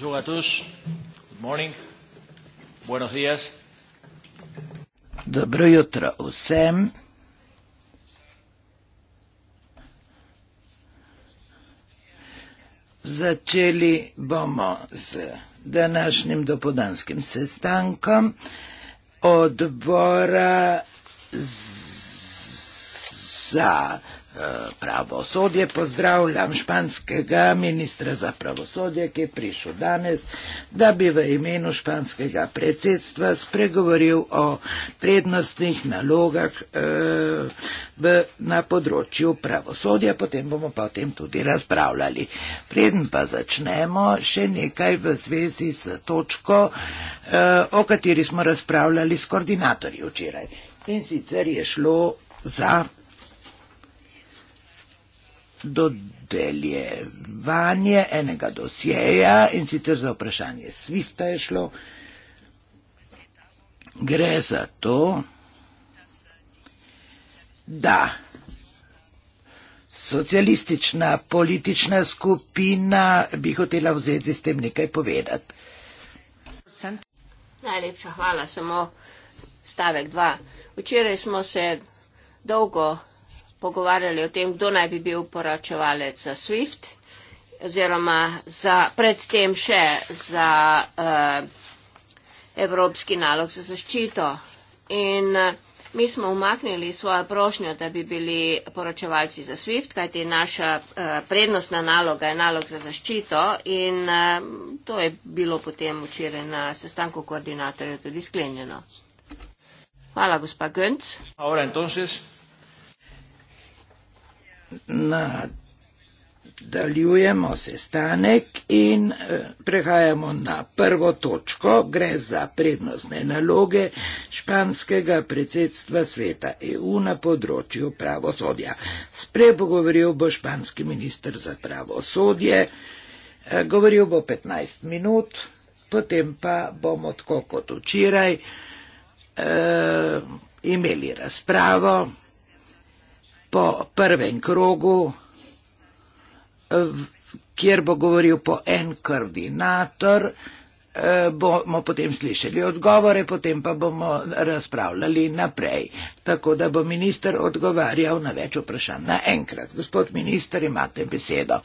Bonjour à tous. Good morning. Buenos días. Dobro jutro vsem. Začeli bomo z današnjim dopodanskim sestankom odbora za Eh, pravosodje. Pozdravljam španskega ministra za pravosodje, ki je prišel danes, da bi v imenu španskega predsedstva spregovoril o prednostnih nalogah eh, v, na področju pravosodja. Potem bomo pa o tem tudi razpravljali. Preden pa začnemo, še nekaj v zvezi z točko, eh, o kateri smo razpravljali s koordinatorji včeraj. In sicer je šlo za dodeljevanje enega dosjeja in sicer za vprašanje Swifta je šlo. Gre za to, da socialistična politična skupina bi hotela v zvezi s tem nekaj povedati. Najlepša hvala, samo stavek dva. Včeraj smo se dolgo pogovarjali o tem, kdo naj bi bil poročevalec za SWIFT oziroma za, predtem še za uh, Evropski nalog za zaščito. In uh, mi smo umaknili svojo prošnjo, da bi bili poročevalci za SWIFT, kajti naša uh, prednostna naloga je nalog za zaščito in uh, to je bilo potem včeraj na sestanku koordinatorja tudi sklenjeno. Hvala, gospa Gönc. Ahora, entonces, nadaljujemo sestanek in eh, prehajamo na prvo točko. Gre za prednostne naloge španskega predsedstva sveta EU na področju pravosodja. Sprej bo govoril bo španski minister za pravosodje. Eh, govoril bo 15 minut, potem pa bomo tako kot včeraj eh, imeli razpravo, po prvem krogu, kjer bo govoril po en koordinator. Eh, bomo potem slišali odgovore, potem pa bomo razpravljali naprej. Tako da bo minister odgovarjal na več vprašanj naenkrat. Gospod minister, imate besedo.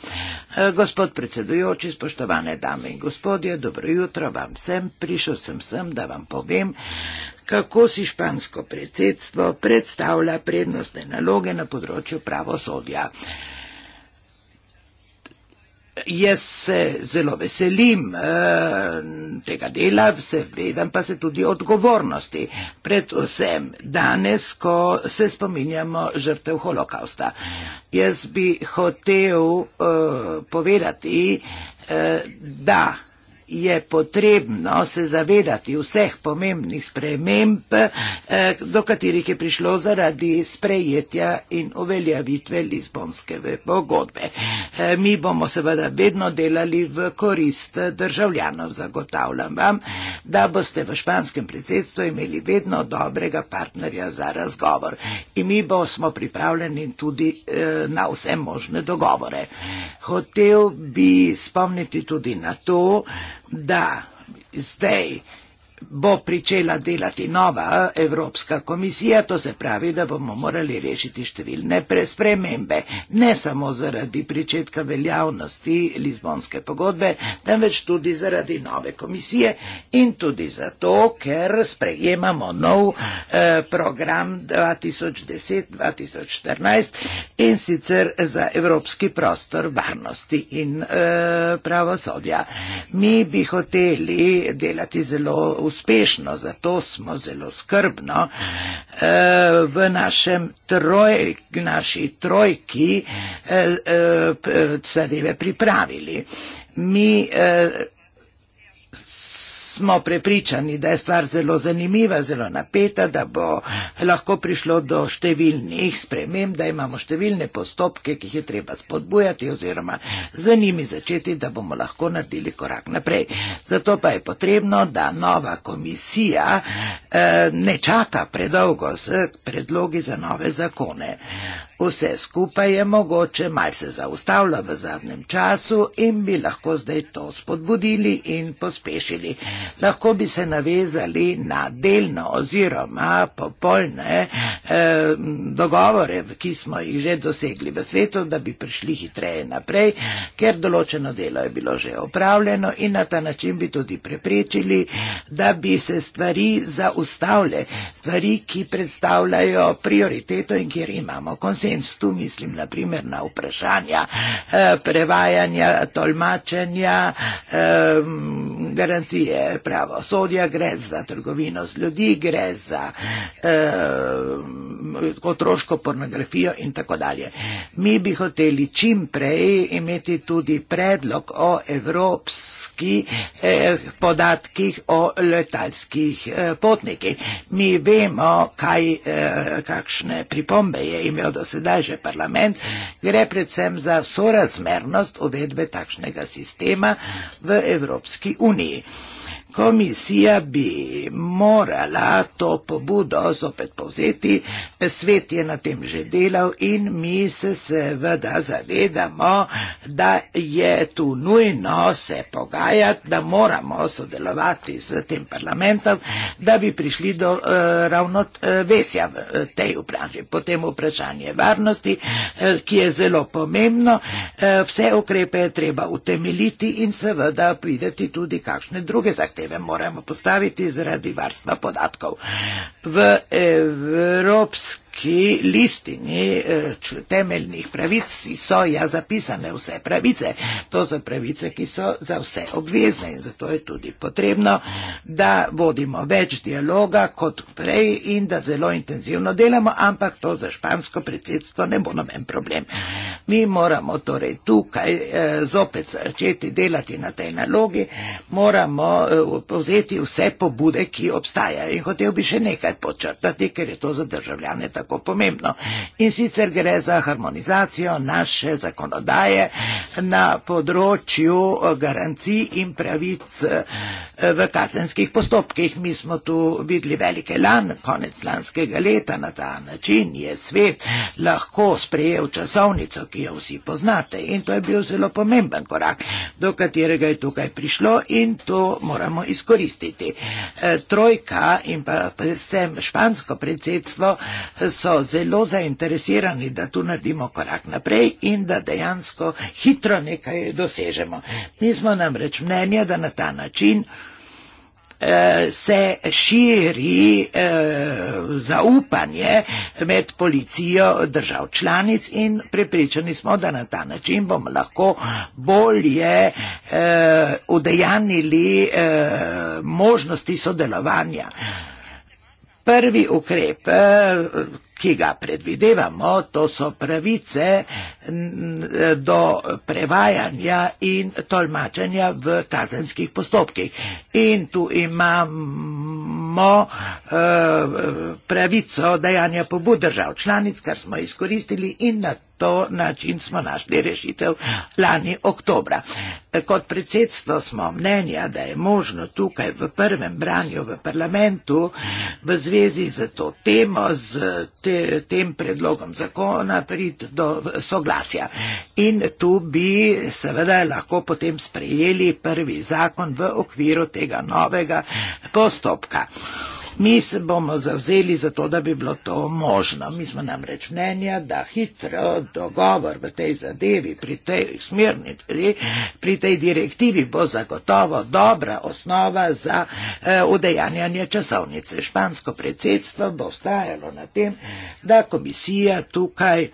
Eh, gospod predsedujoči, spoštovane dame in gospodje, dobro jutro vam sem. Prišel sem sem, da vam povem, kako si špansko predsedstvo predstavlja prednostne naloge na področju pravosodja. Jaz se zelo veselim eh, tega dela, seveda pa se tudi odgovornosti. Predvsem danes, ko se spominjamo žrtev holokausta. Jaz bi hotel eh, povedati, eh, da je potrebno se zavedati vseh pomembnih sprememb, eh, do katerih je prišlo zaradi sprejetja in uveljavitve Lizbonske pogodbe. Eh, mi bomo seveda vedno delali v korist državljanov. Zagotavljam vam, da boste v španskem predsedstvu imeli vedno dobrega partnerja za razgovor. In mi bomo pripravljeni tudi eh, na vse možne dogovore. Hotev bi spomniti tudi na to, Да, стей bo pričela delati nova eh, Evropska komisija, to se pravi, da bomo morali rešiti številne spremembe, ne samo zaradi pričetka veljavnosti Lizbonske pogodbe, temveč tudi zaradi nove komisije in tudi zato, ker sprejemamo nov eh, program 2010-2014 in sicer za Evropski prostor varnosti in eh, pravosodja. Mi bi hoteli delati zelo uspešno, uspešno, zato smo zelo skrbno eh, v troj, naši trojki eh, eh, zadeve pripravili. Mi smo prepričani, da je stvar zelo zanimiva, zelo napeta, da bo lahko prišlo do številnih spremem, da imamo številne postopke, ki jih je treba spodbujati oziroma z njimi začeti, da bomo lahko naredili korak naprej. Zato pa je potrebno, da nova komisija eh, ne čaka predolgo z predlogi za nove zakone. Vse skupaj je mogoče, mal se zaustavlja v zadnjem času in bi lahko zdaj to spodbudili in pospešili lahko bi se navezali na delno oziroma popolne eh, dogovore, ki smo jih že dosegli v svetu, da bi prišli hitreje naprej, ker določeno delo je bilo že opravljeno in na ta način bi tudi preprečili, da bi se stvari zaustavile, stvari, ki predstavljajo prioriteto in kjer imamo konsens. Tu mislim naprimer na vprašanja eh, prevajanja, tolmačenja, eh, garancije je pravo sodja, gre za trgovino z ljudi, gre za eh, otroško pornografijo in tako dalje. Mi bi hoteli čim prej imeti tudi predlog o evropskih eh, podatkih o letalskih eh, potnikih. Mi vemo, kaj, eh, kakšne pripombe je imel do sedaj že parlament. Gre predvsem za sorazmernost uvedbe takšnega sistema v Evropski uniji. Komisija bi morala to pobudo zopet povzeti, svet je na tem že delal in mi se seveda zavedamo, da je tu nujno se pogajati, da moramo sodelovati z tem parlamentom, da bi prišli do eh, ravnotesja v eh, tej vprašanji. Potem vprašanje varnosti, eh, ki je zelo pomembno, eh, vse ukrepe je treba utemeliti in seveda videti tudi kakšne druge zahteve zahteve moramo postaviti zaradi varstva podatkov. V evropskem ki listini eh, temeljnih pravic so ja zapisane vse pravice. To so pravice, ki so za vse obvezne in zato je tudi potrebno, da vodimo več dialoga kot prej in da zelo intenzivno delamo, ampak to za špansko predsedstvo ne bo noben problem. Mi moramo torej tukaj eh, zopet začeti delati na tej nalogi, moramo eh, povzeti vse pobude, ki obstajajo in hotel bi še nekaj počrtati, ker je to za državljane tako tako pomembno. In sicer gre za harmonizacijo naše zakonodaje na področju eh, garancij in pravic eh, v kazenskih postopkih. Mi smo tu videli velike lan, konec lanskega leta. Na ta način je svet lahko sprejel časovnico, ki jo vsi poznate. In to je bil zelo pomemben korak, do katerega je tukaj prišlo in to moramo izkoristiti. Eh, trojka in pa predvsem špansko predsedstvo so zelo zainteresirani, da tu naredimo korak naprej in da dejansko hitro nekaj dosežemo. Mi smo namreč mnenja, da na ta način eh, se širi eh, zaupanje med policijo držav članic in prepričani smo, da na ta način bomo lahko bolje eh, udejanili možnosti sodelovanja prvi ukrep, eh, ki ga predvidevamo, to so pravice do prevajanja in tolmačenja v kazenskih postopkih. In tu imamo eh, pravico dajanja pobud držav članic, kar smo izkoristili in na to način smo našli rešitev lani oktobra. Kot predsedstvo smo mnenja, da je možno tukaj v prvem branju v parlamentu v zvezi z to temo, z te, tem predlogom zakona priti do soglasja. In tu bi seveda lahko potem sprejeli prvi zakon v okviru tega novega postopka mi se bomo zavzeli za to, da bi bilo to možno. Mi smo nam reč mnenja, da hitro dogovor v tej zadevi, pri tej smernici, pri tej direktivi bo zagotovo dobra osnova za eh, udejanjanje časovnice. Špansko predsedstvo bo vztrajalo na tem, da komisija tukaj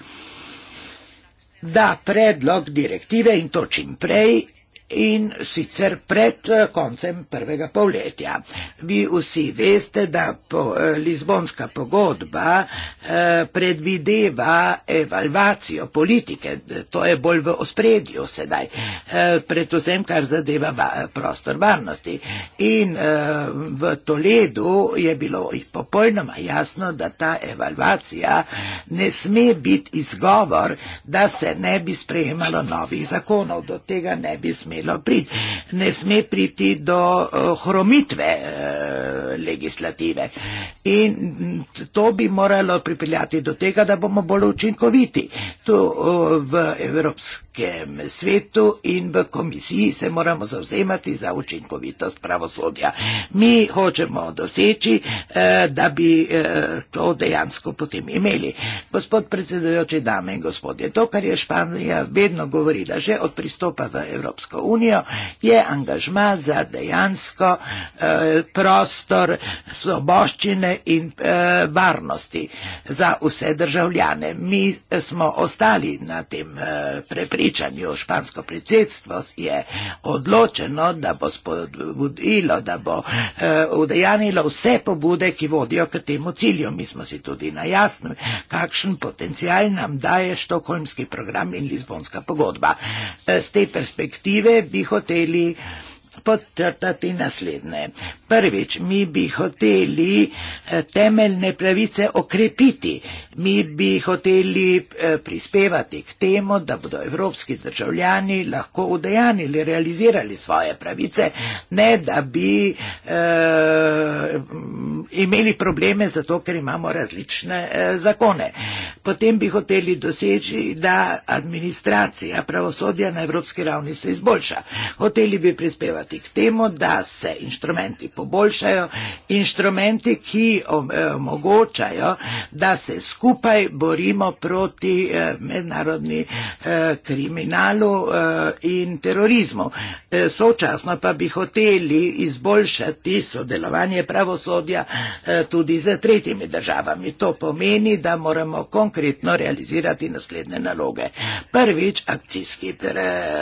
da predlog direktive in to čim prej in sicer pred eh, koncem prvega polletja. Vi vsi veste, da po, eh, Lizbonska pogodba eh, predvideva evalvacijo politike, to je bolj v ospredju sedaj, eh, predvsem kar zadeva va, prostor varnosti. In eh, v Toledu je bilo popolnoma jasno, da ta evalvacija ne sme biti izgovor, da se ne bi sprejemalo novih zakonov, do tega ne bi smelo smelo priti, ne sme priti do eh, hromitve eh, legislative. In mm, to bi moralo pripeljati do tega, da bomo bolj učinkoviti. Tu eh, v Evropskem svetu in v komisiji se moramo zauzemati za učinkovitost pravosodja. Mi hočemo doseči, da bi to dejansko potem imeli. Gospod predsedujoči, dame in gospodje, to, kar je Španija vedno govorila, že od pristopa v Evropsko unijo, je angažma za dejansko eh, prostor svoboščine in eh, varnosti za vse državljane. Mi smo ostali na tem eh, prepričanju, špansko predsedstvo je odločeno, da bo spodbudilo, da bo eh, udejanilo vse pobude, ki vodijo k temu cilju. Mi smo si tudi na jasnem, kakšen potencijal nam daje Štokholmski program in Lizbonska pogodba. Z eh, te perspektive bi hoteli podtrtati naslednje. Prvič, mi bi hoteli eh, temeljne pravice okrepiti, mi bi hoteli eh, prispevati k temu, da bodo evropski državljani lahko udejanili, realizirali svoje pravice, ne da bi eh, imeli probleme zato, ker imamo različne eh, zakone. Potem bi hoteli doseči, da administracija pravosodja na evropski ravni se izboljša. Hoteli bi prispevati k temu, da se inštrumenti poboljšajo, inštrumenti, ki eh, omogočajo, da se skupaj borimo proti eh, mednarodni eh, kriminalu in terorizmu. Sočasno pa bi hoteli izboljšati sodelovanje pravosodja tudi z tretjimi državami. To pomeni, da moramo konkretno realizirati naslednje naloge. Prvič, akcijski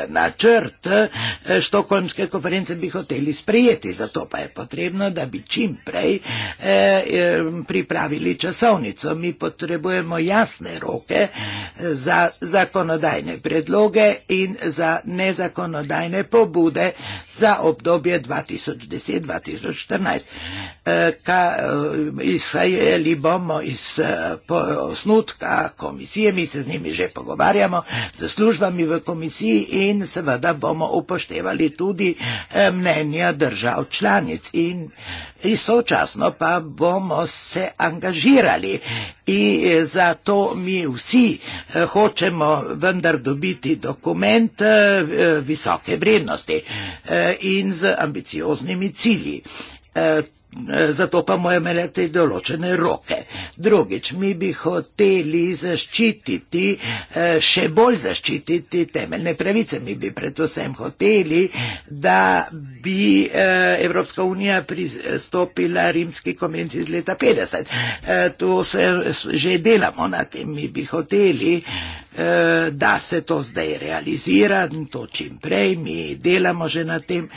načrt Štokholmske konference bi hoteli sprejeti, zato pa je potrebno potrebno, da bi čim prej eh, pripravili časovnico. Mi potrebujemo jasne roke eh, za zakonodajne predloge in za nezakonodajne pobude za obdobje 2010-2014. Eh, eh, Izhajali bomo iz eh, osnutka komisije, mi se z njimi že pogovarjamo, z službami v komisiji in seveda bomo upoštevali tudi eh, mnenja držav članic in sočasno pa bomo se angažirali. In eh, zato mi vsi eh, hočemo vendar dobiti dokument eh, visoke vrednosti in z ambicioznimi cilji. Eh, zato pa moramo imeti določene roke. Drugič, mi bi hoteli zaščititi, eh, še bolj zaščititi temeljne pravice. Mi bi predvsem hoteli, da bi eh, Evropska unija pristopila rimski konvenciji iz leta 50. To se že delamo na tem. Mi bi hoteli, Eh, da se to zdaj realizira in to čim prej, mi delamo že na tem,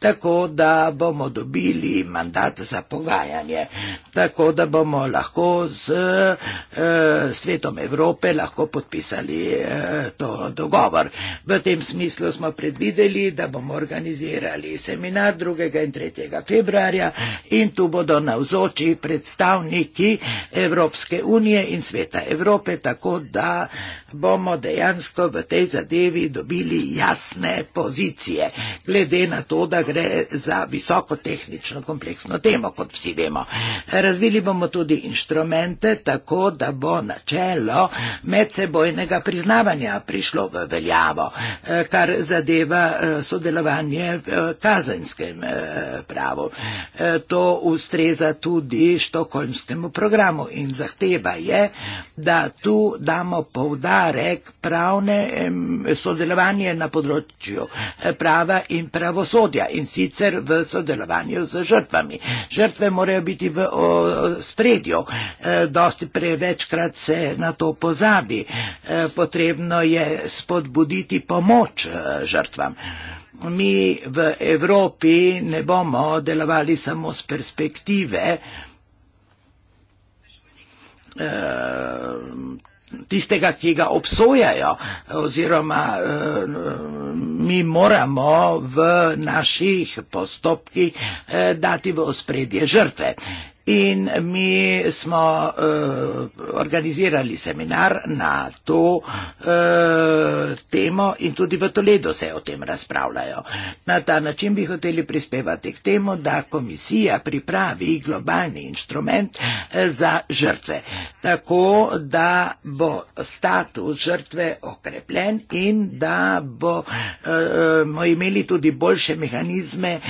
tako da bomo dobili mandat za pogajanje, tako da bomo lahko z eh, svetom Evrope lahko podpisali eh, to dogovor. V tem smislu smo predvideli, da bomo organizirali seminar 2. in 3. februarja in tu bodo navzoči predstavniki Evropske unije in sveta Evrope, tako da bomo bomo dejansko v tej zadevi dobili jasne pozicije, glede na to, da gre za visokotehnično kompleksno temo, kot vsi vemo. Razvili bomo tudi inštrumente, tako da bo načelo medsebojnega priznavanja prišlo v veljavo, eh, kar zadeva eh, sodelovanje v eh, kazenskem pravu. To ustreza tudi štokolmskemu programu in zahteva je, da tu damo povdar prek pravne sodelovanje na področju eh, prava in pravosodja in sicer v sodelovanju z žrtvami. Žrtve morajo biti v spredju, eh, dosti prevečkrat se na to pozabi. Eh, potrebno je spodbuditi pomoč žrtvam. Mi v Evropi ne bomo delovali samo z perspektive tistega, ki ga obsojajo, oziroma eh, mi moramo v naših postopkih eh, dati v ospredje žrtve. In mi smo uh, organizirali seminar na to uh, temo in tudi v Toledo se o tem razpravljajo. Na ta način bi hoteli prispevati k temu, da komisija pripravi globalni inštrument eh, za žrtve, tako da bo status žrtve okrepljen in da bomo uh, imeli tudi boljše mehanizme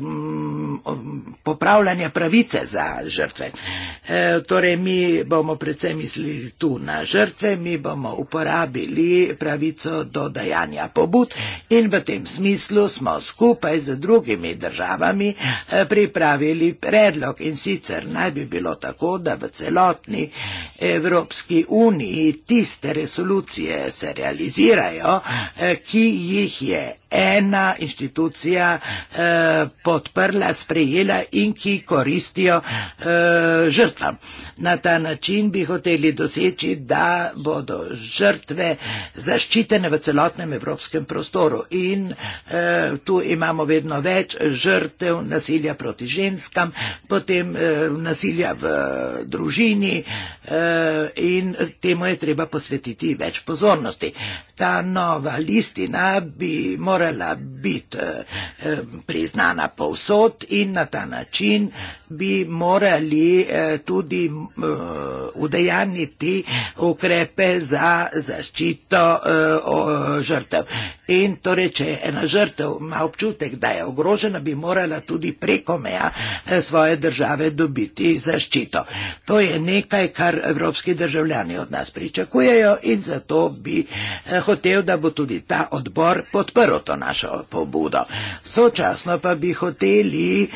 um, popravljanja pravice za za žrtve. E, torej, mi bomo predvsem mislili tu na žrtve, mi bomo uporabili pravico do dajanja pobud in v tem smislu smo skupaj z drugimi državami e, pripravili predlog in sicer naj bi bilo tako, da v celotni Evropski uniji tiste resolucije se realizirajo, e, ki jih je ena inštitucija eh, podprla, sprejela in ki koristijo eh, žrtvam. Na ta način bi hoteli doseči, da bodo žrtve zaščitene v celotnem evropskem prostoru. In eh, tu imamo vedno več žrtev nasilja proti ženskam, potem eh, nasilja v družini eh, in temu je treba posvetiti več pozornosti. Ta nova listina bi morala biti eh, priznana povsod in na ta način eh, bi morali eh, tudi eh, udejaniti ukrepe za zaščito eh, žrtev. In torej, če ena žrtev ima občutek, da je ogrožena, bi morala tudi preko meja svoje države dobiti zaščito. To je nekaj, kar evropski državljani od nas pričakujejo in zato bi hotel, da bo tudi ta odbor podprl to našo pobudo. Sočasno pa bi hoteli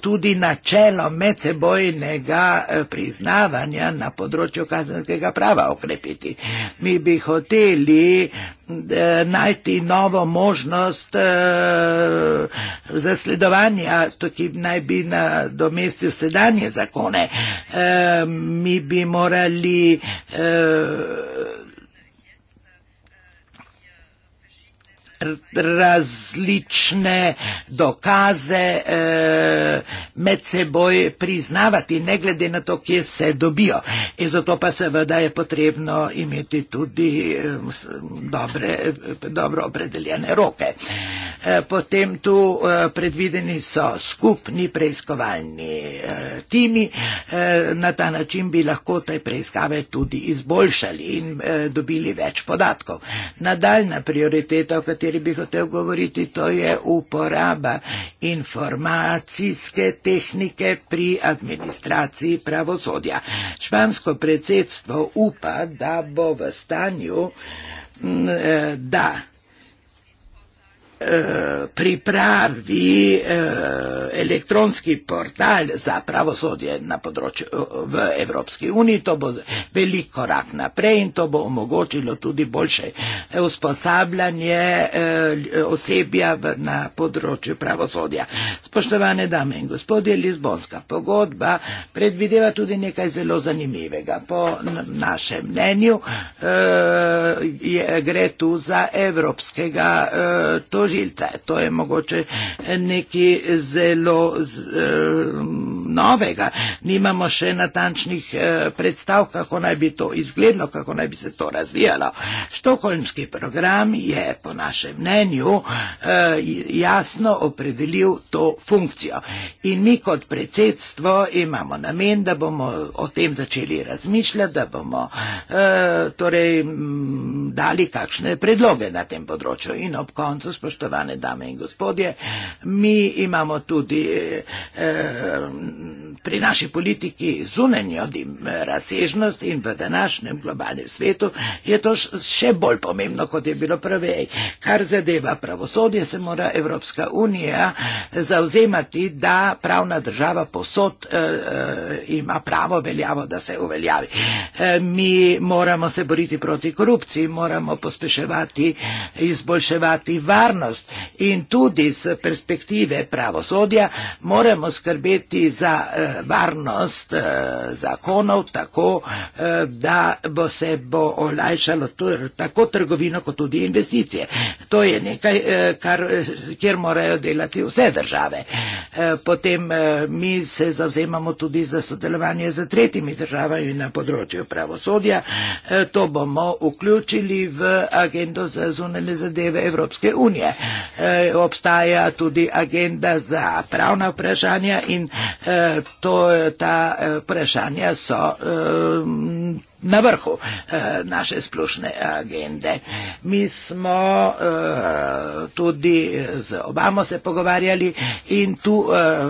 tudi na načelo medsebojnega eh, priznavanja na področju kazenskega prava okrepiti. Mi bi hoteli eh, najti novo možnost eh, zasledovanja, ki naj bi nadomestil sedanje zakone. Mi bi morali različne dokaze eh, med seboj priznavati, ne glede na to, kje se dobijo. In zato pa seveda je potrebno imeti tudi eh, dobre, dobro opredeljene roke. Eh, potem tu predvideni so skupni preiskovalni timi, na ta način bi lahko te preiskave tudi izboljšali in dobili več podatkov. Nadaljna prioriteta, o kateri kateri bi hotel govoriti, to je uporaba informacijske tehnike pri administraciji pravosodja. Špansko predsedstvo upa, da bo v stanju, eh, da Eh, pripravi eh, elektronski portal za pravosodje na področju eh, v Evropski uniji. To bo velik korak naprej in to bo omogočilo tudi boljše usposabljanje osebja na področju pravosodja. Spoštovane dame in gospodje, Lizbonska pogodba predvideva tudi nekaj zelo zanimivega. Po našem mnenju je, gre tu za evropskega tožnika storilca. To je mogoče eh, nekaj zelo z, e, novega. Nimamo še natančnih e, predstav, kako naj bi to izgledalo, kako naj bi se to razvijalo. Štokholmski program je po našem mnenju e, jasno opredelil to funkcijo. In mi kot predsedstvo imamo namen, da bomo o tem začeli razmišljati, da bomo e, torej, m, dali kakšne predloge na tem področju. In ob koncu spoštovati spoštovane dame in gospodje, mi imamo tudi eh, pri naši politiki zunanjo razsežnost in v današnjem globalnem svetu je to še bolj pomembno, kot je bilo prvej. Kar zadeva pravosodje, se mora Evropska unija zauzemati, da pravna država posod eh, eh, ima pravo veljavo, da se uveljavi. Eh, mi moramo se boriti proti korupciji, moramo pospeševati, izboljševati varnost, varnost in tudi z perspektive pravosodja moramo skrbeti za eh, varnost eh, zakonov tako, eh, da bo se bo olajšalo tako trgovino kot tudi investicije. To je nekaj, kar, kjer morajo delati vse države. Potem mi se zavzemamo tudi za sodelovanje z tretjimi državami na področju pravosodja. To bomo vključili v agendo za zunanje zadeve Evropske unije. Eh, obstaja tudi agenda za pravna vprašanja in eh, to, ta eh, vprašanja so. Eh, na vrhu e, naše splošne agende. Mi smo e, tudi z Obamo se pogovarjali in tu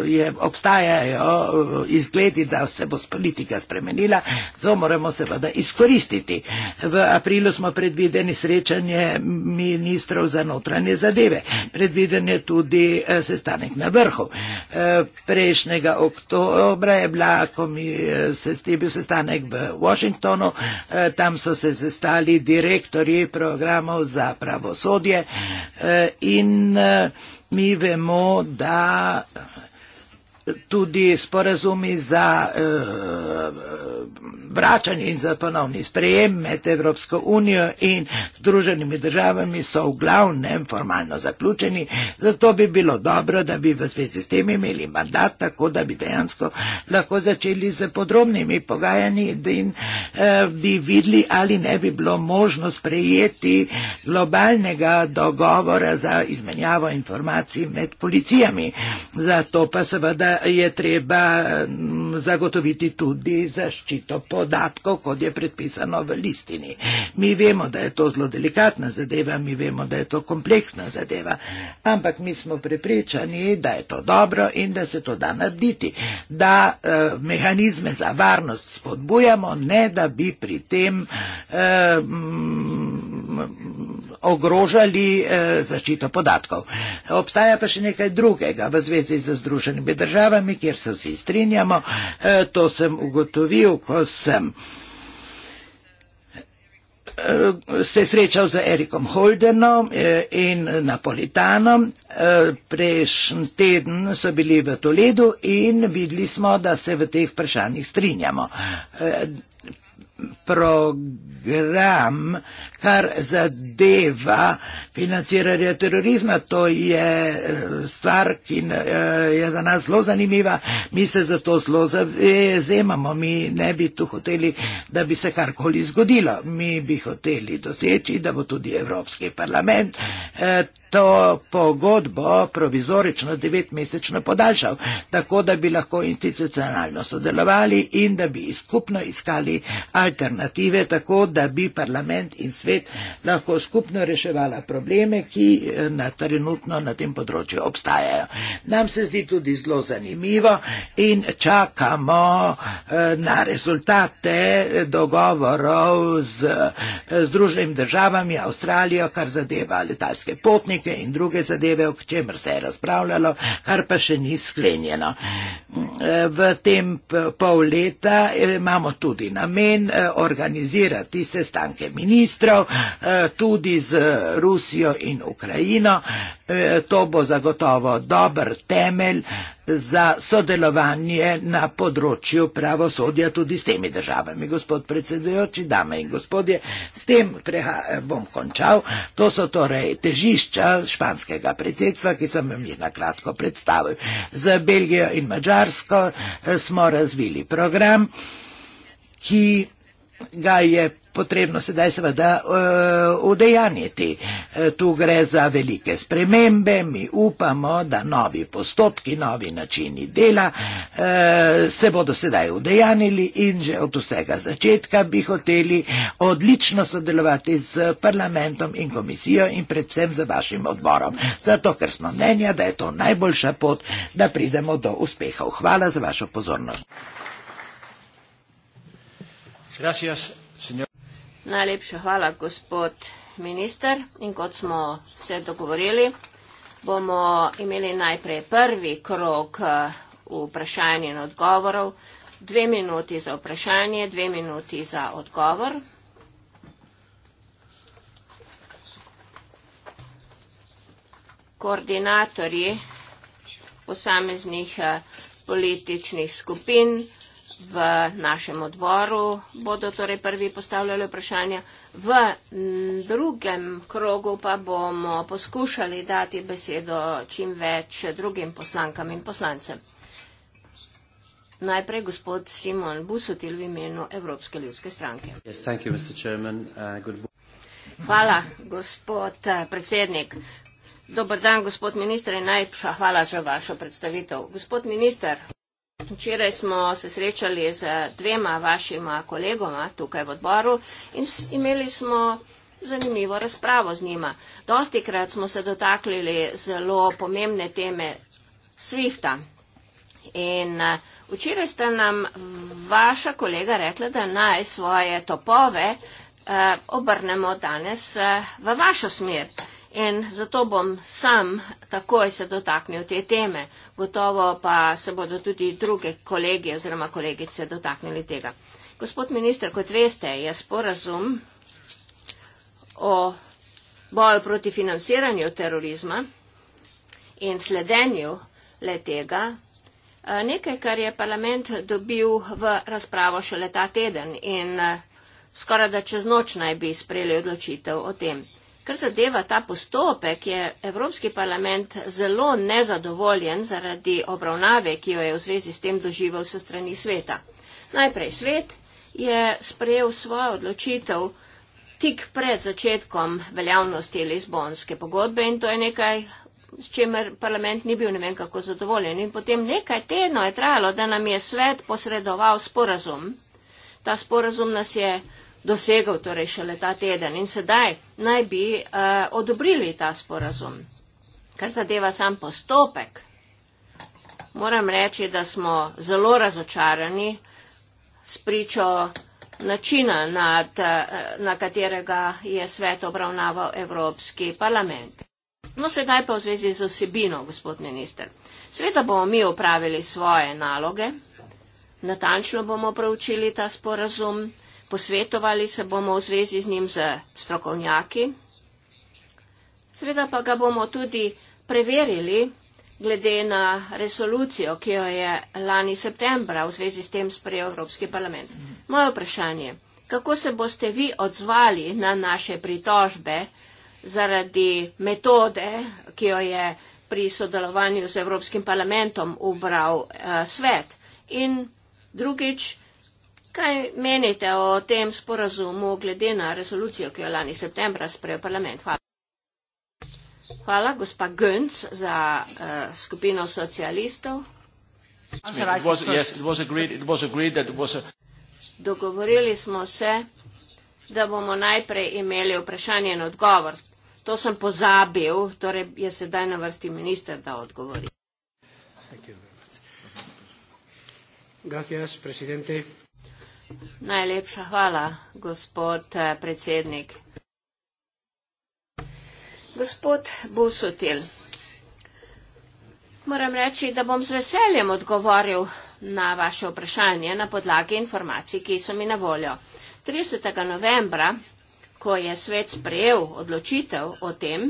e, je, obstajajo izgledi, da se bo politika spremenila, to moramo seveda izkoristiti. V aprilu smo predvideni srečanje ministrov za notranje zadeve, predviden je tudi e, sestanek na vrhu. E, prejšnjega oktobra je bila, ko mi se je bil sestanek v Washingtonu, Washingtonu. E, tam so se sestali direktori programov za pravosodje e, in e, mi vemo, da tudi sporazumi za uh, vračanje in za ponovni sprejem med Evropsko unijo in združenimi državami so v glavnem formalno zaključeni, zato bi bilo dobro, da bi v zvezi s tem imeli mandat, tako da bi dejansko lahko začeli z podrobnimi pogajanji in uh, bi videli, ali ne bi bilo možno sprejeti globalnega dogovora za izmenjavo informacij med policijami. Zato pa seveda je treba mm, zagotoviti tudi zaščito podatkov, kot je predpisano v listini. Mi vemo, da je to zelo delikatna zadeva, mi vemo, da je to kompleksna zadeva, ampak mi smo prepričani, da je to dobro in da se to da narediti, da eh, mehanizme za varnost spodbujamo, ne da bi pri tem. Eh, mm, ogrožali eh, zaščito podatkov. Obstaja pa še nekaj drugega v zvezi z združenimi državami, kjer se vsi strinjamo. Eh, to sem ugotovil, ko sem eh, se srečal z Erikom Holdenom eh, in Napolitanom. Eh, prejšnji teden so bili v Toledu in videli smo, da se v teh vprašanjih strinjamo program, kar zadeva financiranje terorizma. To je eh, stvar, ki eh, je za nas zelo zanimiva. Mi se za to zelo zavezemamo. Mi ne bi tu hoteli, da bi se karkoli zgodilo. Mi bi hoteli doseči, da bo tudi Evropski parlament eh, to pogodbo provizorično devetmesečno podaljšal, tako da bi lahko institucionalno sodelovali in da bi skupno iskali alternative, tako da bi parlament in svet lahko skupno reševala probleme, ki eh, na trenutno na tem področju obstajajo. Nam se zdi tudi zelo zanimivo in čakamo eh, na rezultate eh, dogovorov z Združenim državami, Avstralijo, kar zadeva letalske potnike neke in druge zadeve, o čemer se je razpravljalo, kar pa še ni sklenjeno. V tem pol leta eh, imamo tudi namen eh, organizirati sestanke ministrov, eh, tudi z Rusijo in Ukrajino. To bo zagotovo dober temelj za sodelovanje na področju pravosodja tudi s temi državami. Gospod predsedujoči, dame in gospodje, s tem bom končal. To so torej težišča španskega predsedstva, ki sem vam jih na kratko predstavil. Z Belgijo in Mačarsko eh, smo razvili program, ki ga je potrebno sedaj seveda eh, udejanjiti. Eh, tu gre za velike spremembe, mi upamo, da novi postopki, novi načini dela eh, se bodo sedaj udejanili in že od vsega začetka bi hoteli odlično sodelovati z parlamentom in komisijo in predvsem z vašim odborom. Zato, ker smo mnenja, da je to najboljša pot, da pridemo do uspehov. Hvala za vašo pozornost. Gracias, señor. Najlepša hvala, gospod minister. In kot smo se dogovorili, bomo imeli najprej prvi krok eh, vprašanj in odgovorov. Dve minuti za vprašanje, dve minuti za odgovor. Koordinatorji posameznih eh, političnih skupin, v našem odboru bodo torej prvi postavljali vprašanja. V drugem krogu pa bomo poskušali dati besedo čim več drugim poslankam in poslancem. Najprej gospod Simon Busutil v imenu Evropske ljudske stranke. Yes, thank you, Mr. Chairman. Uh, hvala, gospod eh, predsednik. Dobar dan, gospod minister, in najprej hvala za vašo predstavitev. Gospod minister, Včeraj smo se srečali z dvema vašima kolegoma tukaj v odboru in imeli smo zanimivo razpravo z njima. Dosti krat smo se dotaknili zelo pomembne teme Swifta. In eh, včeraj sta nam vaša kolega rekla, da naj svoje topove eh, obrnemo danes eh, v vašo smer. In zato bom sam takoj se dotaknil te teme. Gotovo pa se bodo tudi druge kolege oziroma kolegice dotaknili tega. Gospod minister, kot veste, je sporazum o boju proti financiranju terorizma in sledenju le tega eh, nekaj, kar je parlament dobil v razpravo šele ta teden in eh, skoraj da čez noč naj bi sprejeli odločitev o tem. Kar zadeva ta postopek, je Evropski parlament zelo nezadovoljen zaradi obravnave, ki jo je v zvezi s tem doživel s strani sveta. Najprej svet je sprejel svojo odločitev tik pred začetkom veljavnosti Lizbonske pogodbe in to je nekaj, s čemer parlament ni bil ne vem kako zadovoljen. In potem nekaj tedno je trajalo, da nam je svet posredoval sporazum. Ta sporazum nas je dosegel torej šele ta teden in sedaj naj bi uh, odobrili ta sporazum. Kar zadeva sam postopek, moram reči, da smo zelo razočarani s pričo načina, nad, eh, na katerega je svet obravnaval Evropski parlament. No sedaj pa v zvezi z osebino, gospod minister. Sveda bomo mi upravili svoje naloge, natančno bomo proučili ta sporazum, Posvetovali se bomo v zvezi z njim z strokovnjaki. Sveda pa ga bomo tudi preverili glede na resolucijo, ki jo je lani septembra v zvezi s tem sprejel Evropski parlament. Moje vprašanje, kako se boste vi odzvali na naše pritožbe zaradi metode, ki jo je pri sodelovanju z Evropskim parlamentom ubral eh, svet? In drugič, Kaj menite o tem sporazumu glede na rezolucijo, ki jo lani septembra sprejel parlament? Hvala. Hvala, gospa Gönc, za uh, skupino socialistov. Dogovorili smo se, da bomo najprej imeli vprašanje in odgovor. To sem pozabil, torej je sedaj na vrsti minister, da odgovori. Gracias, presidente. Najlepša hvala, gospod eh, predsednik. Gospod Busutil, moram reči, da bom z veseljem odgovoril na vaše vprašanje na podlagi informacij, ki so mi na voljo. 30. novembra, ko je svet sprejel odločitev o tem,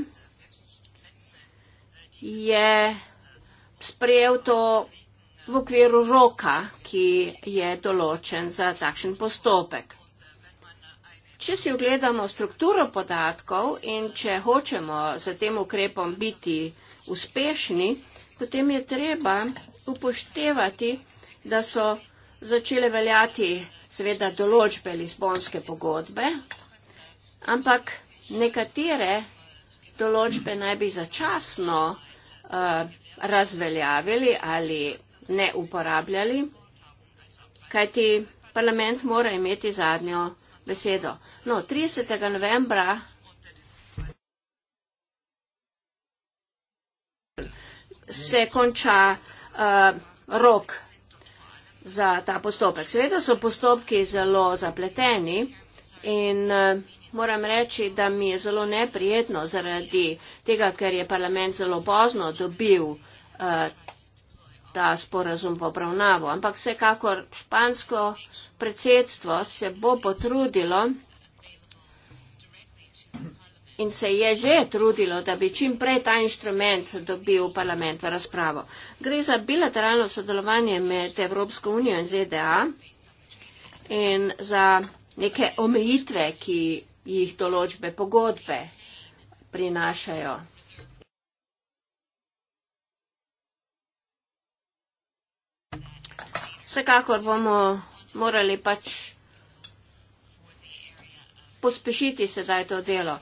je sprejel to v okviru roka, ki je določen za takšen postopek. Če si ogledamo strukturo podatkov in če hočemo z tem ukrepom biti uspešni, potem je treba upoštevati, da so začele veljati seveda določbe Lizbonske pogodbe, ampak nekatere določbe naj bi začasno uh, razveljavili ali ne uporabljali kajti parlament mora imeti zadnjo besedo. No, 30. novembra se konča uh, rok za ta postopek. Seveda so postopki zelo zapleteni in uh, moram reči, da mi je zelo neprijetno zaradi tega, ker je parlament zelo pozno dobil uh, ta sporazum v obravnavo. Ampak vsekakor špansko predsedstvo se bo potrudilo in se je že trudilo, da bi čim prej ta inštrument dobil parlament v razpravo. Gre za bilateralno sodelovanje med Evropsko unijo in ZDA in za neke omejitve, ki jih določbe pogodbe prinašajo. Vsekakor bomo morali pač pospešiti sedaj to delo.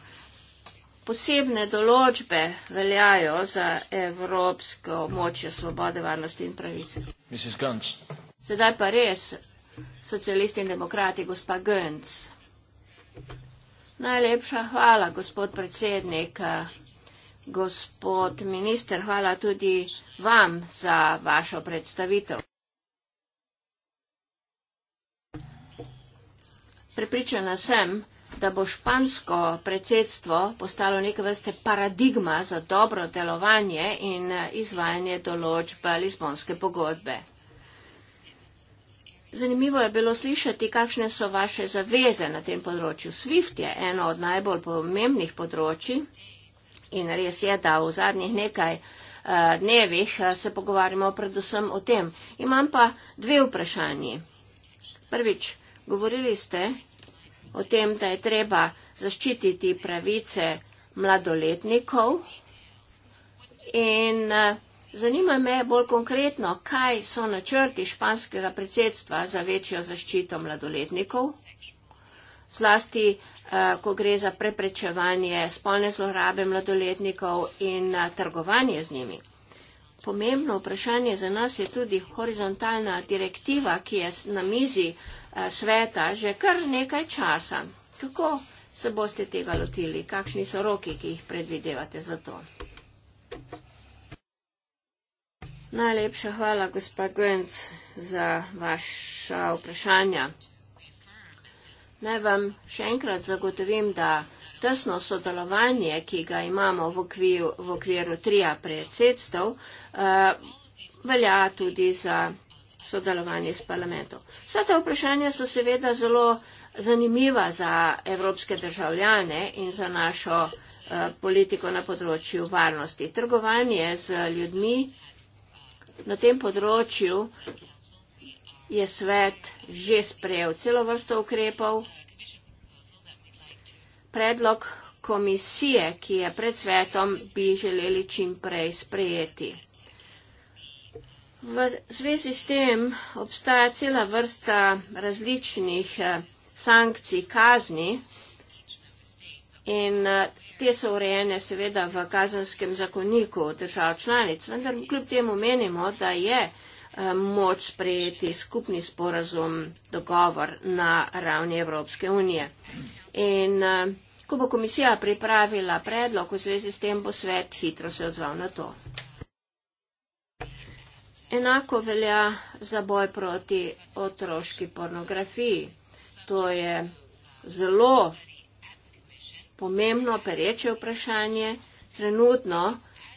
Posebne določbe veljajo za evropsko močjo svobode, varnosti in pravice. Sedaj pa res, socialisti in demokrati, gospa Gönc. Najlepša hvala, gospod predsednik, gospod minister, hvala tudi vam za vašo predstavitev. Prepričana sem, da bo špansko predsedstvo postalo neke vrste paradigma za dobro delovanje in eh, izvajanje določb Lizbonske pogodbe. Zanimivo je bilo slišati, kakšne so vaše zaveze na tem področju. SWIFT je eno od najbolj pomembnih področji in res je, da v zadnjih nekaj eh, dnevih eh, se pogovarjamo predvsem o tem. Imam pa dve vprašanji. Prvič, Govorili ste o tem, da je treba zaščititi pravice mladoletnikov in eh, zanima me bolj konkretno, kaj so načrti španskega predsedstva za večjo zaščito mladoletnikov, zlasti eh, ko gre za preprečevanje spolne zlorabe mladoletnikov in eh, trgovanje z njimi. Pomembno vprašanje za nas je tudi horizontalna direktiva, ki je na mizi Eh, sveta že kar nekaj časa. Kako se boste tega lotili? Kakšni so roki, ki jih predvidevate za to? Najlepša hvala, gospa Gönc, za vaša vprašanja. Naj vam še enkrat zagotovim, da tesno sodelovanje, ki ga imamo v okviru, v okviru trija predsedstv, uh, eh, velja tudi za sodelovanje s parlamentom. Vsa ta vprašanja so seveda zelo zanimiva za evropske državljane in za našo uh, politiko na področju varnosti. Trgovanje z ljudmi na tem področju je svet že sprejel celo vrsto ukrepov. Predlog komisije, ki je pred svetom, bi želeli čim prej sprejeti. V zvezi s tem obstaja cela vrsta različnih eh, sankcij, kazni in eh, te so urejene seveda v kazenskem zakoniku držav članic, vendar kljub temu menimo, da je eh, moč sprejeti skupni sporazum, dogovor na ravni Evropske unije. In ko bo komisija pripravila predlog v zvezi s tem, bo svet hitro se odzval na to. Enako velja za boj proti otroški pornografiji. To je zelo pomembno, pereče vprašanje. Trenutno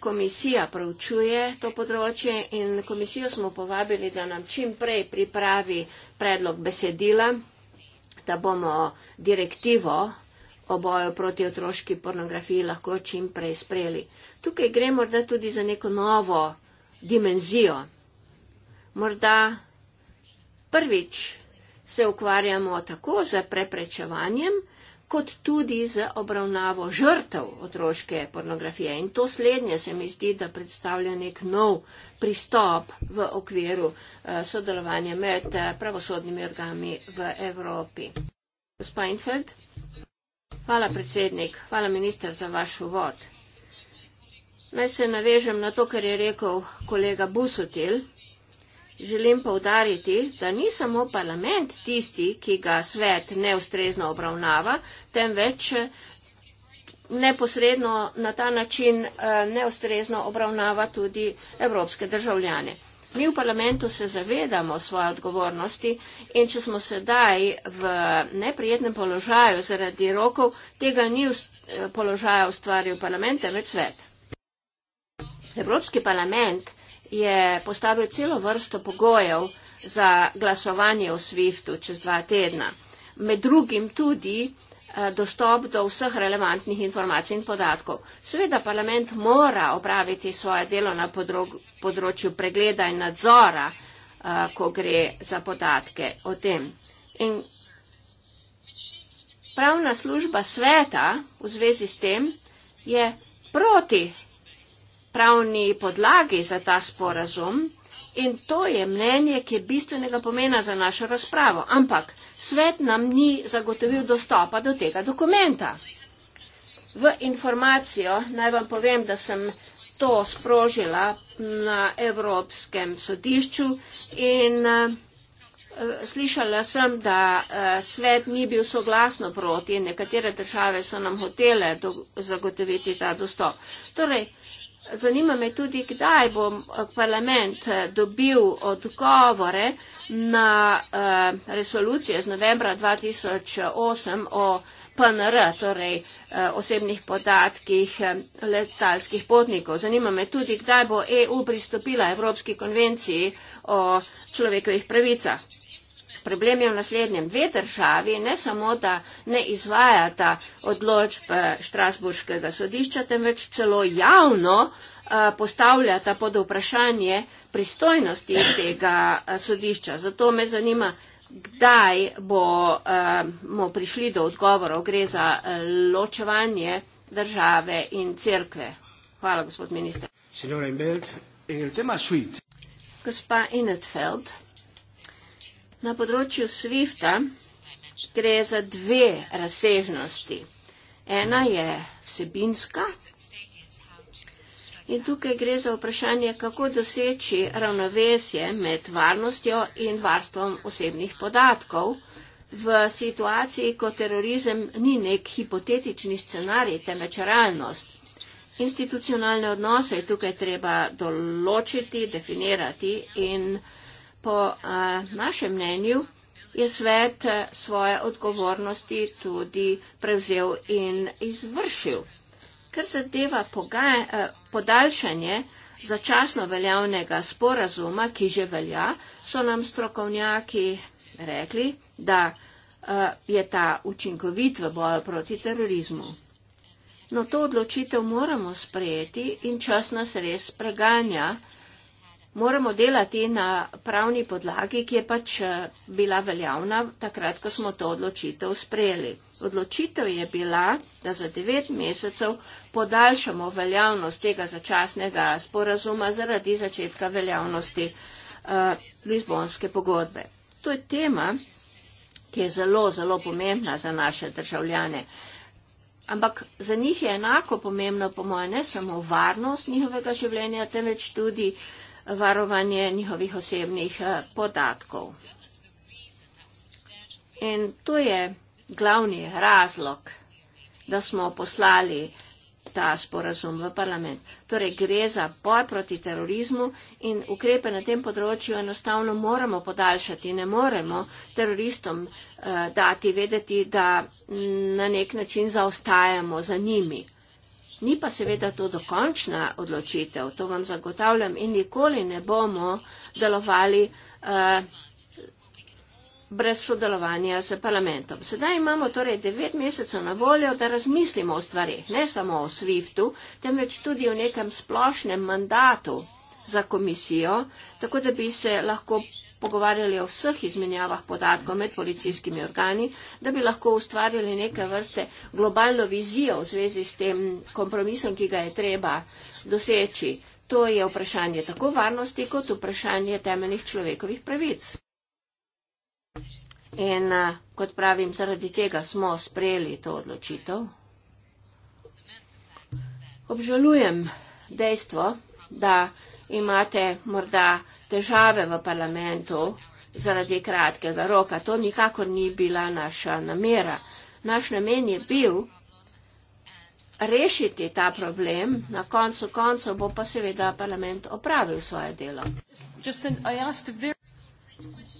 komisija pravčuje to področje in komisijo smo povabili, da nam čim prej pripravi predlog besedila, da bomo direktivo o boju proti otroški pornografiji lahko čim prej sprejeli. Tukaj gre morda tudi za neko novo dimenzijo morda prvič se ukvarjamo tako z preprečevanjem, kot tudi z obravnavo žrtev otroške pornografije. In to slednje se mi zdi, da predstavlja nek nov pristop v okviru eh, sodelovanja med eh, pravosodnimi organi v Evropi. Gospa Infeld, hvala predsednik, hvala minister za vaš uvod. Naj se navežem na to, kar je rekel kolega Busotil. Želim povdariti, da ni samo parlament tisti, ki ga svet neustrezno obravnava, temveč eh, neposredno na ta način eh, neustrezno obravnava tudi evropske državljane. Mi v parlamentu se zavedamo svoje odgovornosti in če smo sedaj v neprijetnem položaju zaradi rokov, tega ni eh, položaja ustvaril parlament, temveč svet. Evropski parlament je postavil celo vrsto pogojev za glasovanje o SWIFT-u čez dva tedna. Med drugim tudi eh, dostop do vseh relevantnih informacij in podatkov. Seveda parlament mora opraviti svoje delo na področju pregleda in nadzora, eh, ko gre za podatke o tem. In pravna služba sveta v zvezi s tem je proti pravni podlagi za ta sporazum in to je mnenje, ki je bistvenega pomena za našo razpravo. Ampak svet nam ni zagotovil dostopa do tega dokumenta. V informacijo naj vam povem, da sem to sprožila na Evropskem sodišču in eh, Slišala sem, da eh, svet ni bil soglasno proti in nekatere države so nam hotele zagotoviti ta dostop. Torej, Zanima me tudi, kdaj bo eh, parlament eh, dobil odgovore na eh, resolucije z novembra 2008 o PNR, torej osebnih podatkih letalskih potnikov. Zanima me tudi, kdaj bo EU pristopila Evropski konvenciji o človekovih pravicah. Problem je v naslednjem. Dve državi ne samo, da ne izvajata odločb eh, Štrasburškega sodišča, temveč celo javno eh, postavljata pod vprašanje pristojnosti tega eh, sodišča. Zato me zanima, kdaj bomo prišli do odgovorov. Gre za ločevanje države in crkve. Hvala, gospod minister. Gospa Inetfeld. Na področju Swifta gre za dve razsežnosti. Ena je vsebinska in tukaj gre za vprašanje, kako doseči ravnovesje med varnostjo in varstvom osebnih podatkov v situaciji, ko terorizem ni nek hipotetični scenarij, temveč realnost. Institucionalne odnose je tukaj treba določiti, definirati in po uh, našem mnenju je svet svoje odgovornosti tudi prevzel in izvršil. Ker zadeva pogaj, uh, podaljšanje začasno veljavnega sporazuma, ki že velja, so nam strokovnjaki rekli, da uh, je ta učinkovit v boju proti terorizmu. No, to odločitev moramo sprejeti in čas nas res preganja, uh, moramo delati na pravni podlagi, ki je pač eh, bila veljavna takrat, ko smo to odločitev sprejeli. Odločitev je bila, da za devet mesecev podaljšamo veljavnost tega začasnega sporazuma zaradi začetka veljavnosti uh, Lizbonske pogodbe. To je tema, ki je zelo, zelo pomembna za naše državljane. Ampak za njih je enako pomembno, po moje, ne samo varnost njihovega življenja, temveč tudi uh, varovanje njihovih osebnih eh, podatkov. In to je glavni razlog, da smo poslali ta sporazum v parlament. Torej gre za boj proti terorizmu in ukrepe na tem področju enostavno moramo podaljšati. Ne moremo teroristom uh, dati vedeti, da na nek način zaostajamo za njimi. Ni pa seveda to dokončna odločitev, to vam zagotavljam in nikoli ne bomo delovali eh, brez sodelovanja z parlamentom. Sedaj imamo torej devet mesecev na voljo, da razmislimo o stvarih, ne samo o SWIFT-u, temveč tudi o nekem splošnem mandatu za komisijo, tako da bi se lahko pogovarjali o vseh izmenjavah podatkov med policijskimi organi, da bi lahko ustvarjali neke vrste globalno vizijo v zvezi s tem kompromisom, ki ga je treba doseči. To je vprašanje tako varnosti, kot vprašanje temeljnih človekovih pravic. In kot pravim, zaradi tega smo sprejeli to odločitev. Obžalujem dejstvo, da imate morda težave v parlamentu zaradi kratkega roka. To nikakor ni bila naša namera. Naš namen je bil rešiti ta problem. Na koncu koncu bo pa seveda parlament opravil svoje delo.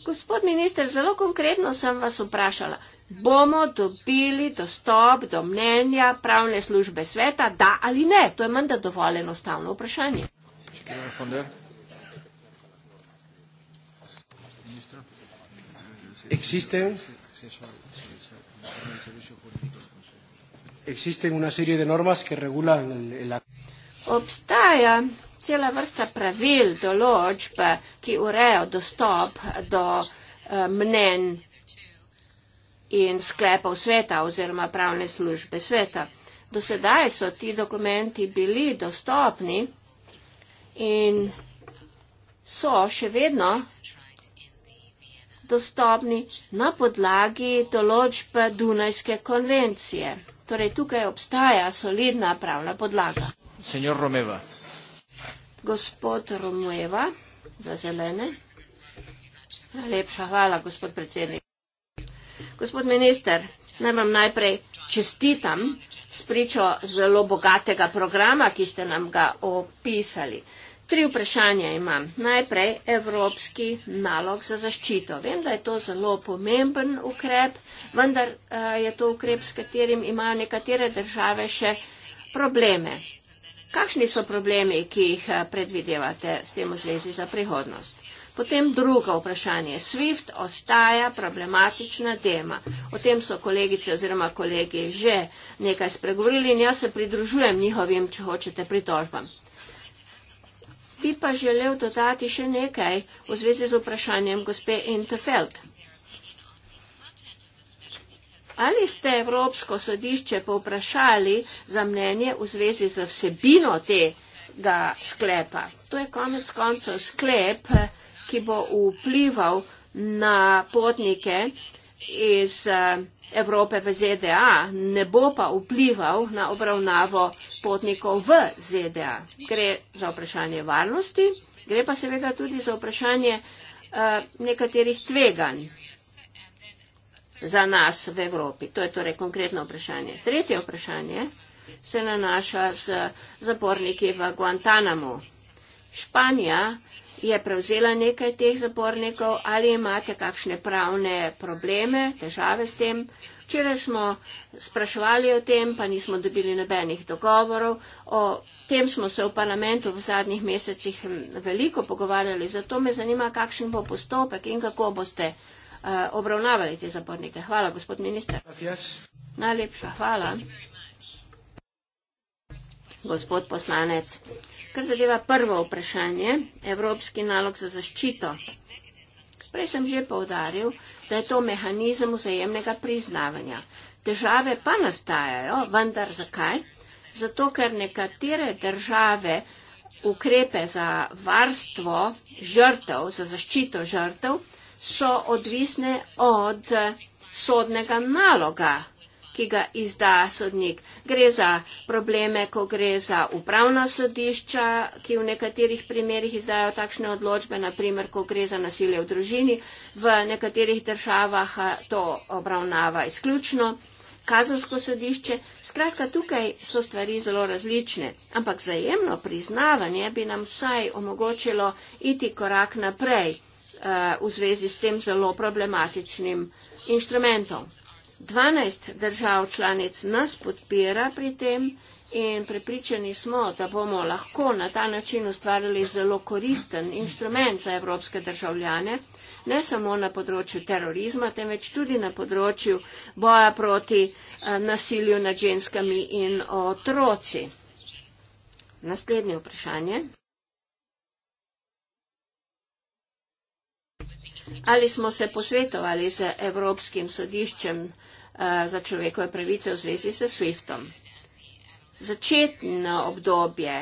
Gospod minister, zelo konkretno sem vas vprašala. Bomo dobili dostop do mnenja pravne službe sveta, da ali ne? To je menda dovolj enostavno vprašanje. Existen, existen una serie de normas que regulan la. Obstaja cela vrsta pravil, določb, ki urejo dostop do eh, mnen in sklepov sveta oziroma pravne službe sveta. Do sedaj so ti dokumenti bili dostopni in so še vedno dostopni na podlagi določb Dunajske konvencije. Torej tukaj obstaja solidna pravna podlaga. Senjor Romeva. Gospod Romeva za zelene. Lepša hvala, gospod predsednik. Gospod minister, naj vam najprej čestitam spričo zelo bogatega programa, ki ste nam ga opisali. Tri vprašanja imam. Najprej evropski nalog za zaščito. Vem, da je to zelo pomemben ukrep, vendar eh, je to ukrep, s katerim imajo nekatere države še probleme. Kakšni so problemi, ki jih eh, predvidevate s tem v zvezi za prihodnost? Potem drugo vprašanje. SWIFT ostaja problematična tema. O tem so kolegice oziroma kolegi že nekaj spregovorili in jaz se pridružujem njihovim, če hočete, pritožbam bi pa želel dodati še nekaj v zvezi z vprašanjem gospe Interfeld. Ali ste Evropsko sodišče povprašali za mnenje v zvezi z vsebino tega sklepa? To je konec koncev sklep, ki bo vplival na potnike, iz eh, Evrope v ZDA, ne bo pa vplival na obravnavo potnikov v ZDA. Gre za vprašanje varnosti, gre pa seveda tudi za vprašanje eh, nekaterih tveganj za nas v Evropi. To je torej konkretno vprašanje. Tretje vprašanje se nanaša z zaporniki v Guantanamo. Španija je prevzela nekaj teh zapornikov ali imate kakšne pravne probleme, težave s tem. Včeraj smo spraševali o tem, pa nismo dobili nobenih dogovorov. O tem smo se v parlamentu v zadnjih mesecih veliko pogovarjali, zato me zanima, kakšen bo postopek in kako boste uh, obravnavali te zapornike. Hvala, gospod minister. Najlepša hvala. Gospod poslanec kar zadeva prvo vprašanje, evropski nalog za zaščito. Prej sem že povdaril, da je to mehanizem vzajemnega priznavanja. Težave pa nastajajo, vendar zakaj? Zato, ker nekatere države ukrepe za varstvo žrtev, za zaščito žrtev, so odvisne od sodnega naloga ki ga izda sodnik. Gre za probleme, ko gre za upravna sodišča, ki v nekaterih primerjih izdajo takšne odločbe, naprimer, ko gre za nasilje v družini. V nekaterih državah to obravnava izključno kazansko sodišče. Skratka, tukaj so stvari zelo različne, ampak zajemno priznavanje bi nam vsaj omogočilo iti korak naprej uh, v zvezi s tem zelo problematičnim inštrumentom. 12 držav članic nas podpira pri tem in prepričani smo, da bomo lahko na ta način ustvarili zelo koristen inštrument za evropske državljane, ne samo na področju terorizma, temveč tudi na področju boja proti eh, nasilju nad ženskami in otroci. Naslednje vprašanje. Ali smo se posvetovali z Evropskim sodiščem? Eh, za človekove pravice v zvezi s SWIFT-om. Začetno obdobje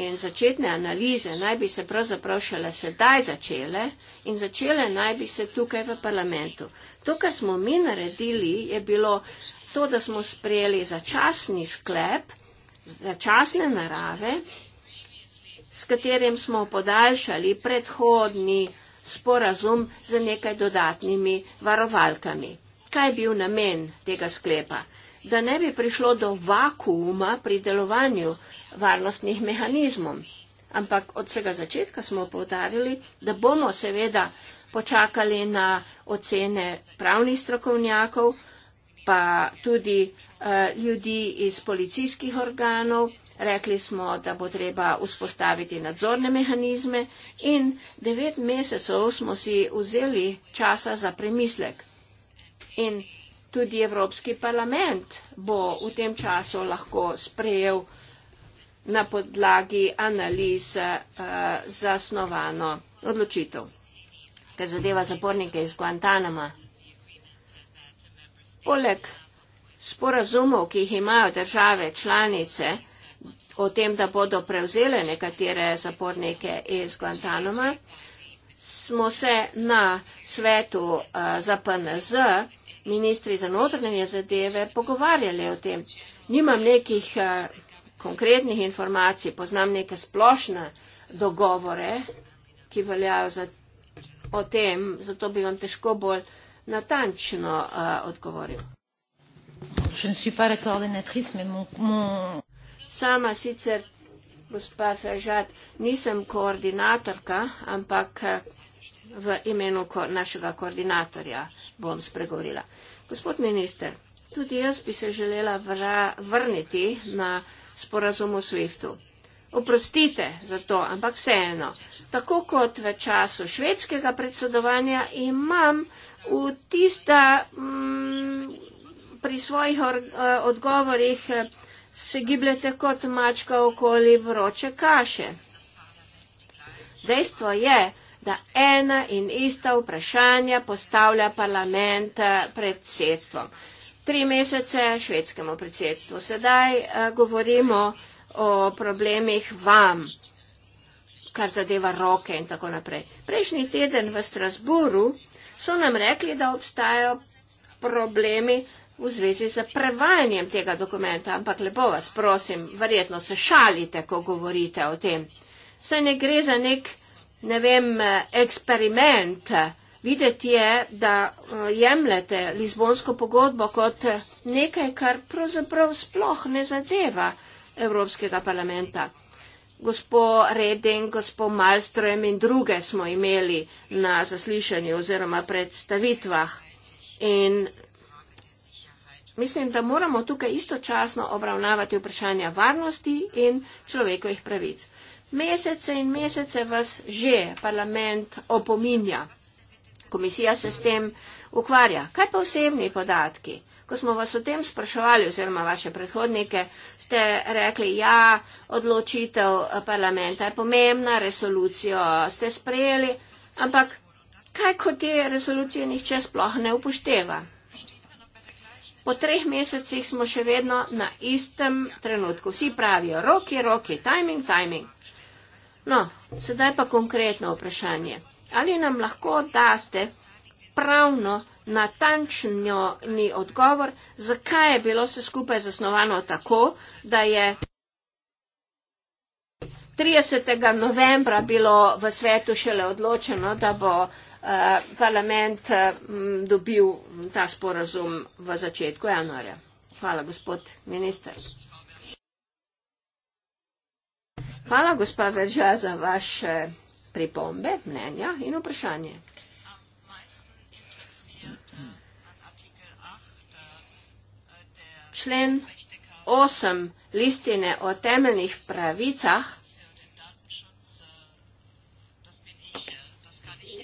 in začetne analize naj bi se pravzaprav šele sedaj začele in začele naj bi se tukaj v parlamentu. To, kar smo mi naredili, je bilo to, da smo sprejeli začasni sklep, začasne narave, s katerim smo podaljšali predhodni sporazum z nekaj dodatnimi varovalkami kaj je bil namen tega sklepa? Da ne bi prišlo do vakuuma pri delovanju varnostnih mehanizmov. Ampak od vsega začetka smo povdarjali, da bomo seveda počakali na ocene pravnih strokovnjakov, pa tudi uh, ljudi iz policijskih organov. Rekli smo, da bo treba vzpostaviti nadzorne mehanizme in devet mesecev smo si vzeli časa za premislek. In tudi Evropski parlament bo v tem času lahko sprejel na podlagi analiz uh, eh, zasnovano odločitev. Kar zadeva zapornike iz Guantanama. Poleg sporazumov, ki jih imajo države članice o tem, da bodo prevzele nekatere zapornike iz Guantanama, uh, smo se na svetu eh, za PNZ, ministri za notranje zadeve, pogovarjali o tem. Nimam nekih eh, konkretnih informacij, poznam neke splošne dogovore, ki veljajo za, o tem, zato bi vam težko bolj natančno eh, odgovoril. Sama sicer gospa Fežat, nisem koordinatorka, ampak eh, v imenu našega koordinatorja bom spregovorila. Gospod minister, tudi jaz bi se želela vra, vrniti na sporazum o SWIFT-u. Oprostite za to, ampak vseeno, tako kot v času švedskega predsedovanja imam v tista, mm, pri svojih or, eh, odgovorih eh, se gibljete kot mačka okoli vroče kaše. Dejstvo je, da ena in ista vprašanja postavlja parlament eh, predsedstvom. Tri mesece švedskemu predsedstvu. Sedaj uh, govorimo o problemih vam, kar zadeva roke in tako naprej. Prejšnji teden v Strasburu so nam rekli, da obstajajo problemi v zvezi z prevajanjem tega dokumenta, ampak lepo vas prosim, verjetno se šalite, ko govorite o tem. Saj ne gre za nek, ne vem, eksperiment. Videti je, da eh, jemljete Lizbonsko pogodbo kot eh, nekaj, kar pravzaprav sploh ne zadeva Evropskega parlamenta. Gospod Reden, gospod Malstrojem in druge smo imeli na zaslišanju oziroma predstavitvah. In mislim, da moramo tukaj istočasno obravnavati vprašanja varnosti in človekovih pravic. Mesece in mesece vas že parlament opominja. Komisija se s tem ukvarja. Kaj pa osebni podatki? Ko smo vas o tem spraševali, oziroma vaše predhodnike, ste rekli, ja, odločitev parlamenta je pomembna, resolucijo ste sprejeli, ampak kaj kot te resolucije nihče sploh ne upošteva? po treh mesecih smo še vedno na istem trenutku. Vsi pravijo, roki, roki, timing, timing. No, sedaj pa konkretno vprašanje. Ali nam lahko daste pravno natančni odgovor, zakaj je bilo vse skupaj zasnovano tako, da je 30. novembra bilo v svetu šele odločeno, da bo Eh, parlament eh, dobil ta sporazum v začetku januarja. Hvala, gospod minister. Hvala, gospa Verža, za vaše pripombe, mnenja in vprašanje. Člen 8 listine o temeljnih pravicah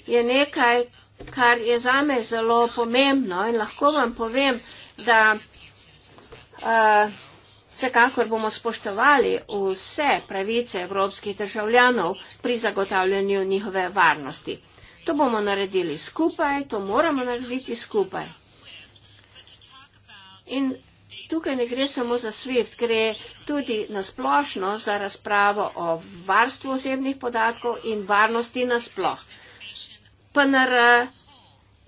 je nekaj, kar je za me zelo pomembno in lahko vam povem, da uh, vsekakor bomo spoštovali vse pravice evropskih državljanov pri zagotavljanju njihove varnosti. To bomo naredili skupaj, to moramo narediti skupaj. In tukaj ne gre samo za SWIFT, gre tudi nasplošno za razpravo o varstvu osebnih podatkov in varnosti nasploh. PNR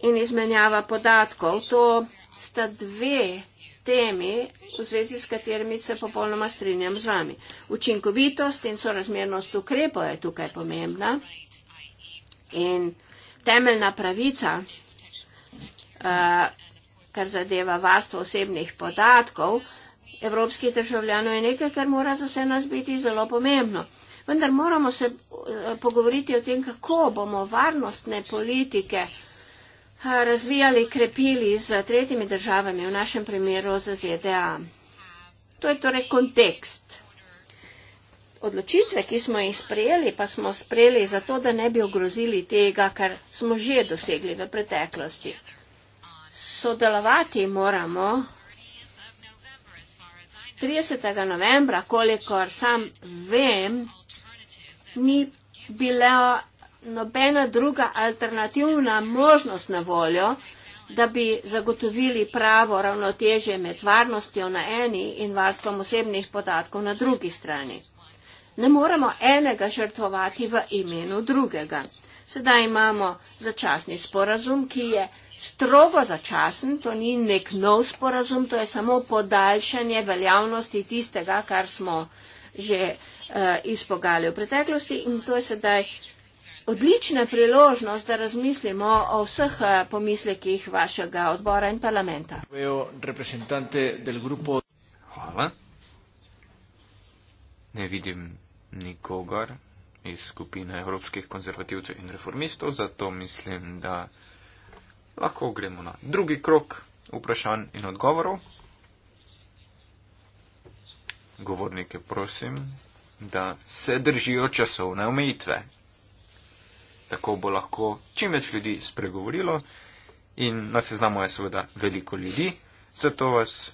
in izmenjava podatkov. To sta dve temi, v zvezi s katerimi se popolnoma strinjam z vami. Učinkovitost in sorazmernost ukrepov je tukaj pomembna in temeljna pravica, eh, kar zadeva varstvo osebnih podatkov, evropskih državljanov je nekaj, kar mora za vse nas biti zelo pomembno vendar moramo se eh, pogovoriti o tem, kako bomo varnostne politike eh, razvijali, krepili z tretjimi državami, v našem primeru z ZDA. To je torej kontekst. Odločitve, ki smo jih sprejeli, pa smo sprejeli zato, da ne bi ogrozili tega, kar smo že dosegli v preteklosti. Sodelovati moramo 30. novembra, kolikor sam vem, ni bila nobena druga alternativna možnost na voljo, da bi zagotovili pravo ravnotežje med varnostjo na eni in varstvom osebnih podatkov na drugi strani. Ne moremo enega žrtvovati v imenu drugega. Sedaj imamo začasni sporazum, ki je strogo začasen, to ni nek nov sporazum, to je samo podaljšanje veljavnosti tistega, kar smo že uh, eh, izpogali v preteklosti in to je sedaj odlična priložnost, da razmislimo o vseh uh, pomislekih vašega odbora in parlamenta. Hvala. Ne vidim nikogar iz skupine evropskih konzervativcev in reformistov, zato mislim, da lahko gremo na drugi krok vprašanj in odgovorov. Govornike prosim, da se držijo časovne omejitve. Tako bo lahko čim več ljudi spregovorilo in na seznamu je seveda veliko ljudi, zato vas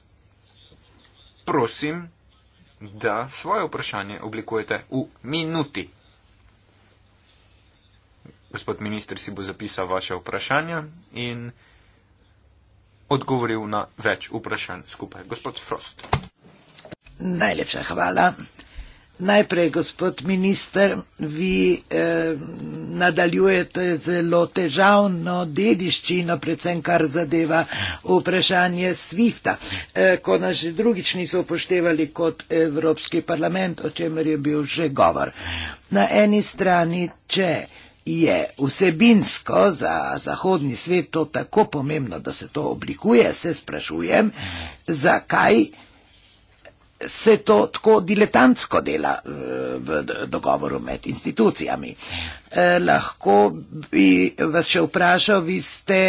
prosim, da svoje vprašanje oblikujete v minuti. Gospod minister si bo zapisal vaše vprašanja in odgovoril na več vprašanj skupaj. Gospod Frost. Najlepša hvala. Najprej, gospod minister, vi eh, nadaljujete zelo težavno dediščino, predvsem kar zadeva vprašanje SWIFT-a. Eh, ko nas že drugič niso upoštevali kot Evropski parlament, o čemer je bil že govor. Na eni strani, če je vsebinsko za zahodni svet to tako pomembno, da se to oblikuje, se sprašujem, zakaj se to tako diletantsko dela eh, v dogovoru med institucijami. Eh, lahko bi vas še vprašal, vi ste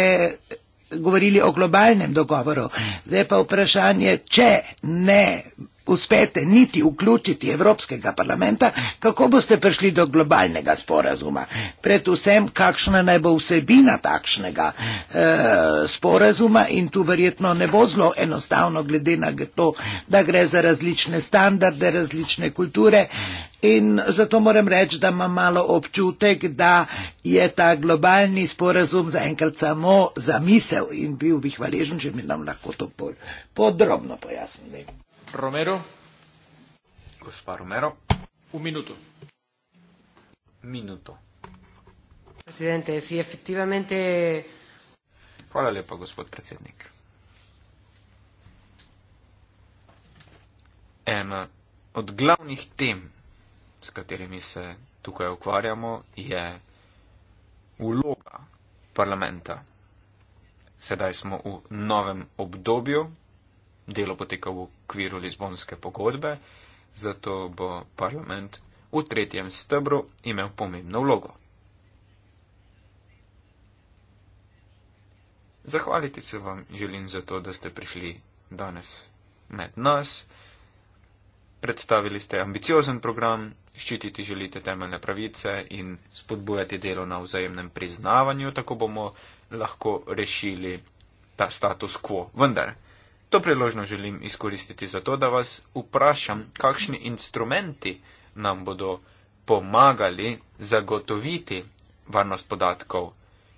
govorili o globalnem dogovoru, zdaj pa vprašanje, če ne uspete niti vključiti Evropskega parlamenta, kako boste prišli do globalnega sporazuma? Predvsem, kakšna naj bo vsebina takšnega eh, sporazuma in tu verjetno ne bo zelo enostavno, glede na to, da gre za različne standarde, različne kulture. In zato moram reči, da imam malo občutek, da je ta globalni sporazum zaenkrat samo zamisel in bil bi hvaležen, če bi nam lahko to bolj podrobno pojasnili. Romero. Gospa Romero. Un minuto. Minuto. Presidente, si efektivamente. Hvala lepa, gospod predsednik. Ena od glavnih tem, s katerimi se tukaj ukvarjamo, je vloga parlamenta. Sedaj smo v novem obdobju Delo poteka v okviru Lizbonske pogodbe, zato bo parlament v tretjem stebru imel pomembno vlogo. Zahvaliti se vam želim za to, da ste prišli danes med nas. Predstavili ste ambiciozen program, ščititi želite temeljne pravice in spodbujati delo na vzajemnem priznavanju, tako bomo lahko rešili ta status quo. Vendar. To priložnost želim izkoristiti zato, da vas vprašam, kakšni instrumenti nam bodo pomagali zagotoviti varnost podatkov,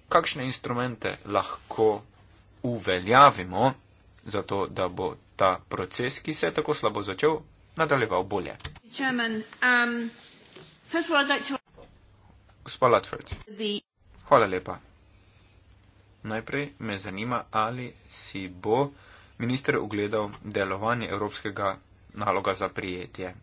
kakšne instrumente lahko uveljavimo, zato da bo ta proces, ki se je tako slabo začel, nadaljeval bolje. Um, Gospod Latford, hvala lepa. Najprej me zanima, ali si bo minister ogledal delovanje evropskega naloga za prijetje.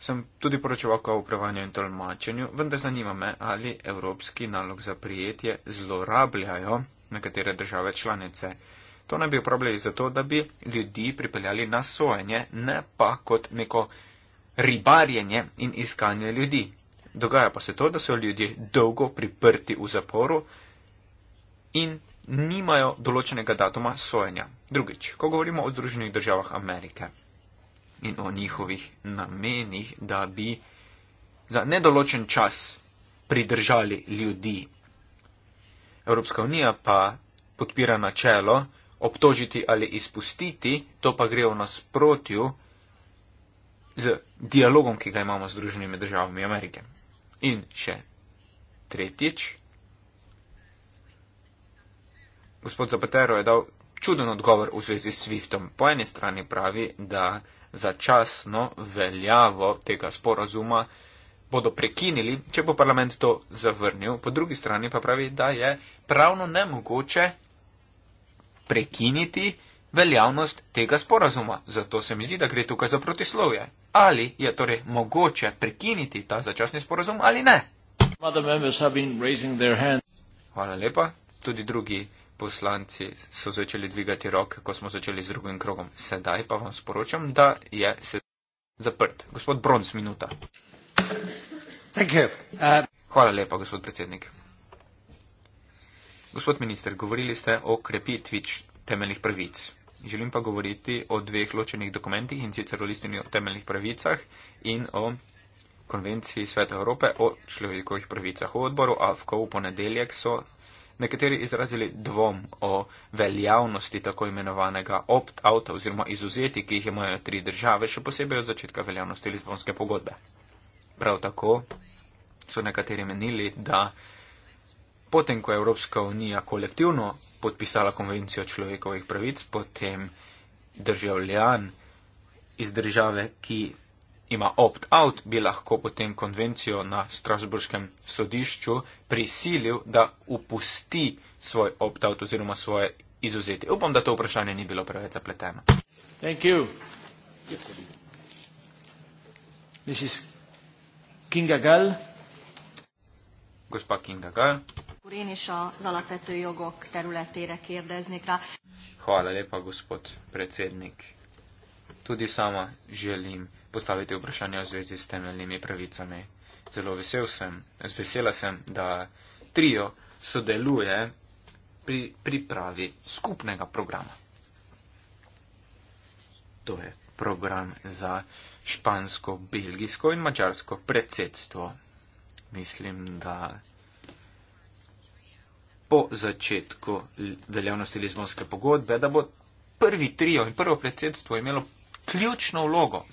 Sem tudi poročeval o upravljanju in tolmačenju, vendar zanima me, ali evropski nalog za prijetje zlorabljajo nekatere države članice. To naj bi uporabljali zato, da bi ljudi pripeljali na sojenje, ne pa kot neko ribarjenje in iskanje ljudi. Dogaja pa se to, da so ljudje dolgo priprti v zaporu in nimajo določenega datuma sojenja. Drugič, ko govorimo o Združenih državah Amerike in o njihovih namenih, da bi za nedoločen čas pridržali ljudi, Evropska unija pa podpira načelo obtožiti ali izpustiti, to pa gre v nasprotju z dialogom, ki ga imamo z Združenimi državami Amerike. In še tretjič, gospod Zapatero je dal čuden odgovor v zvezi s SWIFT-om. Po eni strani pravi, da začasno veljavo tega sporazuma bodo prekinili, če bo parlament to zavrnil. Po drugi strani pa pravi, da je pravno nemogoče prekiniti veljavnost tega sporazuma. Zato se mi zdi, da gre tukaj za protislovje. Ali je torej mogoče prekiniti ta začasni sporazum ali ne? Hvala lepa. Tudi drugi poslanci so začeli dvigati roke, ko smo začeli z drugim krogom. Sedaj pa vam sporočam, da je sedaj zaprt. Gospod Bronc, minuta. Uh, Hvala lepa, gospod predsednik. Gospod minister, govorili ste o krepitvi temeljnih pravic. Želim pa govoriti o dveh ločenih dokumentih in sicer o listini o temeljnih pravicah in o konvenciji Sveta Evrope o človekovih pravicah. V odboru AFK v ponedeljek so nekateri izrazili dvom o veljavnosti tako imenovanega opt-outa oziroma izuzeti, ki jih imajo tri države, še posebej od začetka veljavnosti Lizbonske pogodbe. Prav tako so nekateri menili, da potem, ko je Evropska unija kolektivno podpisala konvencijo človekovih pravic, potem državljan iz države, ki ima opt-out, bi lahko potem konvencijo na Strasburškem sodišču prisilil, da upusti svoj opt-out oziroma svoje izuzeti. Upam, da to vprašanje ni bilo preveč zapleteno. Thank you. This is Kinga Gal. Gospa Kinga Gal. Én is az alapvető jogok területére kérdeznék rá. Hála lépa, gospod predsednik. Tudi sama želim postaviti vprašanja v zvezi s temeljnimi pravicami. Zelo vesel sem, vesela sem, da trio sodeluje pri pripravi skupnega programa. To je program za špansko, belgijsko in mačarsko predsedstvo. Mislim, da po začetku veljavnosti Lizbonske pogodbe, da bo prvi trio in prvo predsedstvo imelo ključno vlogo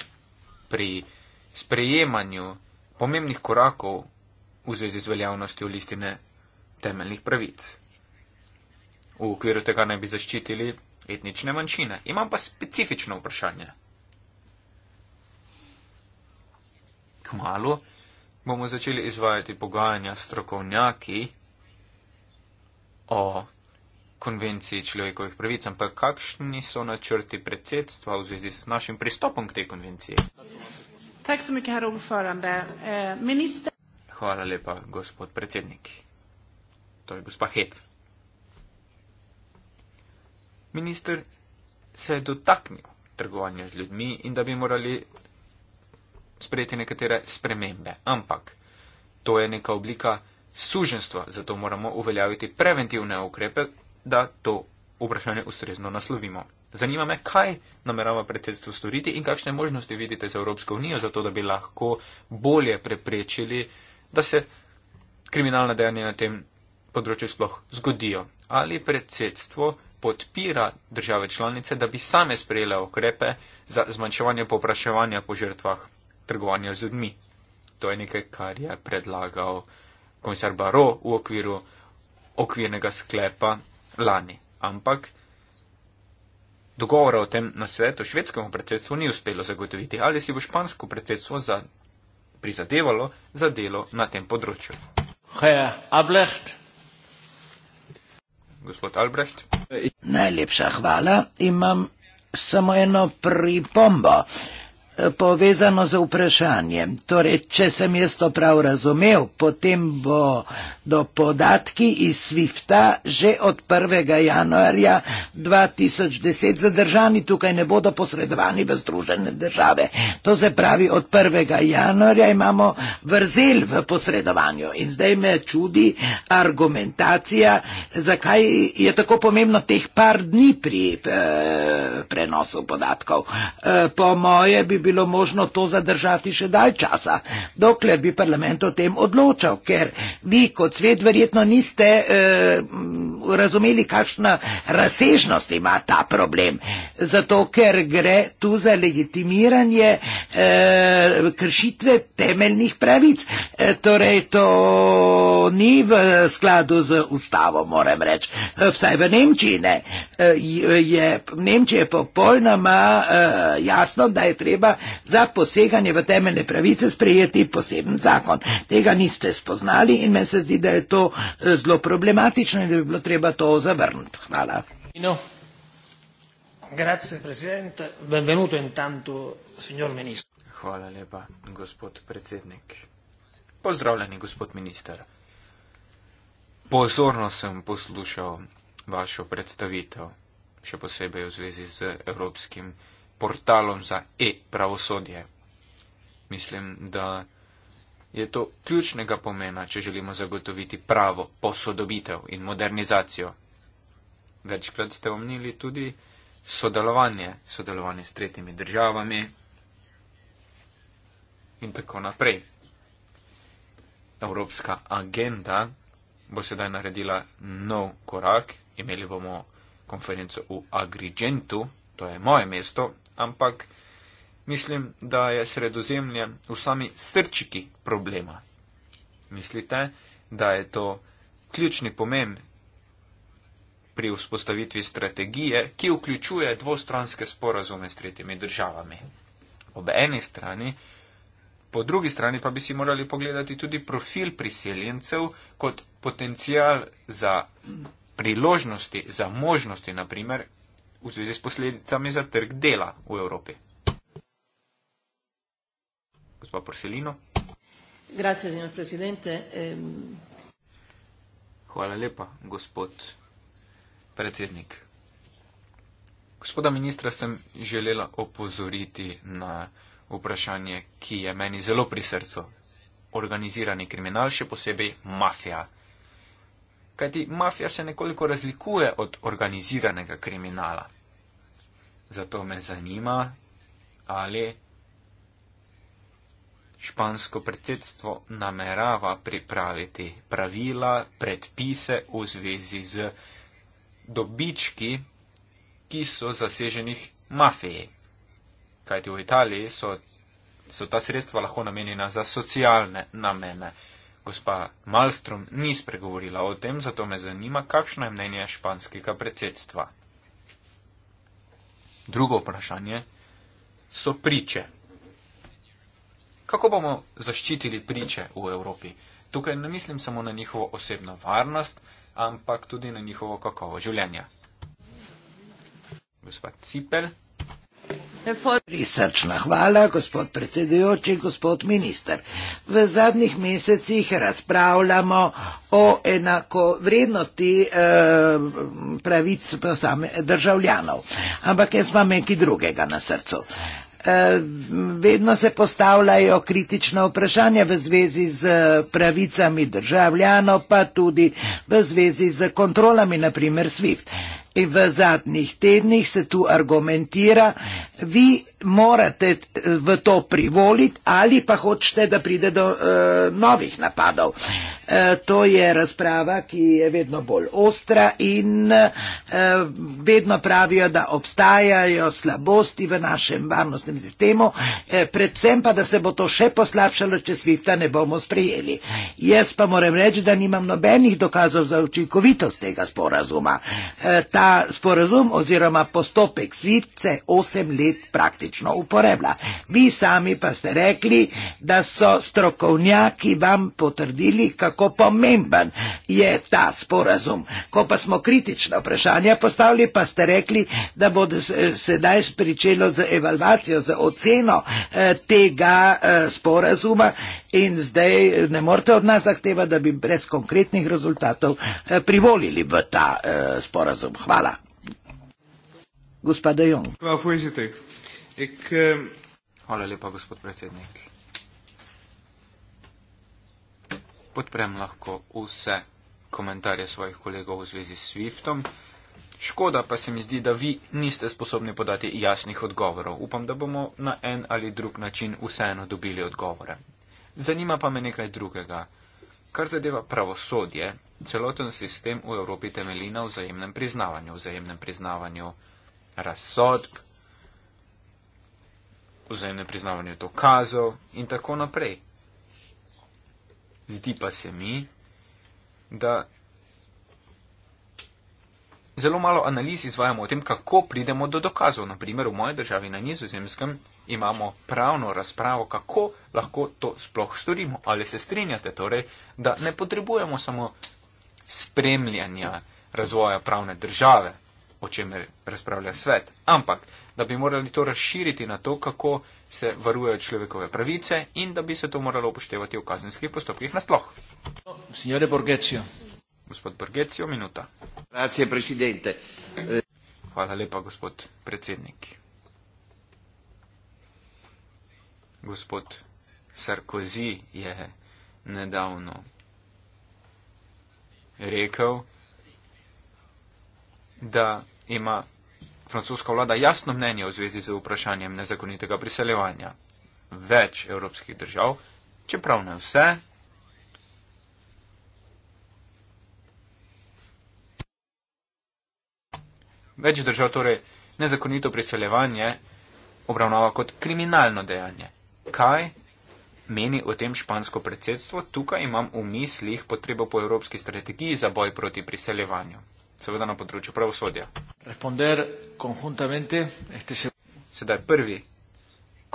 pri sprejemanju pomembnih korakov v zvezi z veljavnostjo listine temeljnih pravic. V okviru tega naj bi zaščitili etnične manjšine. Imam pa specifično vprašanje. Kmalo bomo začeli izvajati pogajanja s strokovnjaki o konvenciji človekovih pravic, ampak kakšni so načrti predsedstva v zvezi s našim pristopom k tej konvenciji? Eh, Hvala lepa, gospod predsednik. To je gospa Het. Minister se je dotaknil trgovanja z ljudmi in da bi morali sprejeti nekatere spremembe, ampak to je neka oblika suženstva, zato moramo uveljaviti preventivne ukrepe, da to vprašanje ustrezno naslovimo. Zanima me, kaj namerava predsedstvo storiti in kakšne možnosti vidite za Evropsko unijo, zato da bi lahko bolje preprečili, da se kriminalna dejanja na tem področju sploh zgodijo. Ali predsedstvo podpira države članice, da bi same sprejele okrepe za zmanjševanje povpraševanja po žrtvah trgovanja z ljudmi. To je nekaj, kar je predlagal komisar Baro v okviru okvirnega sklepa lani. Ampak dogovora o tem na svetu švedskemu predsedstvu ni uspelo zagotoviti, ali si bo špansko predsedstvo za, prizadevalo za delo na tem področju. Herr Ablecht. Gospod Albrecht. Najlepša hvala. Imam samo eno pripombo povezano z vprašanjem. Torej, če sem jaz to prav razumel, potem bo do podatki iz SWIFT-a že od 1. januarja 2010 zadržani, tukaj ne bodo posredovani v Združene države. To se pravi, od 1. januarja imamo vrzel v posredovanju in zdaj me čudi argumentacija, zakaj je tako pomembno teh par dni pri eh, prenosu podatkov. Eh, po moje bi bilo možno to zadržati še dalj časa, dokler bi parlament o tem odločal, ker vi kot svet verjetno niste eh, razumeli, kakšna razsežnost ima ta problem. Zato, ker gre tu za legitimiranje eh, kršitve temeljnih pravic. E, torej, to ni v skladu z ustavo, moram reči. Eh, vsaj v Nemčiji ne. E, je, Nemčije je popolnoma e, jasno, da je treba za poseganje v temeljne pravice sprejeti poseben zakon. Tega niste spoznali in meni se zdi, da je to eh, zelo problematično in da bi bilo treba to zavrniti. Hvala. No. Intanto, Hvala lepa, gospod predsednik. Pozdravljeni, gospod minister. Pozorno sem poslušal vašo predstavitev, še posebej v zvezi z evropskim portalom za e-pravosodje. Mislim, da je to ključnega pomena, če želimo zagotoviti pravo posodobitev in modernizacijo. Večkrat ste omnili tudi sodelovanje, sodelovanje s tretjimi državami in tako naprej. Evropska agenda bo sedaj naredila nov korak, imeli bomo konferenco v Agrigentu, to je moje mesto, ampak mislim, da je sredozemlje v sami srčiki problema. Mislite, da je to ključni pomen pri vzpostavitvi strategije, ki vključuje dvostranske sporazume s tretjimi državami? Ob eni strani, po drugi strani pa bi si morali pogledati tudi profil priseljencev kot potencial za priložnosti, za možnosti, naprimer, v zvezi s posledicami za trg dela v Evropi. Gospod Porcelino. Grazie, signor presidente. Ehm... Hvala lepa, gospod predsednik. Gospoda ministra sem želela opozoriti na vprašanje, ki je meni zelo pri srcu. Organizirani kriminal, še posebej mafija. Kajti mafija se nekoliko razlikuje od organiziranega kriminala. Zato me zanima, ali špansko predsedstvo namerava pripraviti pravila, predpise v zvezi z dobički, ki so zaseženih mafiji. Kajti v Italiji so, so ta sredstva lahko namenjena za socialne namene. Gospa Malstrom ni spregovorila o tem, zato me zanima, kakšno je mnenje španskega predsedstva. Drugo vprašanje so priče. Kako bomo zaščitili priče v Evropi? Tukaj ne mislim samo na njihovo osebno varnost, ampak tudi na njihovo kakovo življenja. Gospod Cipel. Resrčna hvala, gospod predsedujoči, gospod minister. V zadnjih mesecih razpravljamo o enakovrednosti eh, pravic same, državljanov. Ampak jaz imam nekaj drugega na srcu. Eh, vedno se postavljajo kritična vprašanja v zvezi z eh, pravicami državljanov, pa tudi v zvezi z kontrolami, naprimer SWIFT. In v zadnjih tednih se tu argumentira, vi morate v to privoliti ali pa hočete, da pride do uh, novih napadov. Uh, to je razprava, ki je vedno bolj ostra in uh, vedno pravijo, da obstajajo slabosti v našem varnostnem sistemu, uh, predvsem pa, da se bo to še poslabšalo, če SWIFT-a ne bomo sprejeli. Jaz pa moram reči, da nimam nobenih dokazov za učinkovitost tega sporazuma. Uh, sporazum oziroma postopek SWIFT se osem let praktično uporablja. Vi sami pa ste rekli, da so strokovnjaki vam potrdili, kako pomemben je ta sporazum. Ko pa smo kritična vprašanja postavili, pa ste rekli, da bo eh, sedaj spričelo z evalvacijo, z oceno eh, tega eh, sporazuma. In zdaj ne morete od nas zahteva, da bi brez konkretnih rezultatov privolili v ta eh, sporazum. Hvala. Hvala. Gospa De Jong. Ehm, Hvala lepa, gospod predsednik. Podprem lahko vse komentarje svojih kolegov v zvezi s Swiftom. Škoda pa se mi zdi, da vi niste sposobni podati jasnih odgovorov. Upam, da bomo na en ali drug način vseeno dobili odgovore. Zanima pa me nekaj drugega. Kar zadeva pravosodje, celoten sistem v Evropi temelji na vzajemnem priznavanju, vzajemnem priznavanju razsodb, vzajemnem priznavanju dokazov in tako naprej. Zdi pa se mi, da Zelo malo analiz izvajamo o tem, kako pridemo do dokazov. Naprimer, v moji državi na nizozemskem imamo pravno razpravo, kako lahko to sploh storimo. Ali se strinjate torej, da ne potrebujemo samo spremljanja razvoja pravne države, o čemer razpravlja svet, ampak da bi morali to razširiti na to, kako se varujejo človekove pravice in da bi se to moralo upoštevati v kazenskih postopkih nasploh. Signore Borgeccio. Gospod Brgecijo, minuta. Grazie, presidente. Hvala lepa, gospod predsednik. Gospod Sarkozy je nedavno rekel, da ima francoska vlada jasno mnenje v zvezi z vprašanjem nezakonitega priseljevanja več evropskih držav, čeprav ne vse, Več držav torej nezakonito priseljevanje obravnava kot kriminalno dejanje. Kaj meni o tem špansko predsedstvo? Tukaj imam v mislih potrebo po evropski strategiji za boj proti priseljevanju, seveda na področju pravosodja. Sedaj prvi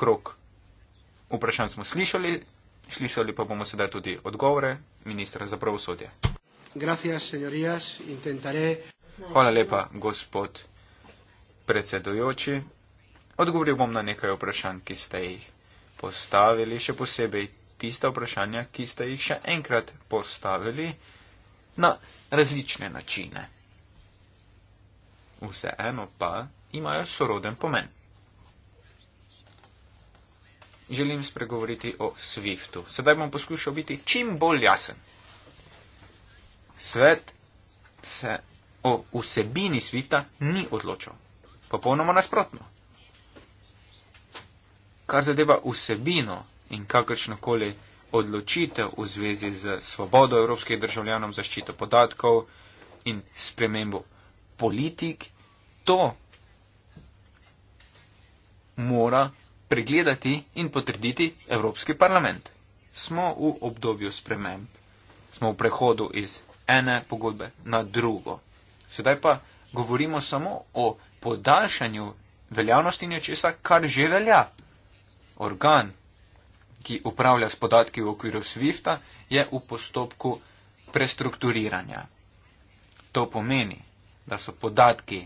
krok vprašanj smo slišali, slišali pa bomo sedaj tudi odgovore ministra za pravosodje. Gracias, señorías. Intentaré. Hvala lepa, gospod predsedujoči. Odgovoril bom na nekaj vprašanj, ki ste jih postavili, še posebej tista vprašanja, ki ste jih še enkrat postavili na različne načine. Vseeno pa imajo soroden pomen. Želim spregovoriti o Swiftu. Sedaj bom poskušal biti čim bolj jasen. Svet se o vsebini Swifta ni odločal. Popolnoma nasprotno. Kar zadeva vsebino in kakršno koli odločitev v zvezi z svobodo evropskih državljanov, zaščito podatkov in spremembo politik, to mora pregledati in potrditi Evropski parlament. Smo v obdobju sprememb, smo v prehodu iz ene pogodbe na drugo. Sedaj pa govorimo samo o podaljšanju veljavnosti nečesa, kar že velja. Organ, ki upravlja s podatki v okviru SWIFT-a, je v postopku prestrukturiranja. To pomeni, da so podatki,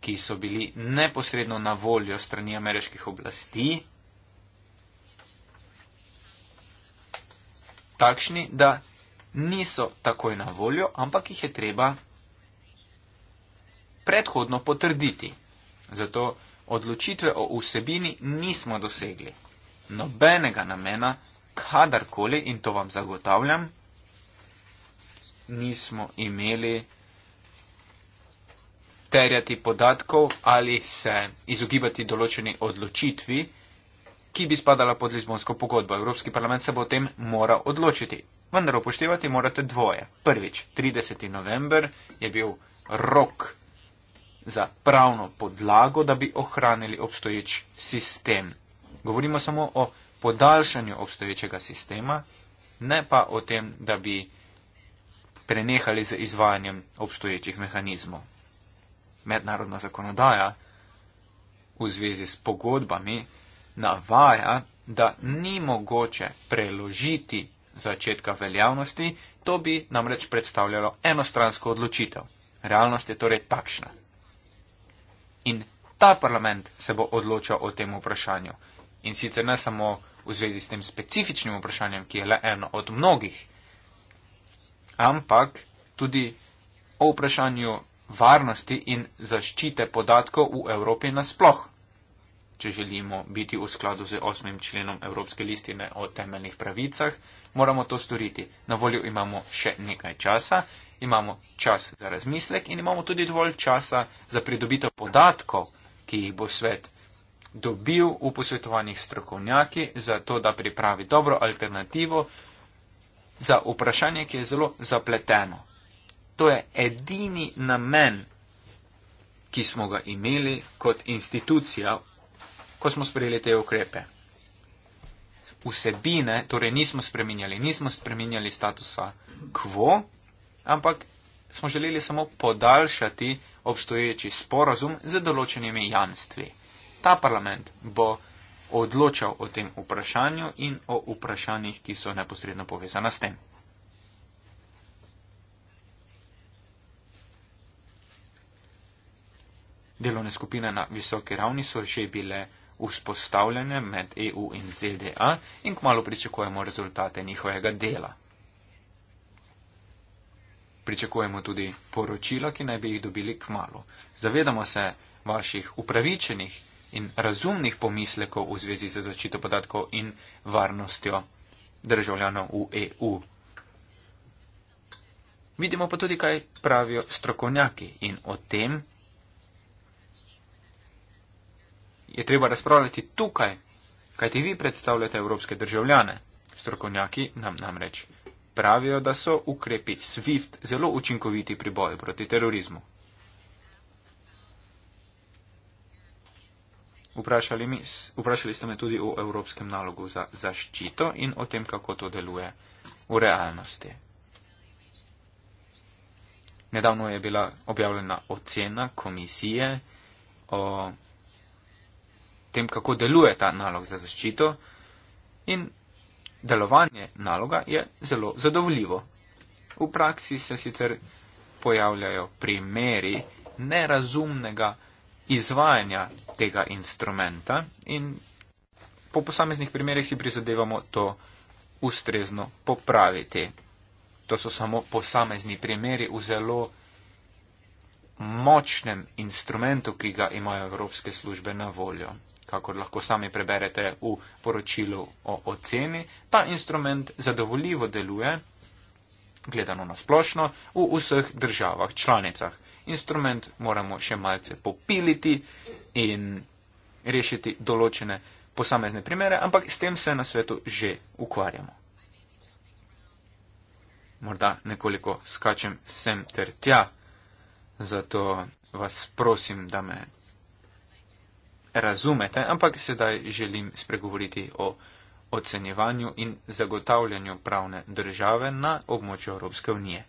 ki so bili neposredno na voljo strani ameriških oblasti, takšni, da niso takoj na voljo, ampak jih je treba predhodno potrditi. Zato odločitve o vsebini nismo dosegli. Nobenega namena, kadarkoli in to vam zagotavljam, nismo imeli terjati podatkov ali se izogibati določeni odločitvi, ki bi spadala pod Lizbonsko pogodbo. Evropski parlament se bo o tem moral odločiti. Vendar upoštevati morate dvoje. Prvič, 30. november je bil rok za pravno podlago, da bi ohranili obstoječ sistem. Govorimo samo o podaljšanju obstoječega sistema, ne pa o tem, da bi prenehali z izvajanjem obstoječih mehanizmov. Mednarodna zakonodaja v zvezi s pogodbami navaja, da ni mogoče preložiti začetka veljavnosti, to bi namreč predstavljalo enostransko odločitev. Realnost je torej takšna. In ta parlament se bo odločal o tem vprašanju. In sicer ne samo v zvezi s tem specifičnim vprašanjem, ki je le eno od mnogih, ampak tudi o vprašanju varnosti in zaščite podatkov v Evropi nasploh če želimo biti v skladu z osmim členom Evropske listine o temeljnih pravicah, moramo to storiti. Na voljo imamo še nekaj časa, imamo čas za razmislek in imamo tudi dovolj časa za pridobitev podatkov, ki jih bo svet dobil v posvetovanjih strokovnjaki, zato da pripravi dobro alternativo za vprašanje, ki je zelo zapleteno. To je edini namen, ki smo ga imeli kot institucija ko smo sprejeli te ukrepe. Vsebine, torej nismo spreminjali, nismo spreminjali statusa kvo, ampak smo želeli samo podaljšati obstoječi sporazum z določenimi jamstvi. Ta parlament bo odločal o tem vprašanju in o vprašanjih, ki so neposredno povezana s tem. Delovne skupine na visoki ravni so že bile vzpostavljene med EU in ZDA in kmalo pričakujemo rezultate njihovega dela. Pričakujemo tudi poročila, ki naj bi jih dobili kmalo. Zavedamo se vaših upravičenih in razumnih pomislekov v zvezi z zaščito podatkov in varnostjo državljanov v EU. Vidimo pa tudi, kaj pravijo strokovnjaki in o tem je treba razpravljati tukaj, kajti vi predstavljate evropske državljane. Strokovnjaki nam namreč pravijo, da so ukrepi SWIFT zelo učinkoviti pri boju proti terorizmu. Vprašali, mi, vprašali ste me tudi o evropskem nalogu za zaščito in o tem, kako to deluje v realnosti. Nedavno je bila objavljena ocena komisije o tem, kako deluje ta nalog za zaščito in delovanje naloga je zelo zadovoljivo. V praksi se sicer pojavljajo primeri nerazumnega izvajanja tega instrumenta in po posameznih primerjih si prizadevamo to ustrezno popraviti. To so samo posamezni primeri v zelo močnem instrumentu, ki ga imajo evropske službe na voljo kakor lahko sami preberete v poročilu o oceni, ta instrument zadovoljivo deluje, gledano na splošno, v vseh državah članicah. Instrument moramo še malce popiliti in rešiti določene posamezne primere, ampak s tem se na svetu že ukvarjamo. Morda nekoliko skačem sem ter tja, zato vas prosim, da me razumete, ampak sedaj želim spregovoriti o ocenjevanju in zagotavljanju pravne države na območju Evropske unije.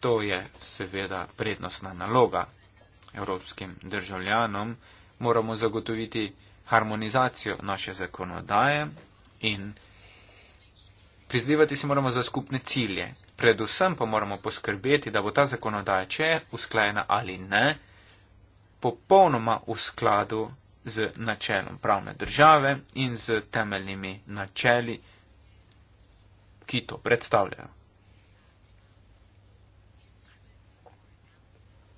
To je seveda prednostna naloga. Evropskim državljanom moramo zagotoviti harmonizacijo naše zakonodaje in prizdivati si moramo za skupne cilje. Predvsem pa moramo poskrbeti, da bo ta zakonodaja, če je usklajena ali ne, popolnoma v skladu z načelom pravne države in z temeljnimi načeli, ki to predstavljajo.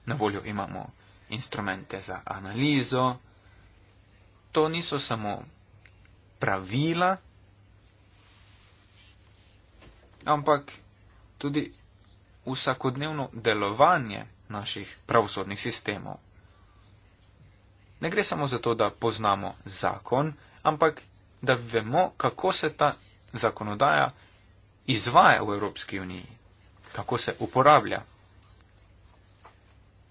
Na voljo imamo instrumente za analizo. To niso samo pravila, ampak tudi vsakodnevno delovanje naših pravosodnih sistemov ne gre samo za to, da poznamo zakon, ampak da vemo, kako se ta zakonodaja izvaja v Evropski uniji, kako se uporablja.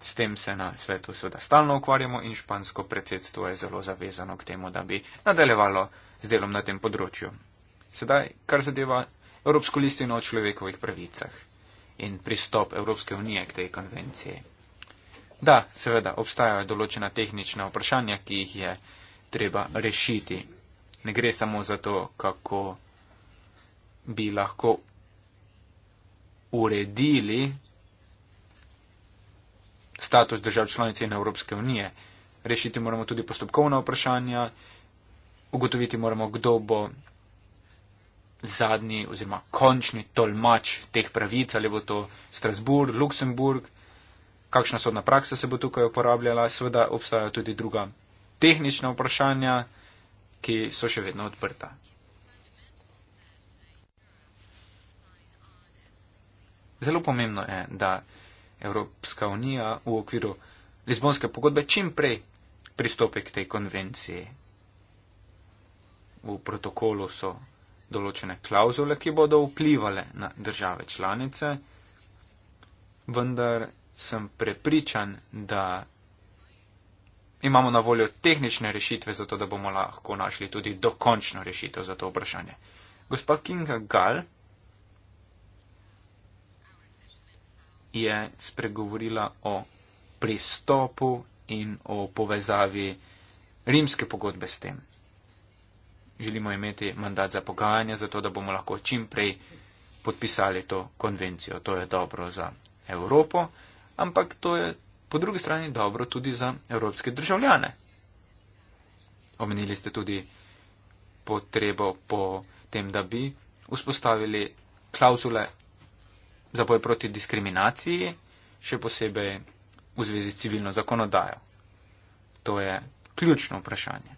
S tem se na svetu seveda stalno ukvarjamo in špansko predsedstvo je zelo zavezano k temu, da bi nadaljevalo z delom na tem področju. Sedaj, kar zadeva Evropsko listino o človekovih pravicah in pristop Evropske unije k tej konvenciji. Da, seveda, obstajajo določena tehnična vprašanja, ki jih je treba rešiti. Ne gre samo za to, kako bi lahko uredili status držav članic in Evropske unije. Rešiti moramo tudi postopkovna vprašanja, ugotoviti moramo, kdo bo zadnji oziroma končni tolmač teh pravic, ali bo to Strasburg, Luksemburg, kakšna sodna praksa se bo tukaj uporabljala. Sveda obstajajo tudi druga tehnična vprašanja, ki so še vedno odprta. Zelo pomembno je, da Evropska unija v okviru Lizbonske pogodbe čim prej pristopi k tej konvenciji. V protokolu so določene klauzule, ki bodo vplivale na države članice, vendar sem prepričan, da imamo na voljo tehnične rešitve, zato da bomo lahko našli tudi dokončno rešitev za to vprašanje. Gospa Kinga Gal je spregovorila o pristopu in o povezavi rimske pogodbe s tem. Želimo imeti mandat za pogajanje, zato da bomo lahko čim prej podpisali to konvencijo. To je dobro za Evropo ampak to je po drugi strani dobro tudi za evropske državljane. Omenili ste tudi potrebo po tem, da bi vzpostavili klauzule za boj proti diskriminaciji, še posebej v zvezi s civilno zakonodajo. To je ključno vprašanje.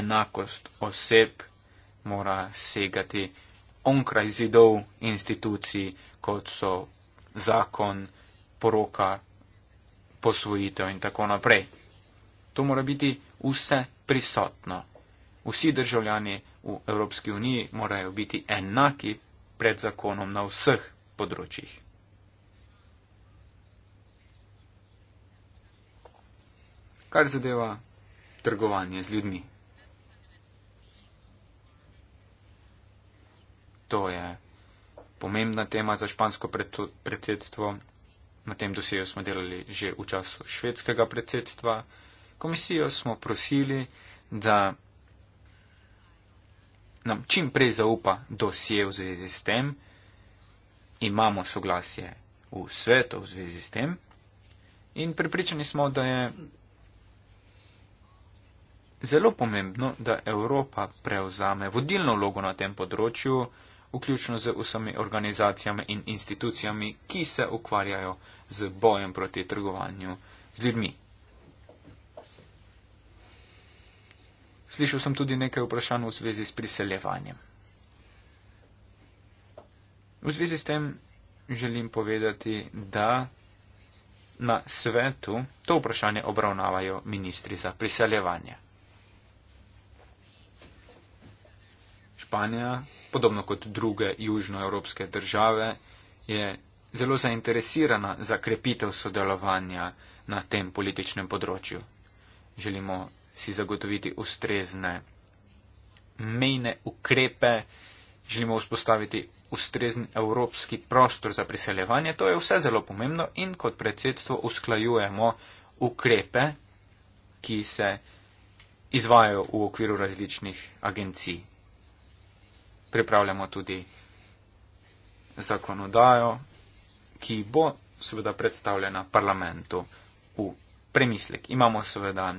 Enakost oseb mora segati onkraj zidov institucij, kot so zakon, poroka, posvojitev in tako naprej. To mora biti vse prisotno. Vsi državljani v Evropski uniji morajo biti enaki pred zakonom na vseh področjih. Kar zadeva trgovanje z ljudmi. to je pomembna tema za špansko predsedstvo. Na tem dosijo smo delali že v času švedskega predsedstva. Komisijo smo prosili, da nam čim prej zaupa dosije v zvezi s tem. Imamo soglasje v svetu v zvezi s tem in pripričani smo, da je zelo pomembno, da Evropa prevzame vodilno vlogo na tem področju vključno z vsemi organizacijami in institucijami, ki se ukvarjajo z bojem proti trgovanju z ljudmi. Slišal sem tudi nekaj vprašanj v zvezi s priseljevanjem. V zvezi s tem želim povedati, da na svetu to vprašanje obravnavajo ministri za priseljevanje. Španija, podobno kot druge južnoevropske države, je zelo zainteresirana za krepitev sodelovanja na tem političnem področju. Želimo si zagotoviti ustrezne mejne ukrepe, želimo vzpostaviti ustrezen evropski prostor za priseljevanje. To je vse zelo pomembno in kot predsedstvo usklajujemo ukrepe, ki se izvajo v okviru različnih agencij pripravljamo tudi zakonodajo, ki bo seveda predstavljena parlamentu v premislek. Imamo seveda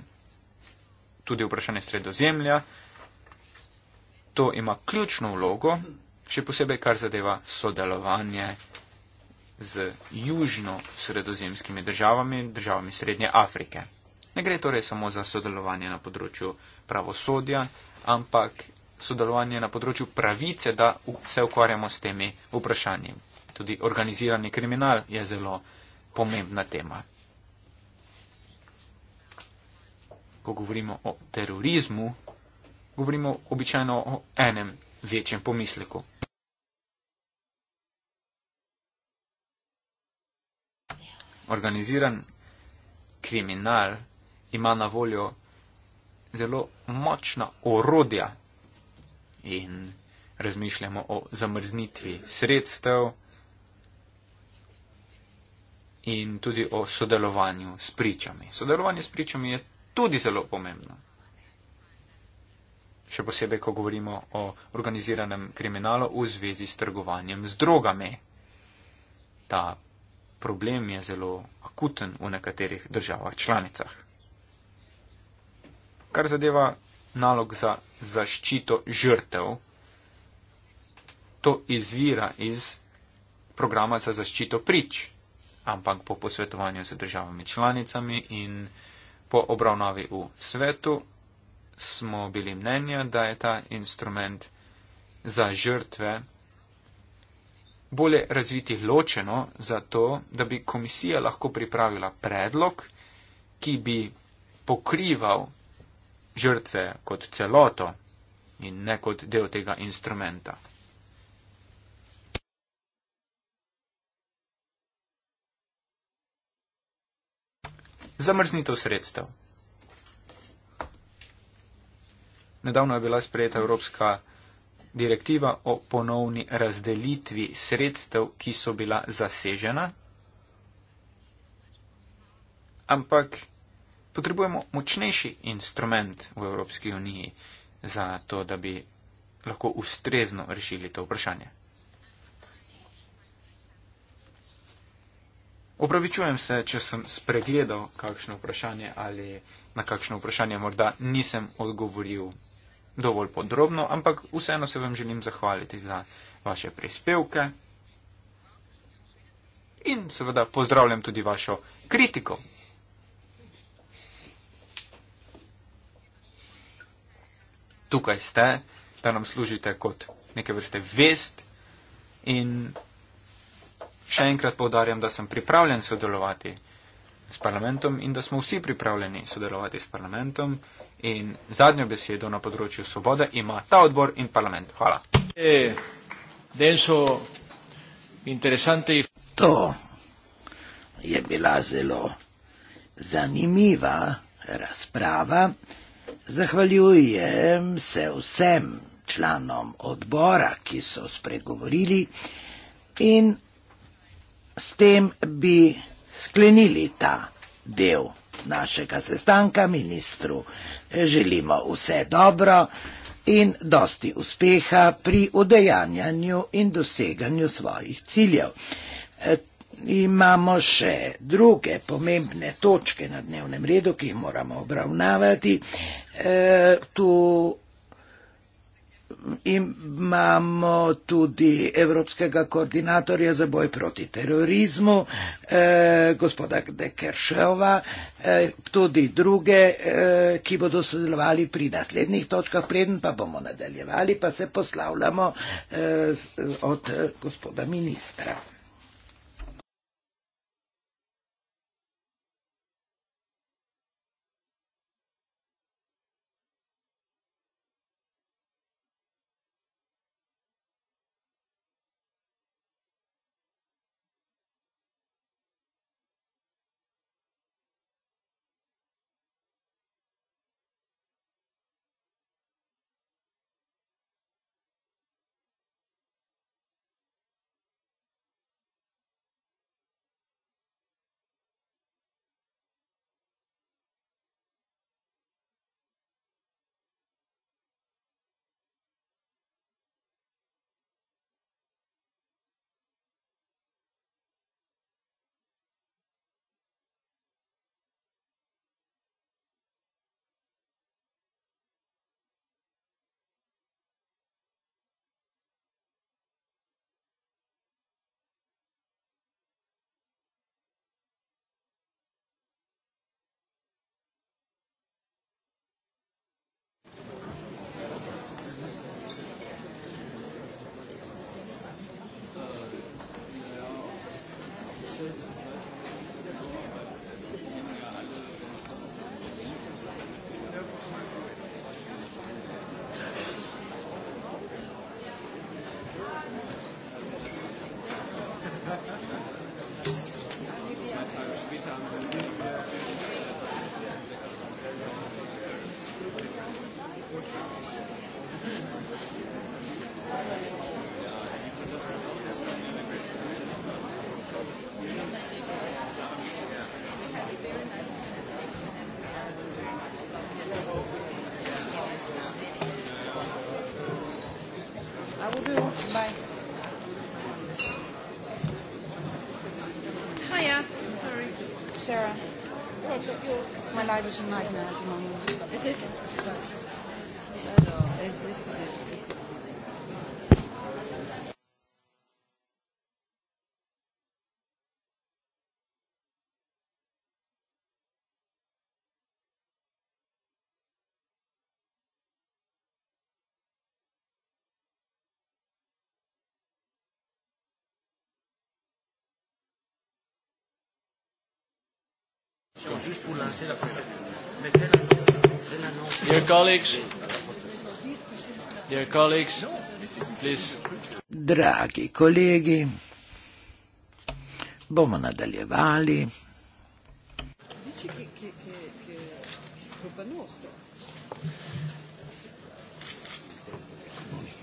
tudi vprašanje sredozemlja. To ima ključno vlogo, še posebej kar zadeva sodelovanje z južno-sredozemskimi državami, državami Srednje Afrike. Ne gre torej samo za sodelovanje na področju pravosodja, ampak sodelovanje na področju pravice, da se ukvarjamo s temi vprašanji. Tudi organizirani kriminal je zelo pomembna tema. Ko govorimo o terorizmu, govorimo običajno o enem večjem pomisleku. Organiziran kriminal ima na voljo zelo močna orodja in razmišljamo o zamrznitvi sredstev in tudi o sodelovanju s pričami. Sodelovanje s pričami je tudi zelo pomembno. Še posebej, ko govorimo o organiziranem kriminalu v zvezi s trgovanjem z drogami. Ta problem je zelo akuten v nekaterih državah članicah. Kar zadeva nalog za zaščito žrtev, to izvira iz programa za zaščito prič, ampak po posvetovanju z državami članicami in po obravnavi v svetu smo bili mnenja, da je ta instrument za žrtve bolje razviti ločeno, zato da bi komisija lahko pripravila predlog, ki bi pokrival žrtve kot celoto in ne kot del tega instrumenta. Zamrznitev sredstev. Nedavno je bila sprejeta Evropska direktiva o ponovni razdelitvi sredstev, ki so bila zasežena, ampak potrebujemo močnejši instrument v Evropski uniji za to, da bi lahko ustrezno rešili to vprašanje. Opravičujem se, če sem spregledal kakšno vprašanje ali na kakšno vprašanje morda nisem odgovoril dovolj podrobno, ampak vseeno se vam želim zahvaliti za vaše prispevke in seveda pozdravljam tudi vašo kritiko tukaj ste, da nam služite kot neke vrste vest in še enkrat povdarjam, da sem pripravljen sodelovati s parlamentom in da smo vsi pripravljeni sodelovati s parlamentom in zadnjo besedo na področju svobode ima ta odbor in parlament. Hvala. Eh, to je bila zelo zanimiva razprava. Zahvaljujem se vsem članom odbora, ki so spregovorili in s tem bi sklenili ta del našega sestanka ministru. Želimo vse dobro in dosti uspeha pri udejanjanju in doseganju svojih ciljev. E, imamo še druge pomembne točke na dnevnem redu, ki jih moramo obravnavati. E, tu imamo tudi evropskega koordinatorja za boj proti terorizmu, eh, gospoda Dekeršova, eh, tudi druge, eh, ki bodo sodelovali pri naslednjih točkah, preden pa bomo nadaljevali, pa se poslavljamo eh, od gospoda ministra. Virgem Maria. question juste pour lancer la question. Mais fais l'annonce. Fais l'annonce. Dear colleagues. Dear colleagues. Please. Dragi kolegi, bomo nadaljevali.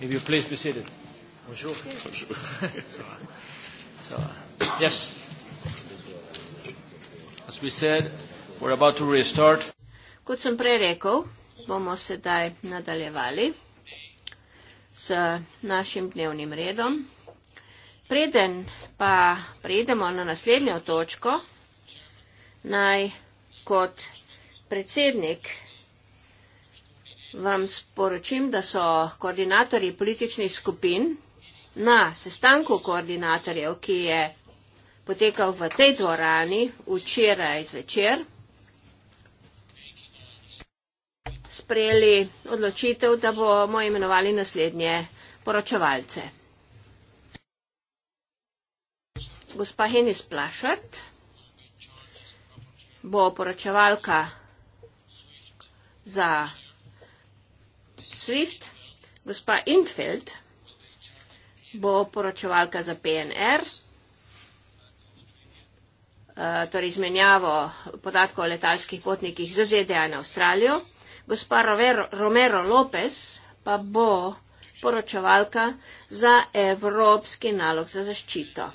If you please be seated. Bonjour. Bonjour. so, so, yes. As we said, we're about to restart. Kot sem prej rekel, bomo sedaj nadaljevali s našim dnevnim redom. Preden pa prejdemo na naslednjo točko, naj kot predsednik vam sporočim, da so koordinatorji političnih skupin na sestanku koordinatorjev, ki je potekal v tej dvorani včeraj zvečer, sprejeli odločitev, da bomo imenovali naslednje poročevalce. Gospa Henis Plašert bo poročevalka za SWIFT, gospa Intfeld bo poročevalka za PNR, Eh, torej izmenjavo podatkov o letalskih potnikih z ZDA na Avstralijo. Gospa Romero Lopez pa bo poročevalka za Evropski nalog za zaščito.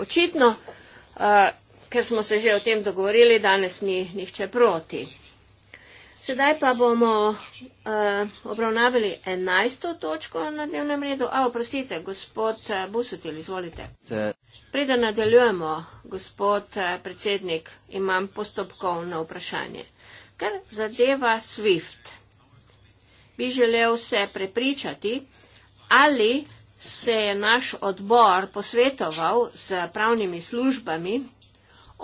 Očitno, uh, ker smo se že o tem dogovorili, danes ni nihče proti. Sedaj pa bomo uh, eh, obravnavali enajsto točko na dnevnem redu. A, oprostite, gospod eh, Busutil, izvolite. Preden nadaljujemo, gospod eh, predsednik, imam postopkovno vprašanje. Ker zadeva SWIFT, bi želel se prepričati, ali se je naš odbor posvetoval z pravnimi službami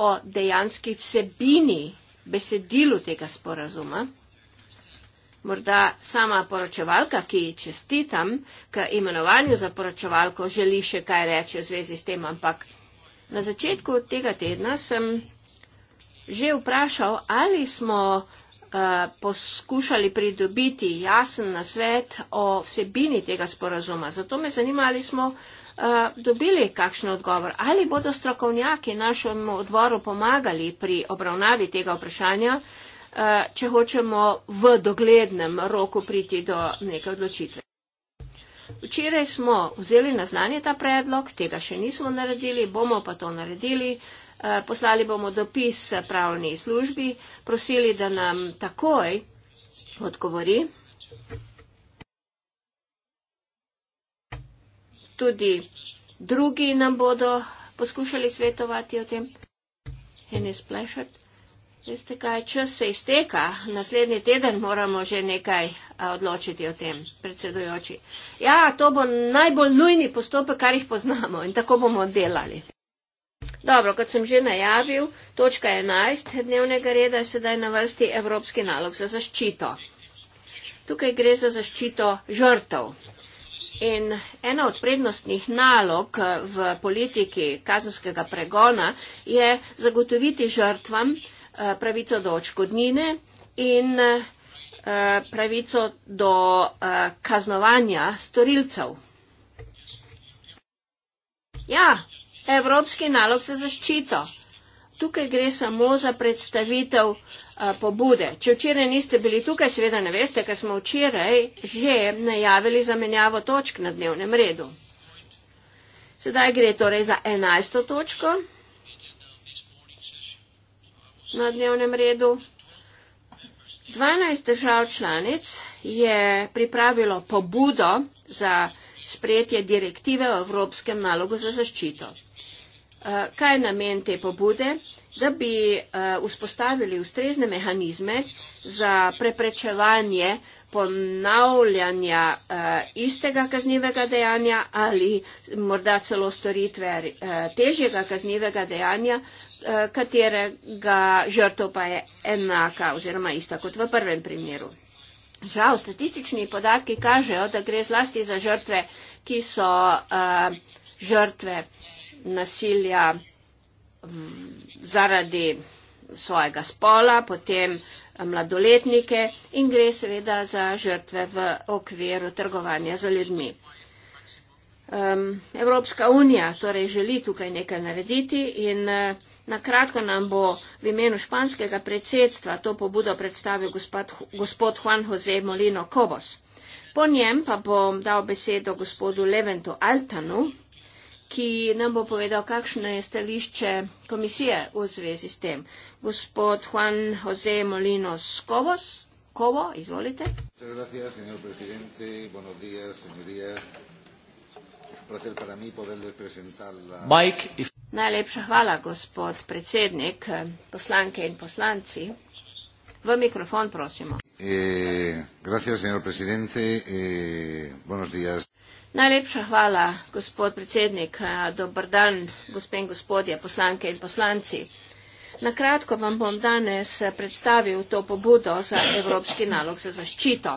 o dejanski vsebini besedilu tega sporazuma. Morda sama poročevalka, ki ji čestitam k imenovanju za poročevalko, želi še kaj reči v zvezi s tem, ampak na začetku tega tedna sem že vprašal, ali smo uh, poskušali pridobiti jasen nasvet o vsebini tega sporazuma. Zato me zanima, ali smo dobili kakšen odgovor. Ali bodo strokovnjaki našemu odboru pomagali pri obravnavi tega vprašanja, če hočemo v doglednem roku priti do neke odločitve. Včeraj smo vzeli na znanje ta predlog, tega še nismo naredili, bomo pa to naredili. Poslali bomo dopis pravni službi, prosili, da nam takoj odgovori. tudi drugi nam bodo poskušali svetovati o tem. Henes Plešert. Veste kaj, čas se izteka, naslednji teden moramo že nekaj odločiti o tem, predsedujoči. Ja, to bo najbolj nujni postopek, kar jih poznamo in tako bomo delali. Dobro, kot sem že najavil, točka 11 dnevnega reda je sedaj na vrsti Evropski nalog za zaščito. Tukaj gre za zaščito žrtev, In ena od prednostnih nalog eh, v politiki kazenskega pregona je zagotoviti žrtvam eh, pravico do očkodnine in eh, pravico do kaznovanja storilcev. Ja, evropski nalog za zaščito. Tukaj gre samo za predstavitev uh, Eh, pobude. Če včeraj niste bili tukaj, seveda ne veste, ker smo včeraj že najavili zamenjavo točk na dnevnem redu. Sedaj gre torej za enajsto točko na dnevnem redu. 12 držav članic je pripravilo pobudo za sprejetje direktive o Evropskem nalogu za zaščito. Eh, kaj je namen te pobude, da bi eh, vzpostavili ustrezne mehanizme za preprečevanje ponavljanja eh, istega kaznivega dejanja ali morda celo storitve težjega kaznivega dejanja, katerega žrtev pa je enaka oziroma ista kot v prvem primeru. Žal, statistični podatki kažejo, da gre zlasti za žrtve, ki so uh, žrtve uh, nasilja v, zaradi svojega spola, potem mladoletnike in gre seveda za žrtve v okviru trgovanja za ljudmi. Evropska unija torej želi tukaj nekaj narediti in eh, nakratko nam bo v imenu španskega predsedstva to pobudo predstavil gospod, gospod Juan Jose Molino Kobos. Po njem pa bom dal besedo gospodu Leventu Altanu, ki nam bo povedal, kakšno je stališče komisije v zvezi s tem. Gospod Juan Jose Molino Skovos, Kovo, izvolite. Mike, if... Najlepša hvala, gospod predsednik, poslanke in poslanci. V mikrofon, prosimo. Eh, gracias, señor presidente. Eh, buenos días. Najlepša hvala, gospod predsednik. Dobr dan, gospe in gospodje, poslanke in poslanci. Nakratko vam bom danes predstavil to pobudo za Evropski nalog za zaščito.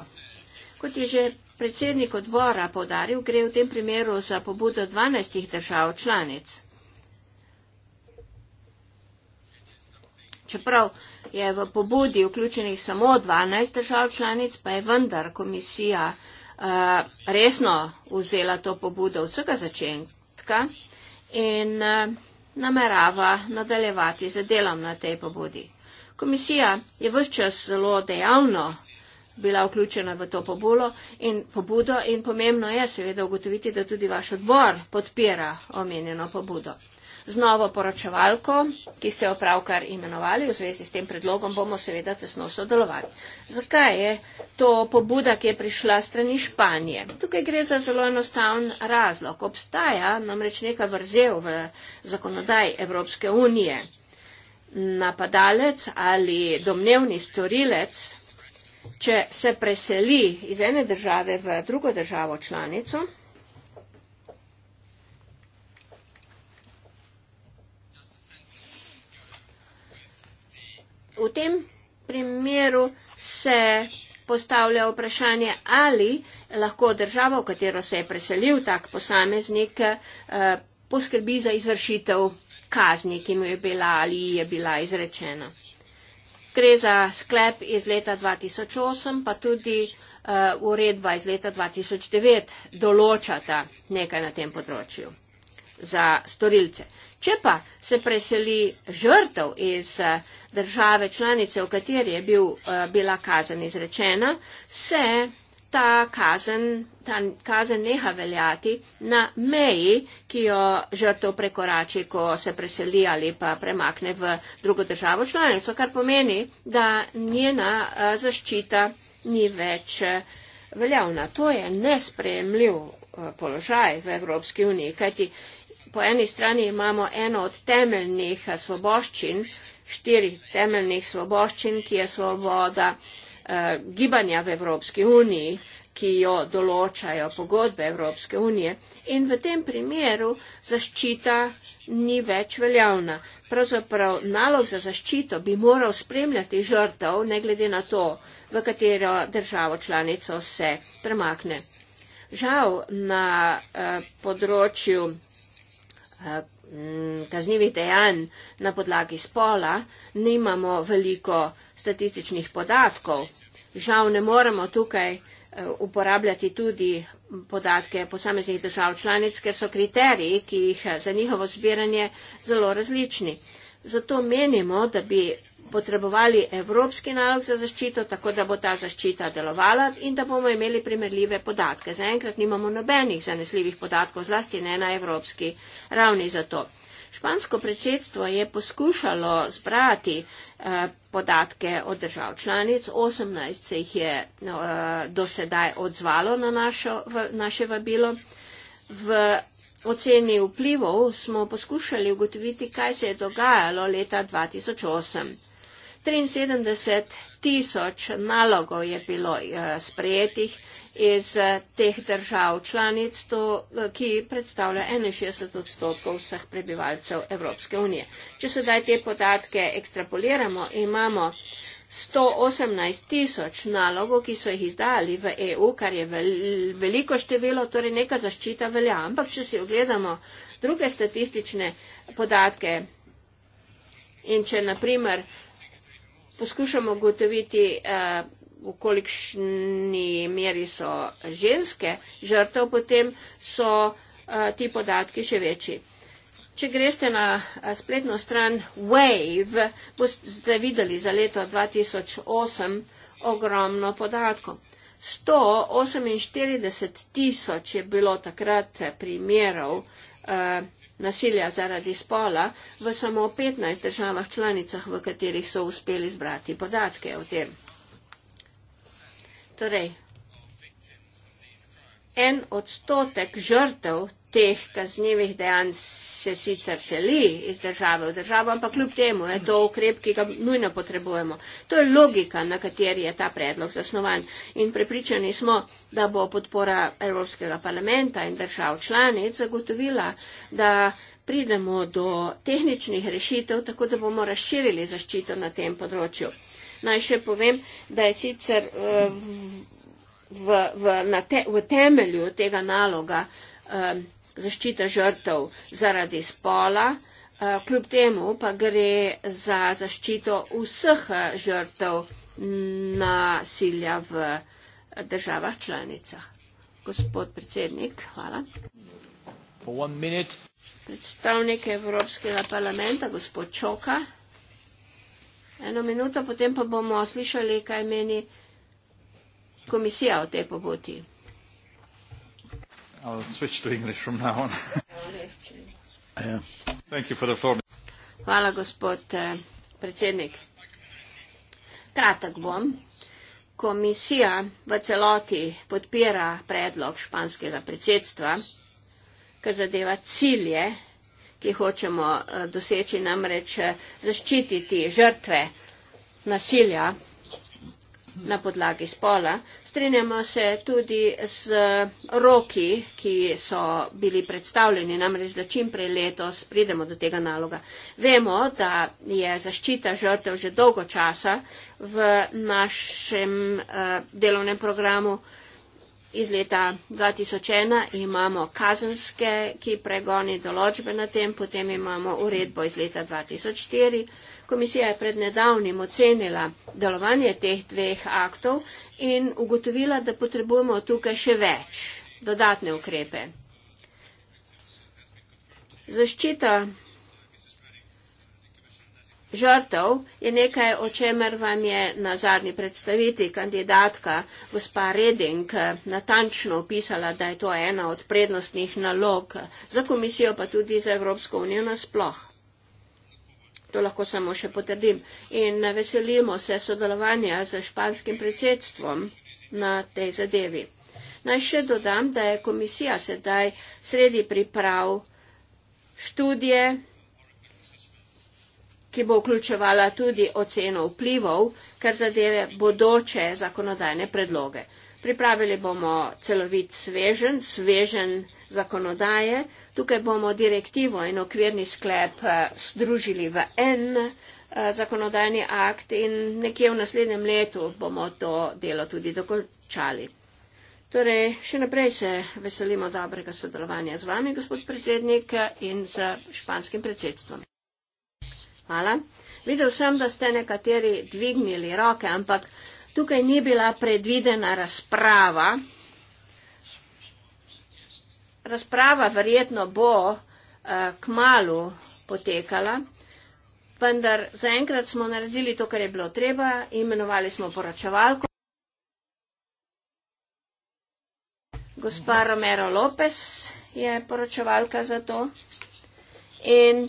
Kot je že predsednik odbora podaril, gre v tem primeru za pobudo 12 držav članic. Čeprav je v pobudi vključenih samo 12 držav članic, pa je vendar komisija resno vzela to pobudo vsega začetka in uh, namerava nadaljevati z delom na tej pobudi. Komisija je vse čas zelo dejavno bila vključena v to pobulo in pobudo in pomembno je seveda ugotoviti, da tudi vaš odbor podpira omenjeno pobudo. Z novo poročevalko, ki ste jo pravkar imenovali, v zvezi s tem predlogom bomo seveda tesno sodelovali. Zakaj je to pobuda, ki je prišla strani Španije? Tukaj gre za zelo enostaven razlog. Obstaja namreč neka vrzel v zakonodaj Evropske unije. Napadalec ali domnevni storilec, če se preseli iz ene države v drugo državo članico, v tem primeru se postavlja vprašanje, ali lahko država, v katero se je preselil tak posameznik, eh, poskrbi za izvršitev kazni, ki mu je bila ali je bila izrečena. Gre za sklep iz leta 2008, pa tudi uh, uredba iz leta 2009 določata nekaj na tem področju za storilce. Uh, Če pa se preseli žrtev iz eh, države članice, v kateri je bil, eh, bila kazen izrečena, se ta kazen, ta kazen neha veljati na meji, ki jo žrtev prekorači, ko se preseli ali pa premakne v drugo državo članico, kar pomeni, da njena eh, zaščita ni več veljavna. To je nespremljiv položaj v Evropski uniji, kajti po eni strani imamo eno od temeljnih eh, svoboščin, štirih temeljnih svoboščin, ki je svoboda eh, gibanja v Evropski uniji, ki jo določajo pogodbe Evropske unije. In v tem primeru zaščita ni več veljavna. Pravzaprav nalog za zaščito bi moral spremljati žrtev, ne glede na to, v katero državo članico se premakne. Žal na eh, področju Eh, kaznjivih dejanj na podlagi spola, nimamo veliko statističnih podatkov. Žal ne moramo tukaj eh, uporabljati tudi podatke posameznih držav članic, ker so kriteriji, ki jih eh, za njihovo zbiranje zelo različni. Zato menimo, da bi potrebovali evropski nalog za zaščito, tako da bo ta zaščita delovala in da bomo imeli primerljive podatke. Zaenkrat nimamo nobenih zanesljivih podatkov, zlasti ne na evropski ravni za to. Špansko predsedstvo je poskušalo zbrati eh, podatke od držav članic, 18 se jih je eh, dosedaj odzvalo na našo, v, naše vabilo. V oceni vplivov smo poskušali ugotoviti, kaj se je dogajalo leta 2008. 73 tisoč nalogov je bilo eh, sprejetih iz eh, teh držav članic, to, eh, ki predstavlja 61 odstotkov vseh prebivalcev Evropske unije. Če sedaj te podatke ekstrapoliramo, imamo 118 tisoč nalogov, ki so jih izdali v EU, kar je veliko število, torej neka zaščita velja. Ampak, če si ogledamo druge statistične podatke in če naprimer poskušamo gotoviti, eh, v kolikšni meri so ženske žrtev, potem so eh, ti podatki še večji. Če greste na eh, spletno stran WAVE, boste videli za leto 2008 ogromno podatkov. 148 tisoč je bilo takrat primerov nasilja zaradi spola v samo 15 državah članicah, v katerih so uspeli zbrati podatke o tem. Torej, en odstotek žrtev teh kaznjivih dejanj se sicer seli iz države v državo, ampak kljub temu je to ukrep, ki ga nujno potrebujemo. To je logika, na kateri je ta predlog zasnovan. In prepričani smo, da bo podpora Evropskega parlamenta in držav članic zagotovila, da pridemo do tehničnih rešitev, tako da bomo razširili zaščito na tem področju. Naj še povem, da je sicer eh, v, v, te, v temelju tega naloga um, zaščita žrtev zaradi spola, eh, kljub temu pa gre za zaščito vseh eh, žrtev nasilja v državah članicah. Gospod predsednik, hvala. Predstavnik Evropskega parlamenta, gospod Čoka. Eno minuto, potem pa bomo slišali, kaj meni komisija o tej poboti. I'll switch to English from now on. Thank you for the floor. Hvala, gospod eh, predsednik. Kratek bom. Komisija v celoti podpira predlog španskega predsedstva, kar zadeva cilje, ki hočemo eh, doseči namreč eh, zaščititi žrtve nasilja na podlagi spola. Strinjamo se tudi z roki, ki so bili predstavljeni, namreč da čim prej letos pridemo do tega naloga. Vemo, da je zaščita žrtev že dolgo časa v našem uh, delovnem programu. Iz leta 2001 imamo kazenske, ki pregoni določbe na tem, potem imamo uredbo iz leta 2004. Komisija je pred nedavnim ocenila delovanje teh dveh aktov in ugotovila, da potrebujemo tukaj še več dodatne ukrepe. Zaščita žrtev je nekaj, o čemer vam je na zadnji predstaviti kandidatka gospa Reding natančno opisala, da je to ena od prednostnih nalog za komisijo, pa tudi za Evropsko unijo nasploh. To lahko samo še potrdim. In veselimo se sodelovanja z španskim predsedstvom na tej zadevi. Naj še dodam, da je komisija sedaj sredi priprav študije, ki bo vključevala tudi oceno vplivov, kar zadeve bodoče zakonodajne predloge. Pripravili bomo celovit svežen, svežen zakonodaje, Tukaj bomo direktivo in okvirni sklep eh, združili v en eh, zakonodajni akt in nekje v naslednjem letu bomo to delo tudi dokončali. Torej, še naprej se veselimo dobrega sodelovanja z vami, gospod predsednik, in z španskim predsedstvom. Hvala. Videl sem, da ste nekateri dvignili roke, ampak tukaj ni bila predvidena razprava razprava verjetno bo uh, eh, k malu potekala, vendar zaenkrat smo naredili to, kar je bilo treba, imenovali smo poročevalko. Gospa Romero Lopes je poročevalka za to. In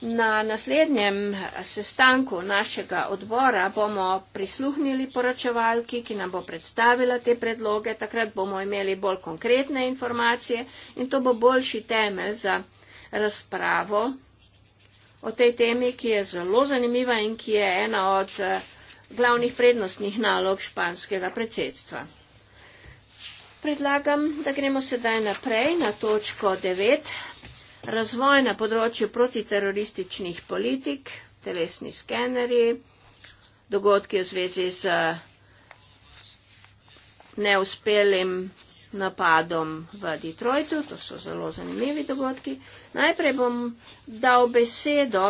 Na naslednjem eh, sestanku našega odbora bomo prisluhnili poročevalki, ki nam bo predstavila te predloge. Takrat bomo imeli bolj konkretne informacije in to bo boljši temelj za razpravo o tej temi, ki je zelo zanimiva in ki je ena od eh, glavnih prednostnih nalog španskega predsedstva. Predlagam, da gremo sedaj naprej na točko 9 razvoj na področju protiterorističnih politik, telesni skeneri, dogodki v zvezi z neuspelim napadom v Detroitu, to so zelo zanimivi dogodki. Najprej bom dal besedo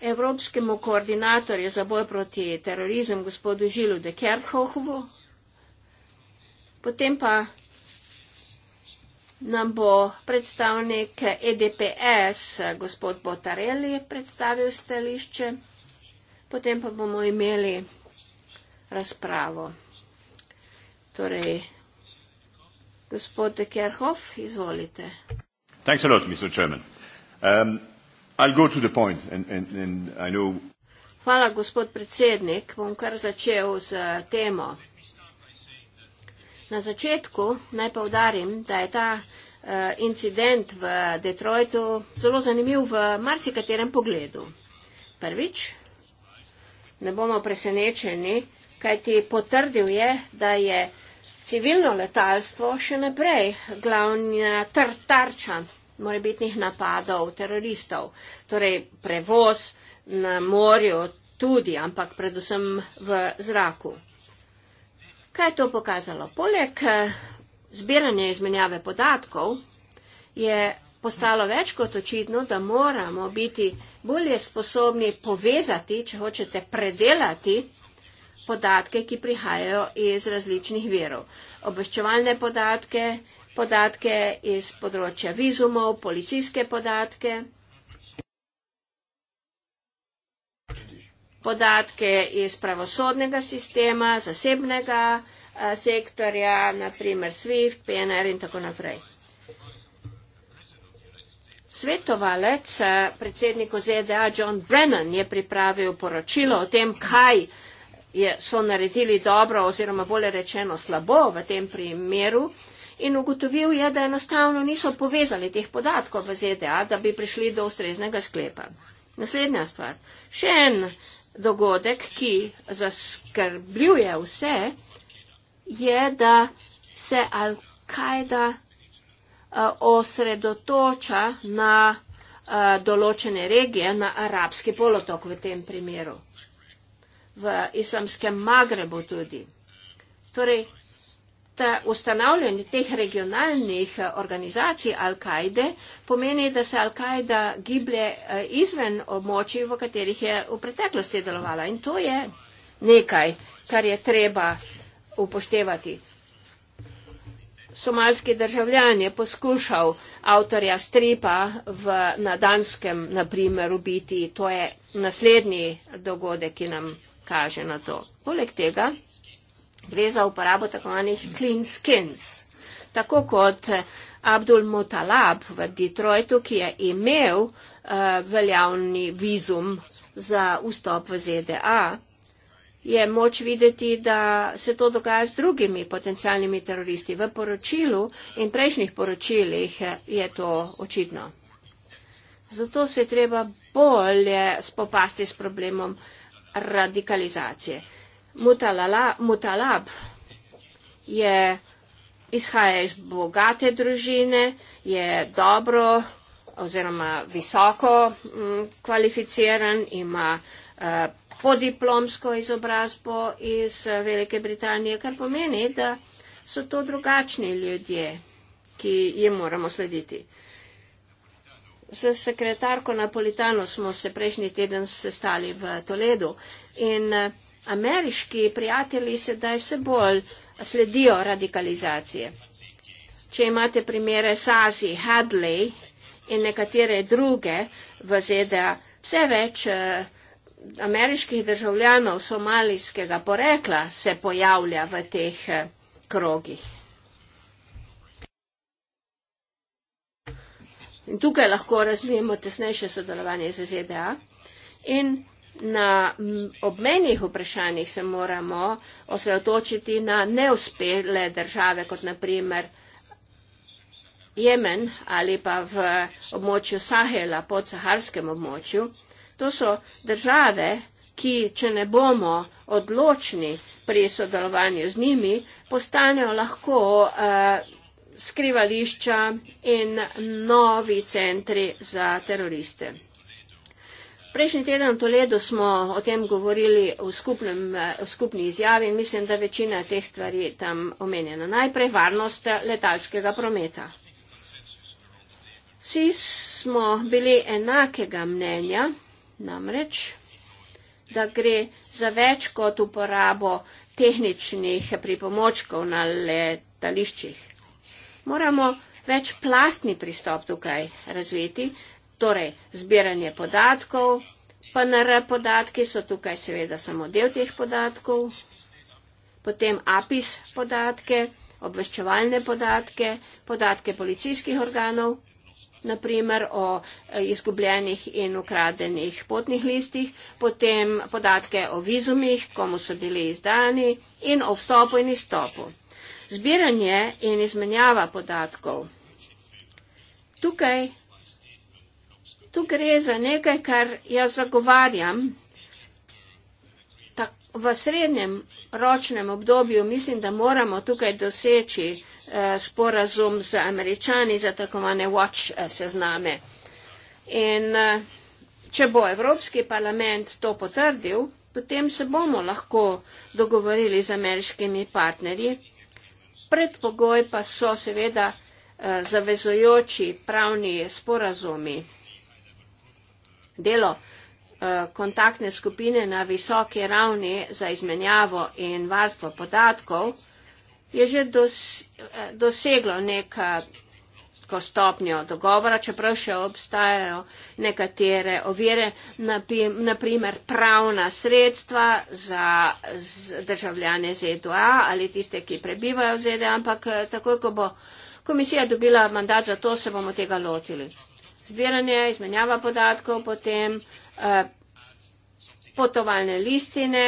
evropskemu koordinatorju za boj proti terorizem, gospodu Žilu de Kerkhohovu, potem pa nam bo predstavnik EDPS, gospod Botarelli, predstavil stališče, potem pa bomo imeli razpravo. Torej, gospod Kerhoff, izvolite. Um, Hvala, gospod predsednik. Bom kar začel z temo. Na začetku naj povdarim, da je ta eh, incident v Detroitu zelo zanimiv v marsikaterem pogledu. Prvič, ne bomo presenečeni, kajti potrdil je, da je civilno letalstvo še naprej glavna tarča morebitnih napadov teroristov. Torej prevoz na morju tudi, ampak predvsem v zraku. Kaj je to pokazalo? Poleg eh, zbiranja izmenjave podatkov je postalo več kot očitno, da moramo biti bolje sposobni povezati, če hočete predelati podatke, ki prihajajo iz različnih verov. Obveščevalne podatke, podatke iz področja vizumov, policijske podatke. podatke iz pravosodnega sistema, zasebnega a, eh, sektorja, naprimer SWIFT, PNR in tako naprej. Svetovalec eh, predsedniku ZDA John Brennan je pripravil poročilo o tem, kaj je, so naredili dobro oziroma bolje rečeno slabo v tem primeru in ugotovil je, da enostavno niso povezali teh podatkov v ZDA, da bi prišli do ustreznega sklepa. Naslednja stvar. Še en dogodek, ki zaskrbljuje vse, je, da se Al-Kaida eh, osredotoča na eh, določene regije, na arabski polotok v tem primeru, v islamskem Magrebu tudi. Torej, ta eh, ustanavljanje teh regionalnih eh, organizacij Al-Kaide pomeni, da se Al-Kaida giblje eh, izven območij, v katerih je v preteklosti delovala. In to je nekaj, kar je treba upoštevati. Somalski državljan je poskušal avtorja stripa v, na Danskem, na primer, ubiti. To je naslednji dogodek, ki nam kaže na to. Poleg tega gre za uporabo tako imenih clean skins. Tako kot eh, Abdul Mutalab v Detroitu, ki je imel uh, veljavni vizum za vstop v ZDA, je moč videti, da se to dogaja z drugimi potencialnimi teroristi. V poročilu in prejšnjih poročilih eh, je to očitno. Zato se je treba bolje spopasti s problemom radikalizacije. Uh, Mutalab je izhaja iz bogate družine, je dobro oziroma visoko m, mm, kvalificiran, ima uh, podiplomsko izobrazbo iz eh, Velike Britanije, kar pomeni, da so to drugačni ljudje, ki jim moramo slediti. Z sekretarko Napolitano smo se prejšnji teden sestali v Toledu in uh, ameriški prijatelji sedaj vse bolj sledijo radikalizacije. Če imate primere Sazi, Hadley in nekatere druge v ZDA, vse več eh, ameriških državljanov somalijskega porekla se pojavlja v teh eh, krogih. In tukaj lahko razvijemo tesnejše sodelovanje z ZDA. In na obmenjih vprašanjih se moramo osredotočiti na neuspele države, kot naprimer Jemen ali pa v območju Sahela pod saharskem območju. To so države, ki, če ne bomo odločni pri sodelovanju z njimi, postanejo lahko uh, skrivališča in novi centri za teroriste. Prejšnji teden v Toledu smo o tem govorili v, skupnem, eh, v skupni izjavi in mislim, da večina teh stvari tam omenjena. Najprej varnost eh, letalskega prometa. Vsi smo bili enakega mnenja, namreč, da gre za več kot uporabo tehničnih pripomočkov na letališčih. Moramo večplastni pristop tukaj razviti, Torej, zbiranje podatkov, PNR podatki so tukaj seveda samo del teh podatkov, potem APIS podatke, obveščevalne podatke, podatke policijskih organov, naprimer o e, izgubljenih in ukradenih potnih listih, potem podatke o vizumih, komu so bili izdani in o vstopu in izstopu. Zbiranje in izmenjava podatkov. Tukaj tu gre za nekaj, kar jaz zagovarjam. Tak, v srednjem ročnem obdobju mislim, da moramo tukaj doseči eh, sporazum z američani za tako imenovane watch eh, sezname. In eh, če bo Evropski parlament to potrdil, potem se bomo lahko dogovorili z ameriškimi partnerji. Predpogoj pa so seveda eh, zavezojoči pravni sporazumi delo eh, kontaktne skupine na visoki ravni za izmenjavo in varstvo podatkov, je že eh, doseglo neko stopnjo dogovora, čeprav še obstajajo nekatere ovire, naprimer pravna sredstva za državljane ZDA e ali tiste, ki prebivajo v ZDA, e ampak eh, takoj, ko bo komisija dobila mandat za to, se bomo tega lotili zbiranje, izmenjava podatkov, potem eh, potovalne listine.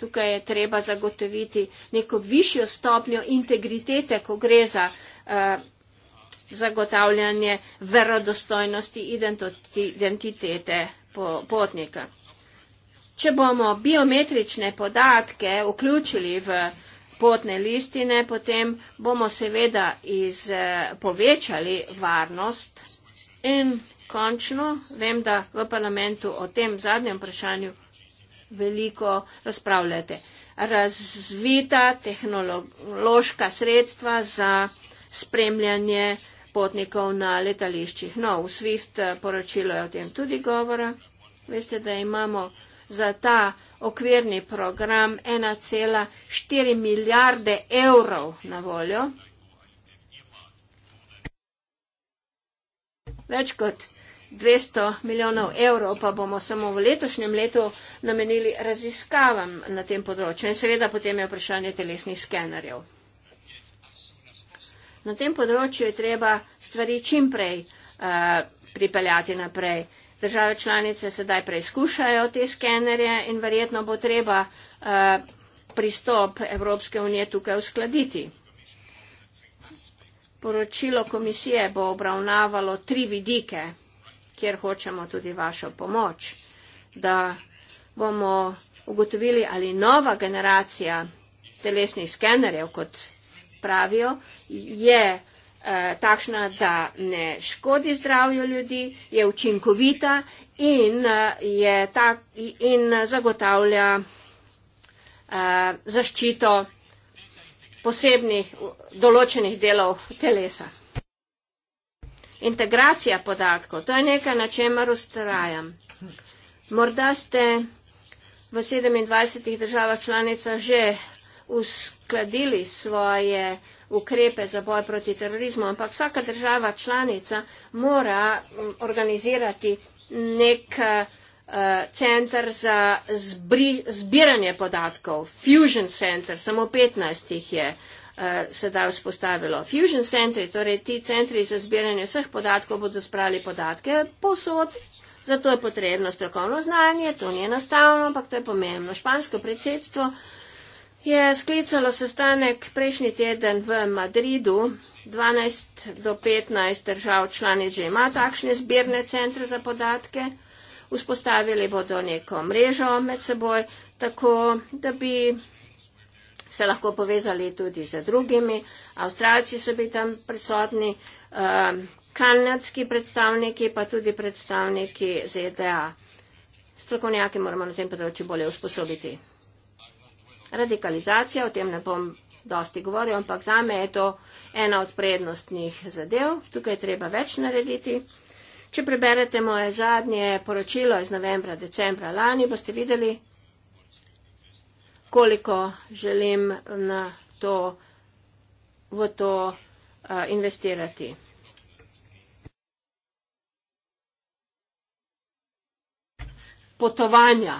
Tukaj je treba zagotoviti neko višjo stopnjo integritete, ko gre za eh, zagotavljanje verodostojnosti identitete potnika. Če bomo biometrične podatke vključili v potne listine, potem bomo seveda iz, eh, povečali varnost in končno vem, da v parlamentu o tem zadnjem vprašanju veliko razpravljate. Razvita tehnološka sredstva za spremljanje potnikov na letališčih. No, v SWIFT eh, poročilo je o tem tudi govora. Veste, da imamo za ta okvirni program 1,4 milijarde evrov na voljo. Več kot 200 milijonov evrov pa bomo samo v letošnjem letu namenili raziskavam na tem področju in seveda potem je vprašanje telesnih skenerjev. Na tem področju je treba stvari čimprej uh, eh, pripeljati naprej. Države članice sedaj preizkušajo te skenerje in verjetno bo treba eh, pristop Evropske unije tukaj uskladiti. Poročilo komisije bo obravnavalo tri vidike, kjer hočemo tudi vašo pomoč, da bomo ugotovili, ali nova generacija telesnih skenerjev, kot pravijo, je Eh, takšna, da ne škodi zdravju ljudi, je učinkovita in, eh, je ta, in zagotavlja eh, zaščito posebnih določenih delov telesa. Integracija podatkov, to je nekaj, na čemer ustrajam. Morda ste v 27 državah članicah že uskladili svoje uh, ukrepe za boj proti terorizmu, ampak vsaka država članica mora mm, organizirati nek eh, eh, center za zbri, zbiranje podatkov, Fusion Center, samo 15 jih je eh, sedaj vzpostavilo. Fusion Center, torej ti centri za zbiranje vseh podatkov bodo spravili podatke posod, zato je potrebno strokovno znanje, to ni enostavno, ampak to je pomembno. Špansko predsedstvo uh, je sklicalo sestanek prejšnji teden v Madridu. 12 do 15 držav članic že ima takšne zbirne centre za podatke. Vzpostavili bodo neko mrežo med seboj, tako da bi se lahko povezali tudi z drugimi. Avstralci so bili tam prisotni, ehm, kanadski predstavniki, pa tudi predstavniki ZDA. Strokovnjake moramo na tem področju bolje usposobiti radikalizacija, o tem ne bom dosti govoril, ampak za me je to ena od prednostnih zadev. Tukaj treba več narediti. Če preberete moje zadnje poročilo iz novembra, decembra lani, boste videli, koliko želim na to, v to uh, investirati. Potovanja.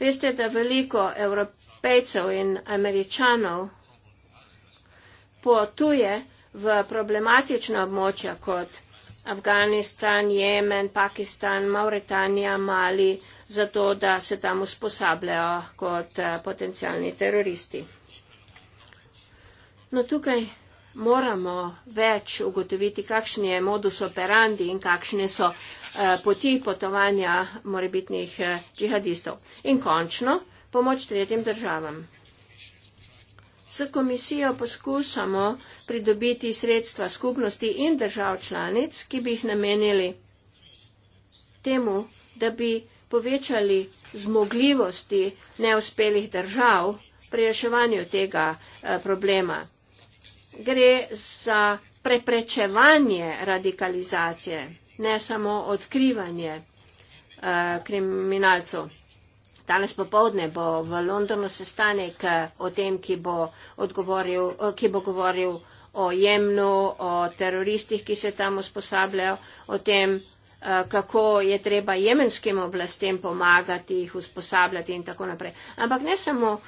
Veste, da veliko evropejcev in američanov potuje v problematična območja kot Afganistan, Jemen, Pakistan, Mauritanija, Mali, zato da se tam usposabljajo kot eh, potencialni teroristi. No tukaj moramo več ugotoviti, kakšni je modus operandi in kakšne so eh, poti potovanja morebitnih eh, džihadistov. In končno, pomoč tretjim državam. S komisijo poskušamo pridobiti sredstva skupnosti in držav članic, ki bi jih namenili temu, da bi povečali zmogljivosti neuspelih držav pri reševanju tega eh, problema gre za preprečevanje radikalizacije, ne samo odkrivanje uh, kriminalcev. Danes popovdne bo v Londonu sestanek eh, o tem, ki bo, odgovoril, eh, ki bo govoril o jemnu, o teroristih, ki se tam usposabljajo, o tem, kako je treba jemenskim oblastem pomagati, jih usposabljati in tako naprej. Ampak ne samo uh,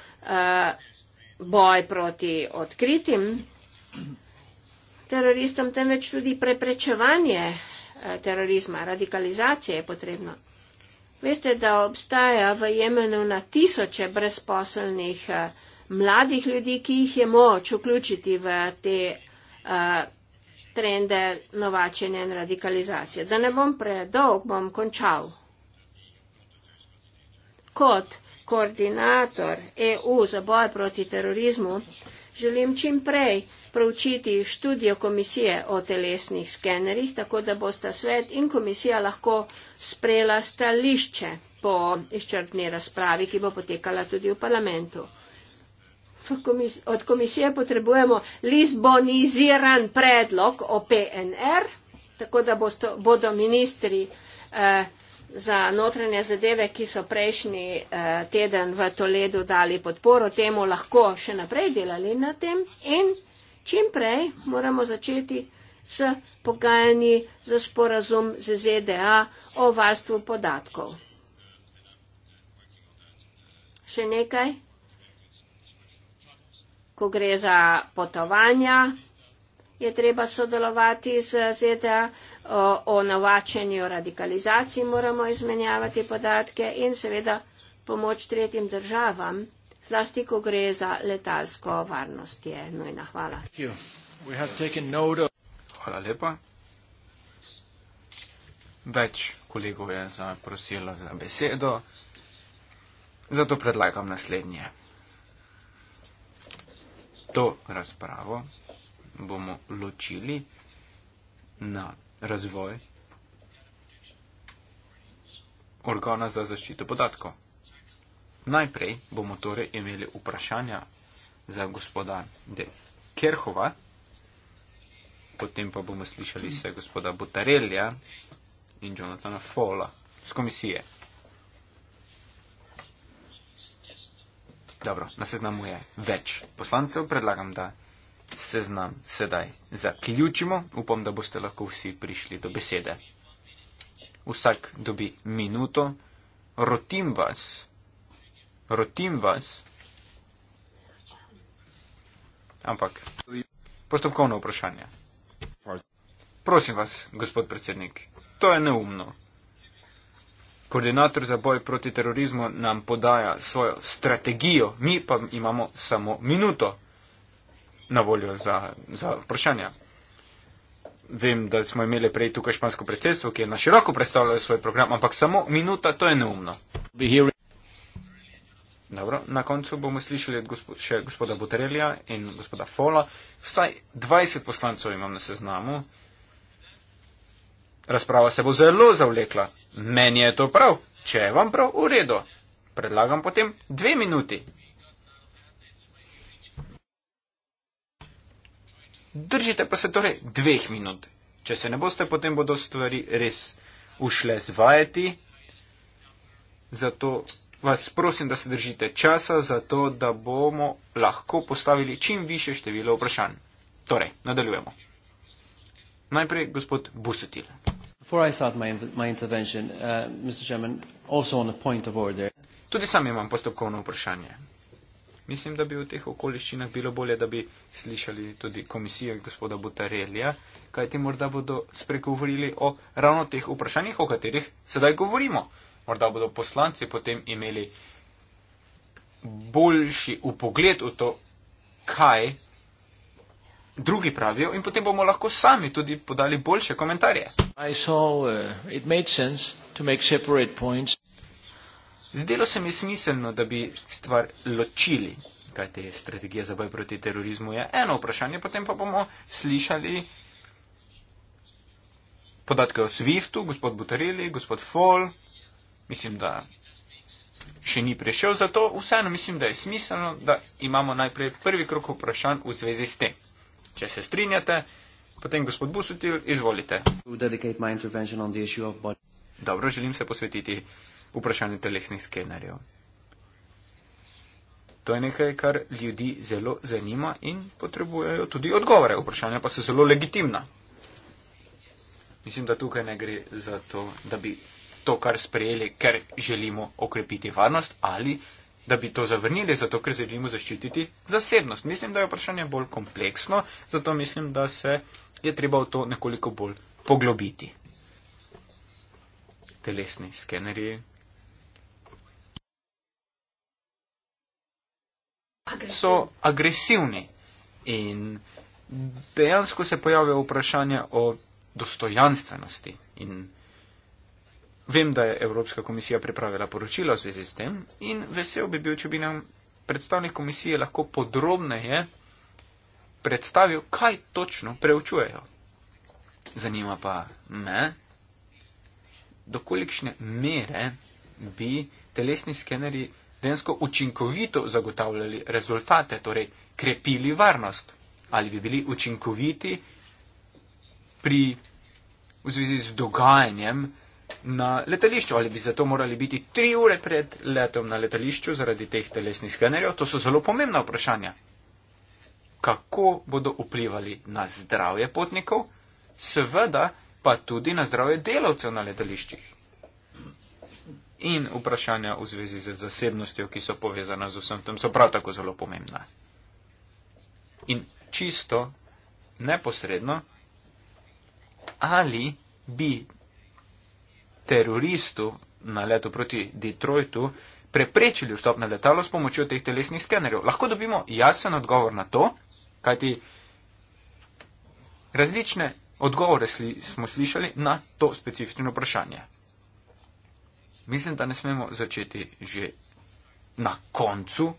boj proti odkritim teroristom, temveč tudi preprečevanje eh, terorizma, radikalizacije je potrebno. Veste, da obstaja v Jemenu na tisoče brezposelnih eh, mladih ljudi, ki jih je moč vključiti v te eh, trende novačenja in radikalizacije. Da ne bom predolg, bom končal. Kot koordinator EU za boj proti terorizmu želim čim prej proučiti študijo komisije o telesnih skenerjih, tako da bosta svet in komisija lahko sprejela stališče po izčrpni razpravi, ki bo potekala tudi v parlamentu. Od komisije potrebujemo lizboniziran predlog o PNR, tako da bosto, bodo ministri eh, za notranje zadeve, ki so prejšnji eh, teden v Toledu dali podporo temu, lahko še naprej delali na tem. In čim prej moramo začeti s pogajanji za sporazum z ZDA o varstvu podatkov. Še nekaj, ko gre za potovanja, je treba sodelovati z ZDA o, o navačenju radikalizaciji, moramo izmenjavati podatke in seveda pomoč tretjim državam zlasti, ko gre za letalsko varnost, je nujna. Hvala. Hvala lepa. Več kolegov je zaprosilo za besedo, zato predlagam naslednje. To razpravo bomo ločili na razvoj organa za zaščito podatkov. Najprej bomo torej imeli vprašanja za gospoda De Kerhova, potem pa bomo slišali se gospoda Butarelja in Jonathana Fola z komisije. Dobro, na seznamu je več poslancev, predlagam, da seznam sedaj zaključimo. Upam, da boste lahko vsi prišli do besede. Vsak dobi minuto. Rotim vas rotim vas. Ampak, postopkovno vprašanje. Prosim vas, gospod predsednik, to je neumno. Koordinator za boj proti terorizmu nam podaja svojo strategijo, mi pa imamo samo minuto na voljo za, za vprašanja. Vem, da smo imeli prej tukaj špansko predsedstvo, ki je na široko predstavljalo svoj program, ampak samo minuta, to je neumno. Be here. Dobro, na koncu bomo slišali gospo, še gospoda Buterelija in gospoda Fola. Vsaj 20 poslancov imam na seznamu. Razprava se bo zelo zavlekla. Meni je to prav. Če je vam prav, v redu. Predlagam potem dve minuti. Držite pa se torej dveh minut. Če se ne boste, potem bodo stvari res ušle zvajati. Zato vas prosim, da se držite časa, zato da bomo lahko postavili čim više število vprašanj. Torej, nadaljujemo. Najprej gospod Busutil. Uh, tudi sam imam postopkovno vprašanje. Mislim, da bi v teh okoliščinah bilo bolje, da bi slišali tudi komisijo gospoda Butarelija, kaj ti morda bodo spregovorili o ravno teh vprašanjih, o katerih sedaj govorimo morda bodo poslanci potem imeli boljši upogled v to, kaj drugi pravijo in potem bomo lahko sami tudi podali boljše komentarje. Uh, Zdelo se mi smiselno, da bi stvar ločili, kaj te strategije za boj proti terorizmu je eno vprašanje, potem pa bomo slišali podatke o Swiftu, gospod Butarili, gospod Fall mislim, da še ni prišel, zato vseeno mislim, da je smiselno, da imamo najprej prvi krok vprašanj v zvezi s tem. Če se strinjate, potem gospod Busutil, izvolite. Dobro, želim se posvetiti vprašanju telesnih skenerjev. To je nekaj, kar ljudi zelo zanima in potrebujejo tudi odgovore. Vprašanja pa so zelo legitimna. Mislim, da tukaj ne gre za to, da bi to, kar sprejeli, ker želimo okrepiti varnost ali da bi to zavrnili, zato ker želimo zaščititi zasebnost. Mislim, da je vprašanje bolj kompleksno, zato mislim, da se je treba v to nekoliko bolj poglobiti. Telesni skeneri. So agresivni in dejansko se pojavlja vprašanje o dostojanstvenosti in Vem, da je Evropska komisija pripravila poročilo v zvezi s tem in vesel bi bil, če bi nam predstavnik komisije lahko podrobneje predstavil, kaj točno preučujejo. Zanima pa me, dokolikšne mere bi telesni skeneri densko učinkovito zagotavljali rezultate, torej krepili varnost ali bi bili učinkoviti pri, v zvezi z dogajanjem, na letališču ali bi zato morali biti tri ure pred letom na letališču zaradi teh telesnih skenerjev, to so zelo pomembna vprašanja. Kako bodo vplivali na zdravje potnikov, seveda pa tudi na zdravje delavcev na letališčih. In vprašanja v zvezi z zasebnostjo, ki so povezana z vsem tem, so prav tako zelo pomembna. In čisto neposredno, ali bi teroristu na letu proti Detroitu preprečili vstop na letalo s pomočjo teh telesnih skenerjev? Lahko dobimo jasen odgovor na to, kajti različne odgovore sli smo slišali na to specifično vprašanje. Mislim, da ne smemo začeti že na koncu,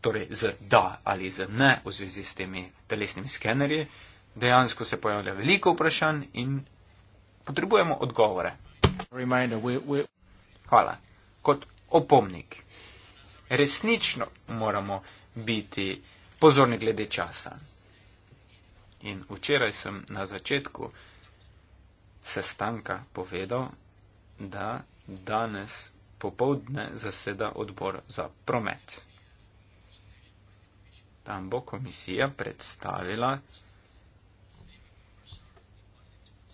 torej z da ali z ne v zvezi s temi telesnimi skenerji. Dejansko se pojavlja veliko vprašanj in potrebujemo odgovore. Reminder, we, we... Hvala. Kot opomnik, resnično moramo biti pozorni glede časa. In včeraj sem na začetku sestanka povedal, da danes popovdne zaseda odbor za promet. Tam bo komisija predstavila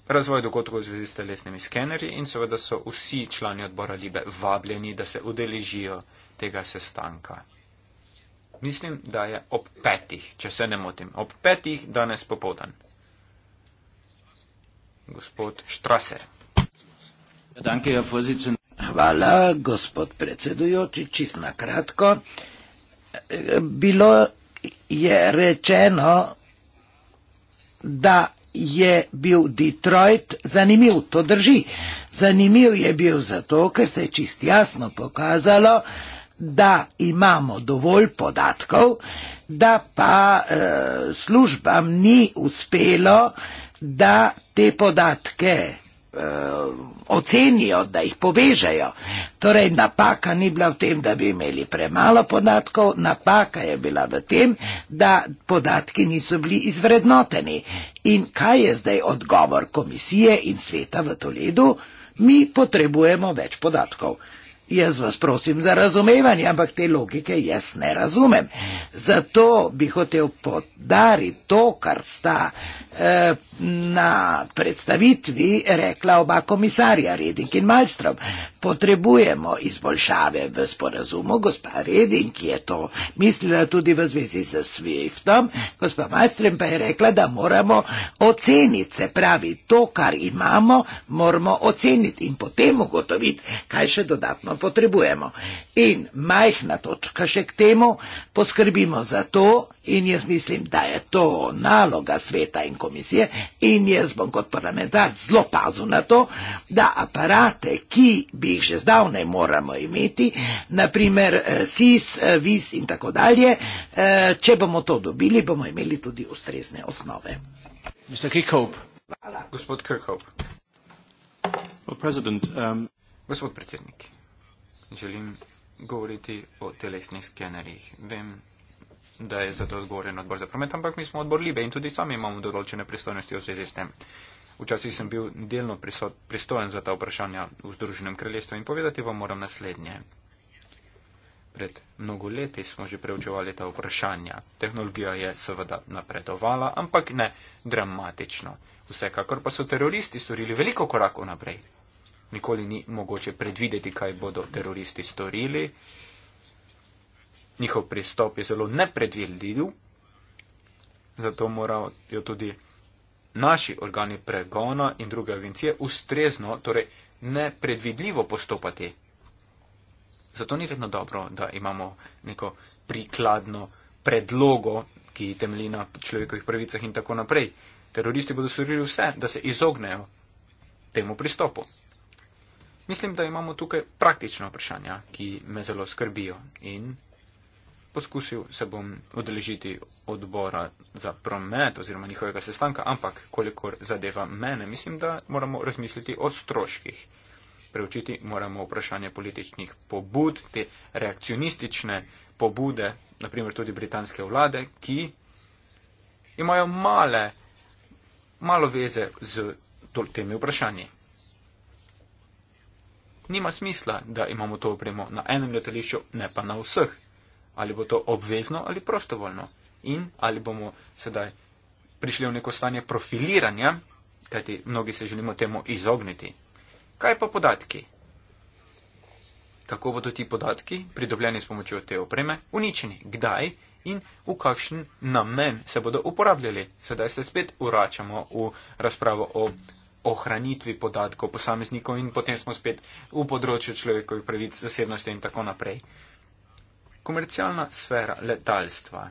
razvoj dogodkov v zvezi s telesnimi skenerji in seveda so vsi člani odbora Libe vabljeni, da se udeležijo tega sestanka. Mislim, da je ob petih, če se ne motim, ob petih danes popovdan. Gospod Štraser. Ja, Hvala, gospod predsedujoči, čist na kratko. Bilo je rečeno, da je bil Detroit zanimiv, to drži. Zanimiv je bil zato, ker se je čist jasno pokazalo, da imamo dovolj podatkov, da pa e, službam ni uspelo, da te podatke uh, ocenijo, da jih povežejo. Torej, napaka ni bila v tem, da bi imeli premalo podatkov, napaka je bila v tem, da podatki niso bili izvrednoteni. In kaj je zdaj odgovor komisije in sveta v Toledu? Mi potrebujemo več podatkov. Jaz vas prosim za razumevanje, ampak te logike jaz ne razumem. Zato bi hotel podariti to, kar sta eh, na predstavitvi rekla oba komisarja, Reding in Majstrov. Potrebujemo izboljšave v sporazumu, gospa Reding je to mislila tudi v zvezi z Swiftom, gospa Majstrov pa je rekla, da moramo oceniti, se pravi, to, kar imamo, moramo oceniti in potem ugotoviti, kaj še dodatno potrebujemo. In majhna točka še k temu, poskrbimo za to in jaz mislim, da je to naloga sveta in komisije in jaz bom kot parlamentar zelo pazil na to, da aparate, ki bi jih že zdavne moramo imeti, naprimer eh, SIS, eh, VIS in tako dalje, eh, če bomo to dobili, bomo imeli tudi ustrezne osnove. Hvala. Gospod Kirkhope. Well, President, um... Gospod predsednik želim govoriti o telesnih skenerjih. Vem, da je za to odgovoren odbor za promet, ampak mi smo odbor Libe in tudi sami imamo določene pristojnosti v zvezi s tem. Včasih sem bil delno pristojen za ta vprašanja v Združenem kraljestvu in povedati vam moram naslednje. Pred mnogo leti smo že preučevali ta vprašanja. Tehnologija je seveda napredovala, ampak ne dramatično. Vsekakor pa so teroristi storili veliko korakov naprej nikoli ni mogoče predvideti, kaj bodo teroristi storili. Njihov pristop je zelo nepredvidljiv, zato morajo tudi naši organi pregona in druge agencije ustrezno, torej nepredvidljivo postopati. Zato ni vedno dobro, da imamo neko prikladno predlogo, ki temelji na človekovih pravicah in tako naprej. Teroristi bodo storili vse, da se izognejo temu pristopu. Mislim, da imamo tukaj praktična vprašanja, ki me zelo skrbijo in poskusil se bom odeležiti odbora za promet oziroma njihovega sestanka, ampak kolikor zadeva mene, mislim, da moramo razmisliti o stroških. Preučiti moramo vprašanje političnih pobud, te reakcionistične pobude, naprimer tudi britanske vlade, ki imajo male, malo veze z temi vprašanji. Nima smisla, da imamo to opremo na enem letališču, ne pa na vseh. Ali bo to obvezno ali prostovoljno. In ali bomo sedaj prišli v neko stanje profiliranja, kajti mnogi se želimo temu izogniti. Kaj pa podatki? Kako bodo ti podatki, pridobljeni s pomočjo te opreme, uničeni? Kdaj in v kakšen namen se bodo uporabljali? Sedaj se spet vračamo v razpravo o ohranitvi podatkov posameznikov in potem smo spet v področju človekovih pravic, zasebnosti in tako naprej. Komercialna sfera letalstva.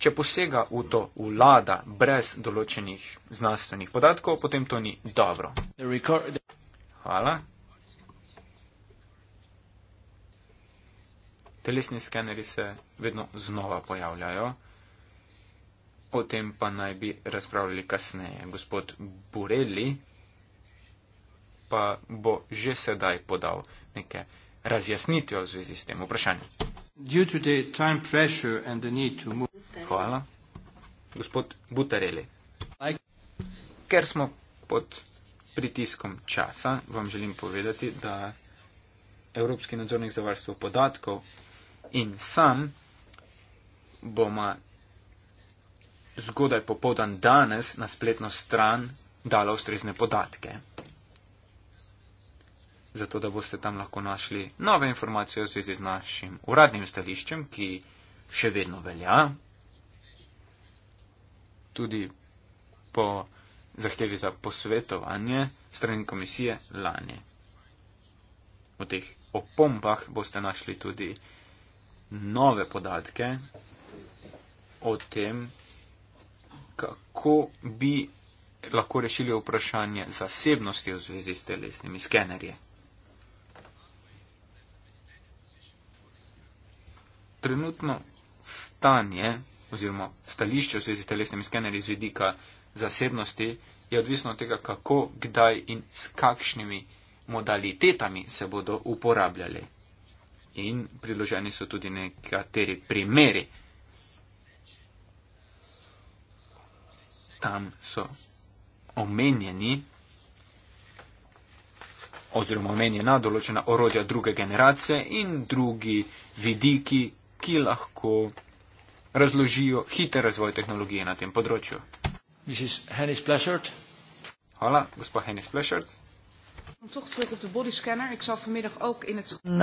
Če posega v to vlada brez določenih znanstvenih podatkov, potem to ni dobro. Hvala. Telesni skeneri se vedno znova pojavljajo. O tem pa naj bi razpravljali kasneje. Gospod Burelli pa bo že sedaj podal neke razjasnitve v zvezi s tem vprašanjem. Hvala. Gospod Butareli. Ker smo pod pritiskom časa, vam želim povedati, da Evropski nadzornik za varstvo podatkov in sam bomo zgodaj popoldan danes na spletno stran dala ustrezne podatke. Zato, da boste tam lahko našli nove informacije v zvezi z našim uradnim stališčem, ki še vedno velja, tudi po zahtevi za posvetovanje strani komisije lani. V teh opombah boste našli tudi nove podatke o tem, kako bi lahko rešili vprašanje zasebnosti v zvezi s telesnimi skenerji. Trenutno stanje oziroma stališče v zvezi s telesnimi skenerji z vidika zasebnosti je odvisno od tega, kako, kdaj in s kakšnimi modalitetami se bodo uporabljali. In priloženi so tudi nekateri primeri, tam so omenjeni oziroma omenjena določena orodja druge generacije in drugi vidiki, ki lahko razložijo hiter razvoj tehnologije na tem področju. Hvala, gospod Henis Plešert.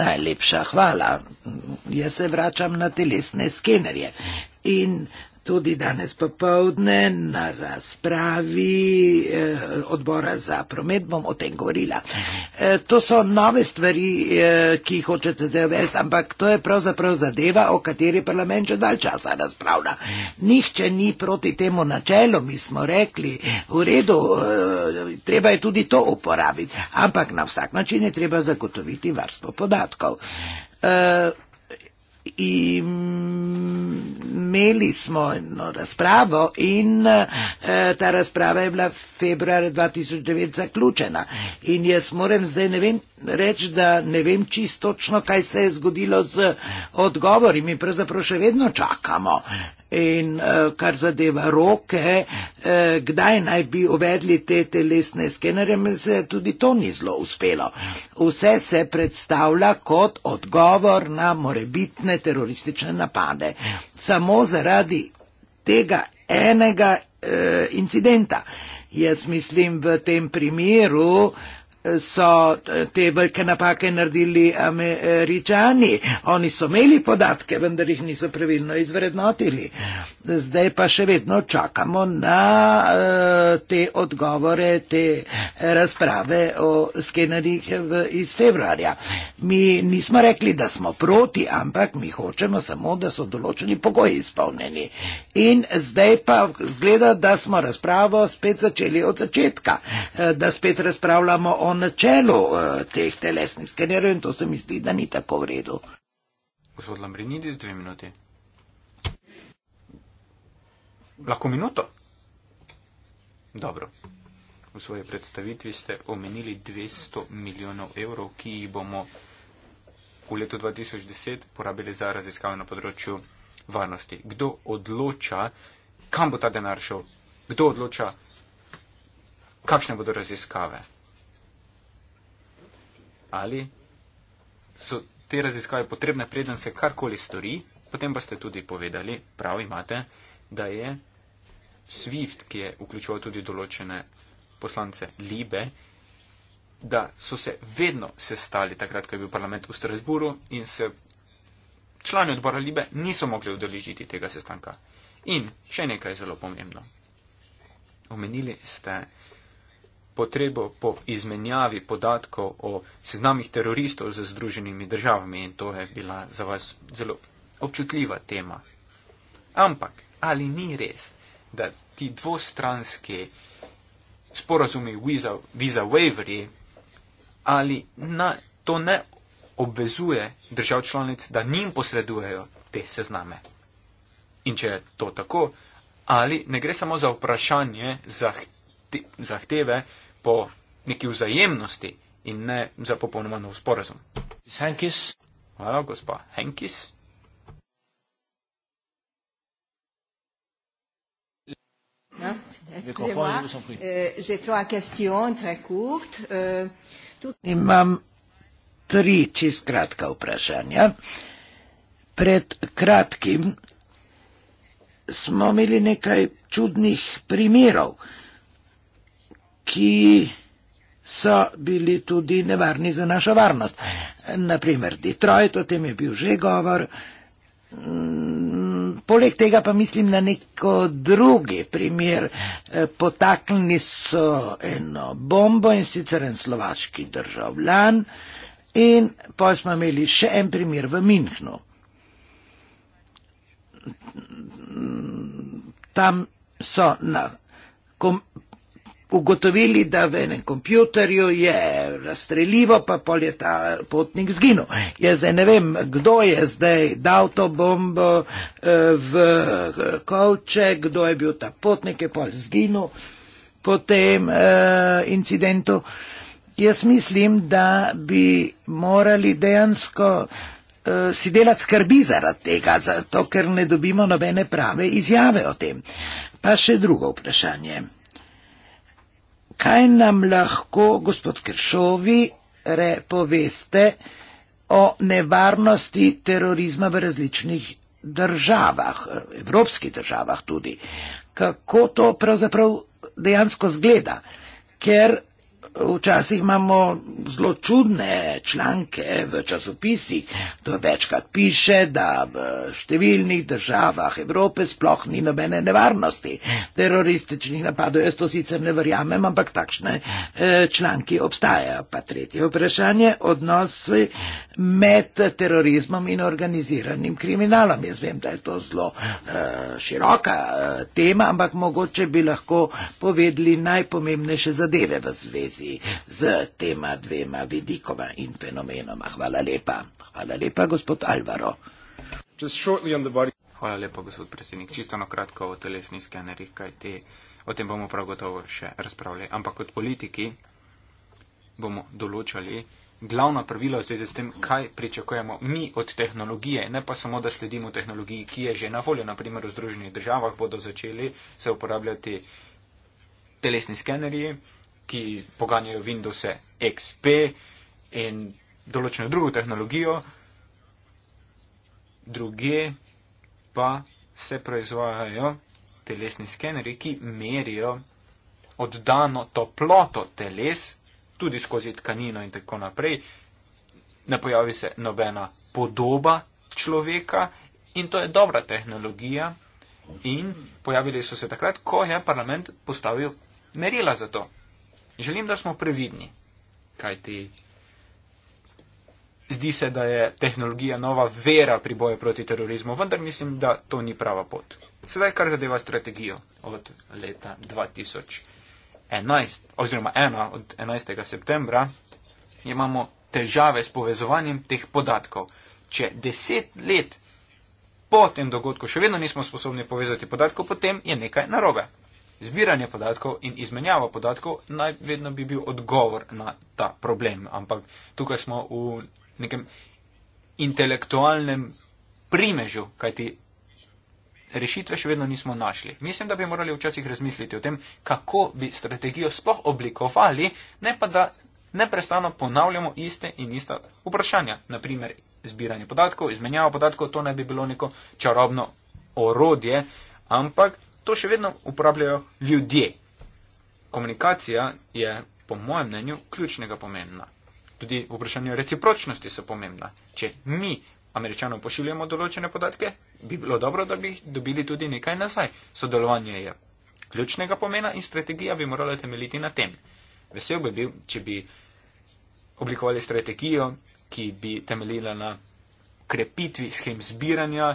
Najlepša hvala. Jaz se vračam na telesne skenerje. In Tudi danes popovdne na razpravi eh, odbora za promet bom o tem govorila. Eh, to so nove stvari, eh, ki jih hočete zdaj uvesti, ampak to je pravzaprav zadeva, o kateri parlament že dalj časa razpravlja. Nihče ni proti temu načelu, mi smo rekli, v redu, treba je tudi to uporabiti, ampak na vsak način je treba zagotoviti varstvo podatkov imeli smo eno razpravo in eh, ta razprava je bila februar 2009 zaključena. In jaz moram zdaj ne vem reči, da ne vem čisto točno, kaj se je zgodilo z odgovori. Mi pravzaprav še vedno čakamo in uh, kar zadeva roke, uh, kdaj naj bi uvedli te telesne skenere, mi se tudi to ni zelo uspelo. Vse se predstavlja kot odgovor na morebitne teroristične napade. Samo zaradi tega enega uh, incidenta. Jaz mislim v tem primeru, uh, so te velike napake naredili američani. Oni so imeli podatke, vendar jih niso pravilno izvrednotili. Zdaj pa še vedno čakamo na eh, te odgovore, te razprave o skenerjih iz februarja. Mi nismo rekli, da smo proti, ampak mi hočemo samo, da so določeni pogoji izpolneni. In zdaj pa zgleda, da smo razpravo spet začeli od začetka, eh, da spet razpravljamo o na čelu uh, eh, teh telesnih skenerjev in to se mi zdi, da ni tako v redu. Gospod Lambrinidis, dve minuti. Lahko minuto? Dobro. V svoji predstavitvi ste omenili 200 milijonov evrov, ki jih bomo v letu 2010 porabili za raziskave na področju varnosti. Kdo odloča, kam bo ta denar šel? Kdo odloča, kakšne bodo raziskave? ali so te raziskave potrebne, preden se karkoli stori. Potem pa ste tudi povedali, prav imate, da je SWIFT, ki je vključoval tudi določene poslance Libe, da so se vedno sestali takrat, ko je bil parlament v Strasburu in se člani odbora Libe niso mogli udeležiti tega sestanka. In še nekaj zelo pomembno. Omenili ste, potrebo po izmenjavi podatkov o seznamih teroristov z Združenimi državami in to je bila za vas zelo občutljiva tema. Ampak ali ni res, da ti dvostranski sporazumi visa, visa waiveri, ali na, to ne obvezuje držav članic, da njim posredujejo te sezname? In če je to tako, ali ne gre samo za vprašanje zahtev? te, zahteve po neki vzajemnosti in ne za popolnoma nov sporazum. Henkis. Hvala, gospa Henkis. Ja, euh, euh, Imam tri čist kratka vprašanja. Pred kratkim smo imeli nekaj čudnih primerov ki so bili tudi nevarni za našo varnost. Naprimer, Detroit, o tem je bil že govor. Mm, poleg tega pa mislim na neko drugi primer. E, potaknili so eno bombo in sicer en slovaški državljan in pa smo imeli še en primer v Minhnu. Mm, tam so na, kom, ugotovili, da v enem kompjutorju je razstrelivo, pa pol je ta potnik zginil. Jaz zdaj ne vem, kdo je zdaj dal to bombo eh, v kovče, kdo je bil ta potnik, je pol zginil po tem uh, incidentu. Jaz mislim, da bi morali dejansko uh, si delati skrbi zaradi tega, zato ker ne dobimo nobene prave izjave o tem. Pa še drugo vprašanje kaj nam lahko, gospod Kršovi, poveste o nevarnosti terorizma v različnih državah, evropskih državah tudi, kako to pravzaprav dejansko zgleda, ker Včasih imamo zelo čudne članke v časopisih, to večkrat piše, da v številnih državah Evrope sploh ni nobene nevarnosti terorističnih napadov. Jaz to sicer ne verjamem, ampak takšne eh, članki obstajajo. Pa tretje vprašanje, odnosi med terorizmom in organiziranim kriminalom. Jaz vem, da je to zelo eh, široka eh, tema, ampak mogoče bi lahko povedali najpomembnejše zadeve v zvezi povezi z tema dvema vidikoma in fenomenoma. Hvala lepa. Hvala lepa, gospod Alvaro. Hvala lepa, gospod predsednik. Čisto na kratko o telesnih skenerjih, kaj te. O tem bomo prav gotovo še razpravljali. Ampak kot politiki bomo določali glavna pravila v zvezi s tem, kaj pričakujemo mi od tehnologije, ne pa samo, da sledimo tehnologiji, ki je že na voljo. Naprimer, v Združenih državah bodo začeli se uporabljati telesni skenerji ki poganjajo Windows XP in določeno drugo tehnologijo, druge pa se proizvajajo telesni skeneri, ki merijo oddano toploto teles, tudi skozi tkanino in tako naprej. Ne pojavi se nobena podoba človeka in to je dobra tehnologija. In pojavili so se takrat, ko je parlament postavil merila za to. Želim, da smo previdni, kajti zdi se, da je tehnologija nova vera pri boju proti terorizmu, vendar mislim, da to ni prava pot. Sedaj, kar zadeva strategijo od leta 2011 oziroma 1 od 11. septembra, imamo težave s povezovanjem teh podatkov. Če deset let po tem dogodku še vedno nismo sposobni povezati podatkov, potem je nekaj narobe zbiranje podatkov in izmenjava podatkov naj vedno bi bil odgovor na ta problem. Ampak tukaj smo v nekem intelektualnem primežu, kajti rešitve še vedno nismo našli. Mislim, da bi morali včasih razmisliti o tem, kako bi strategijo sploh oblikovali, ne pa da neprestano ponavljamo iste in ista vprašanja. Naprimer, zbiranje podatkov, izmenjava podatkov, to ne bi bilo neko čarobno orodje, ampak to še vedno uporabljajo ljudje. Komunikacija je, po mojem mnenju, ključnega pomena. Tudi vprašanje recipročnosti so pomembna. Če mi američanom pošiljamo določene podatke, bi bilo dobro, da bi dobili tudi nekaj nazaj. Sodelovanje je ključnega pomena in strategija bi morala temeljiti na tem. Vesel bi bil, če bi oblikovali strategijo, ki bi temeljila na krepitvi schem zbiranja,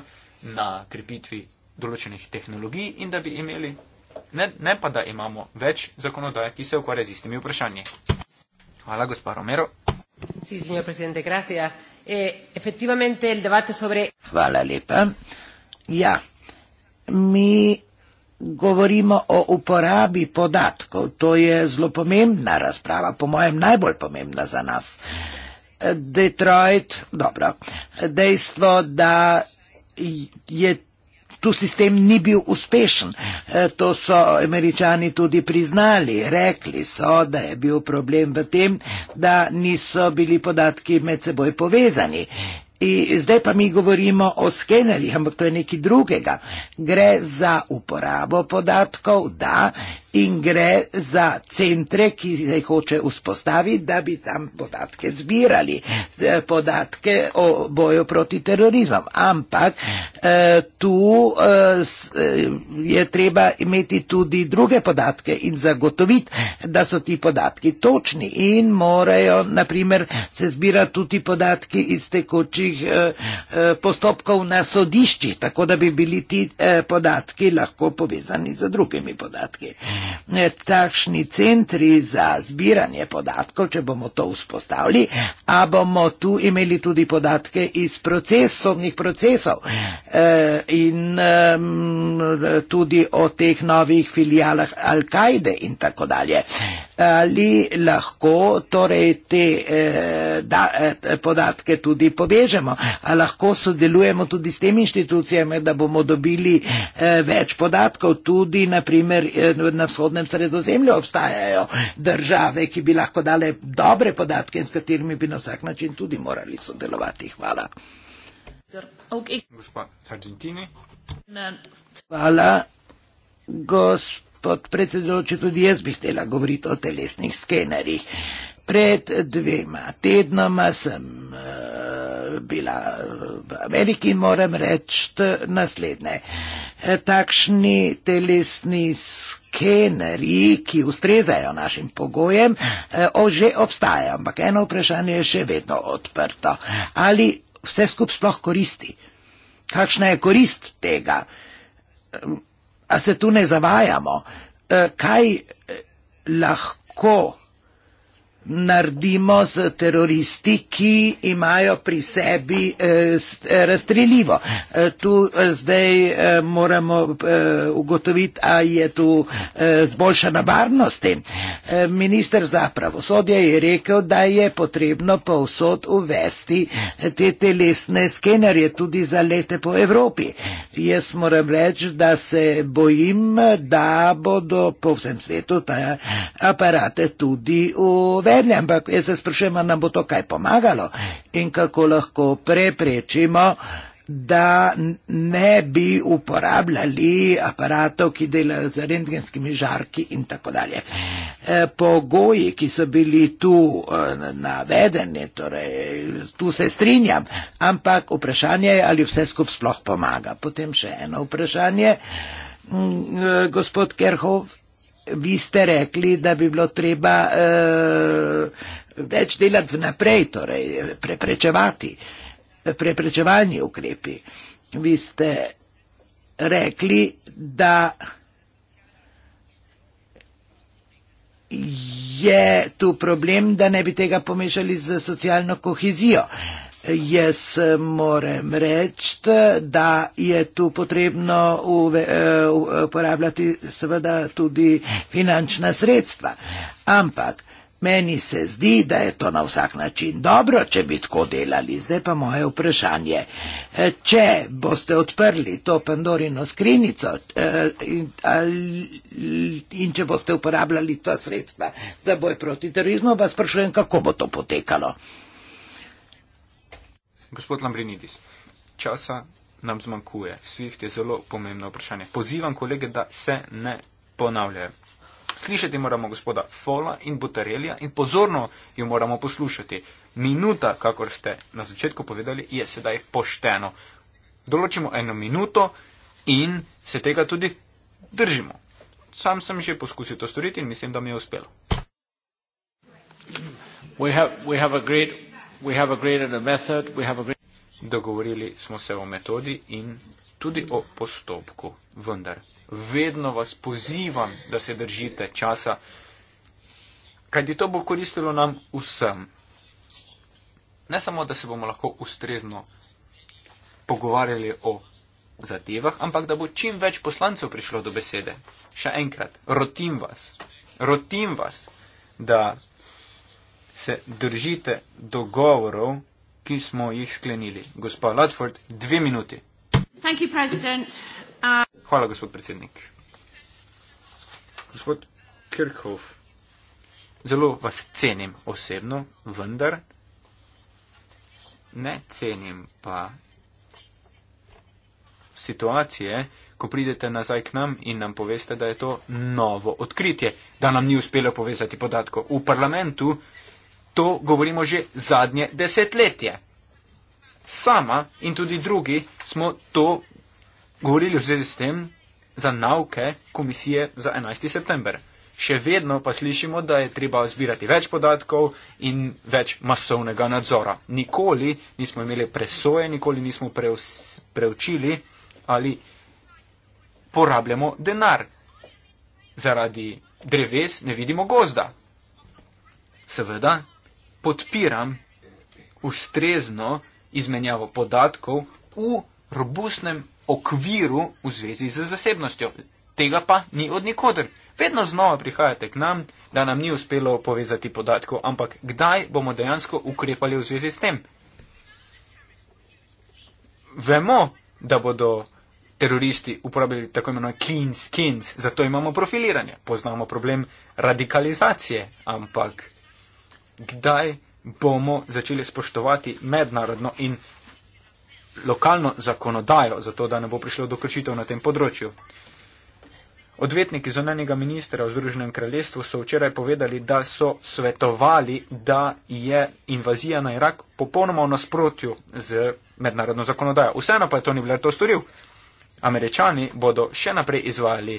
na krepitvi določenih tehnologij in da bi imeli, ne, ne pa da imamo več zakonodaje, ki se ukvarja z istimi vprašanji. Hvala, gospa Romero. Sí, señor presidente, gracias. Eh, efectivamente, el debate sobre. Hvala lepa. Ja, mi govorimo o uporabi podatkov. To je zelo pomembna razprava, po mojem najbolj pomembna za nas. Detroit, dobro. Dejstvo, da je tu sistem ni bil uspešen. E, to so američani tudi priznali. Rekli so, da je bil problem v tem, da niso bili podatki med seboj povezani. In zdaj pa mi govorimo o skenerjih, ampak to je nekaj drugega. Gre za uporabo podatkov, da, in gre za centre, ki se jih hoče vzpostaviti, da bi tam podatke zbirali, eh, podatke o boju proti terorizmu. Ampak eh, tu eh, je treba imeti tudi druge podatke in zagotoviti, da so ti podatki točni in morajo, naprimer, se zbirati tudi podatki iz tekočih postopkov na sodiščih, tako da bi bili ti podatki lahko povezani z drugimi podatki takšni centri za zbiranje podatkov, če bomo to vzpostavili, a bomo tu imeli tudi podatke iz procesovnih procesov eh, in tudi o teh novih filijalah Al-Kaide in tako dalje. Ali lahko torej te eh, da, eh, podatke tudi povežemo, ali lahko sodelujemo tudi s temi inštitucijami, da bomo dobili več podatkov tudi naprimer na vzhodnem sredozemlju obstajajo države, ki bi lahko dale dobre podatke in s katerimi bi na vsak način tudi morali sodelovati. Hvala. Hvala, gospod predsedoči, tudi jaz bi htela govoriti o telesnih skenerjih. Pred dvema tednoma sem uh, bila v Ameriki in moram reči naslednje. Eh, takšni telesni skenerji skeneri, ki ustrezajo našim pogojem, eh, o, že obstajajo, ampak eno vprašanje je še vedno odprto. Ali vse skup sploh koristi? Kakšna je korist tega? Ehm, a se tu ne zavajamo? Eh, kaj eh, lahko? naredimo z teroristi, ki imajo pri sebi eh, eh razstreljivo. Eh, tu eh, zdaj eh, moramo eh, ugotoviti, a je tu eh, zboljšana varnosti. Eh, minister za pravosodje je rekel, da je potrebno povsod uvesti eh, te telesne skenerje tudi za lete po Evropi. Jaz moram reči, da se bojim, da bodo po vsem svetu te aparate tudi uvesti navedli, ampak jaz se sprašujem, ali nam bo to kaj pomagalo in kako lahko preprečimo, da ne bi uporabljali aparatov, ki delajo z rentgenskimi žarki in tako dalje. E, pogoji, ki so bili tu e, navedeni, torej tu se strinjam, ampak vprašanje je, ali vse skup sploh pomaga. Potem še eno vprašanje, mm, e, gospod Kerhov vi ste rekli, da bi bilo treba uh, več delati vnaprej, torej preprečevati, preprečevanje ukrepi. Vi ste rekli, da je tu problem, da ne bi tega pomešali z socialno kohezijo. Uh, Jaz moram reči, da je tu potrebno uve, eh, uporabljati seveda tudi finančna sredstva. Ampak meni se zdi, da je to na vsak način dobro, če bi tako delali. Zdaj pa moje vprašanje. Eh, če boste odprli to Pandorino skrinico eh, in, in če boste uporabljali ta sredstva za boj proti terorizmu, vas sprašujem, kako bo to potekalo. Gospod Lambrinidis, časa nam zmanjkuje. Swift je zelo pomembno vprašanje. Pozivam kolege, da se ne ponavljajo. Slišati moramo gospoda Fola in Butarelja in pozorno jo moramo poslušati. Minuta, kakor ste na začetku povedali, je sedaj pošteno. Določimo eno minuto in se tega tudi držimo. Sam sem že poskusil to storiti in mislim, da mi je uspelo. We have, we have We have agreed on method, we have agreed... Dogovorili smo se o metodi in tudi o postopku. Vendar, vedno vas pozivam, da se držite časa, kajti to bo koristilo nam vsem. Ne samo, da se bomo lahko ustrezno pogovarjali o zadevah, ampak da bo čim več poslancev prišlo do besede. Še enkrat, rotim vas, rotim vas, da se držite dogovorov, ki smo jih sklenili. Gospa Ludford, dve minuti. You, uh... Hvala, gospod predsednik. Gospod Kirchhoff, zelo vas cenim osebno, vendar ne cenim pa situacije, ko pridete nazaj k nam in nam poveste, da je to novo odkritje, da nam ni uspelo povezati podatkov v parlamentu, To govorimo že zadnje desetletje. Sama in tudi drugi smo to govorili v zvezi s tem za nauke komisije za 11. september. Še vedno pa slišimo, da je treba zbirati več podatkov in več masovnega nadzora. Nikoli nismo imeli presoje, nikoli nismo preučili ali porabljamo denar. Zaradi dreves ne vidimo gozda. Seveda, podpiram ustrezno izmenjavo podatkov v robustnem okviru v zvezi z zasebnostjo. Tega pa ni od nikoder. Vedno znova prihajate k nam, da nam ni uspelo povezati podatkov, ampak kdaj bomo dejansko ukrepali v zvezi s tem? Vemo, da bodo teroristi uporabljali tako imenovane clean skins, zato imamo profiliranje. Poznamo problem radikalizacije, ampak kdaj bomo začeli spoštovati mednarodno in lokalno zakonodajo, zato da ne bo prišlo do kršitev na tem področju. Odvetniki zunanjega ministra v Združenem kraljestvu so včeraj povedali, da so svetovali, da je invazija na Irak popolnoma v nasprotju z mednarodno zakonodajo. Vseeno pa je Tony Blair to storil. Američani bodo še naprej izvajali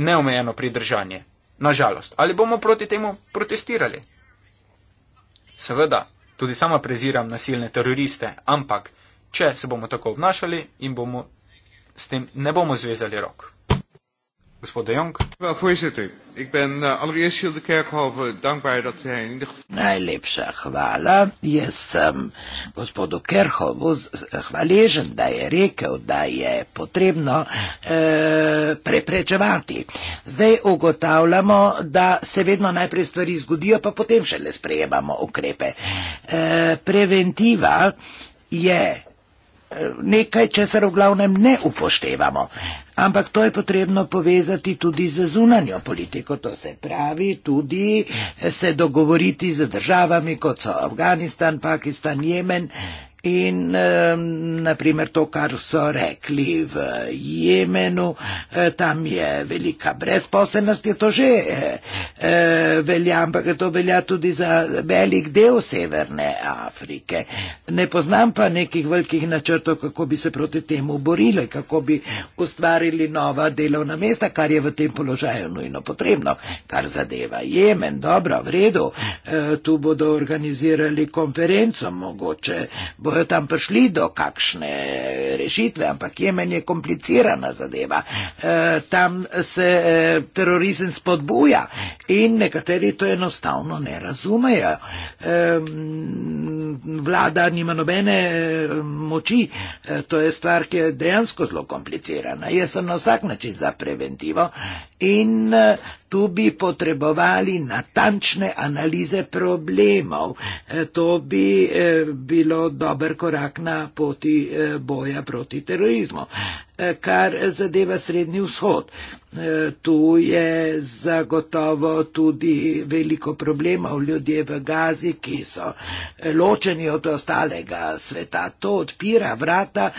neomejeno pridržanje nažalost. Ali bomo proti temu protestirali? Seveda, tudi sama preziram nasilne teroriste, ampak če se bomo tako obnašali in bomo s tem ne bomo zvezali rok. Gospod De Jong. Wel, voorzitter. Ik ben uh, allereerst Gilles de Kerkhoven dankbaar dat hij in ieder geval... Najlepša hvala. Jaz sem gospodu Kerhovu eh, hvaležen, da je rekel, da je potrebno eh, preprečevati. Zdaj ugotavljamo, da se vedno najprej stvari zgodijo, pa potem šele sprejemamo ukrepe. Eh, preventiva je nekaj, česar v glavnem ne upoštevamo. Ampak to je potrebno povezati tudi z zunanjo politiko, to se pravi tudi se dogovoriti z državami, kot so Afganistan, Pakistan, Jemen. In naprimer to, kar so rekli v Jemenu, eh, tam je velika brezposelnost, je to že eh, eh, velja, ampak to velja tudi za velik del Severne Afrike. Ne poznam pa nekih velikih načrtov, kako bi se proti temu borili, kako bi ustvarili nova delovna mesta, kar je v tem položaju nujno potrebno, kar zadeva Jemen. Dobro, v redu, tu bodo organizirali konferenco, mogoče bo bojo tam prišli do kakšne rešitve, ampak Jemen je komplicirana zadeva. E, tam se e, terorizem spodbuja in nekateri to enostavno ne razumejo. E, vlada nima nobene e, moči, e, to je stvar, ki je dejansko zelo komplicirana. Jaz sem na vsak način za preventivo in eh, tu bi potrebovali natančne analize problemov. Eh, to bi eh, bilo dober korak na poti boja proti terorizmu. Kar zadeva Srednji vzhod, tu je zagotovo tudi veliko problemov. Ljudje v Gazi, ki so ločeni od ostalega sveta, to odpira vrata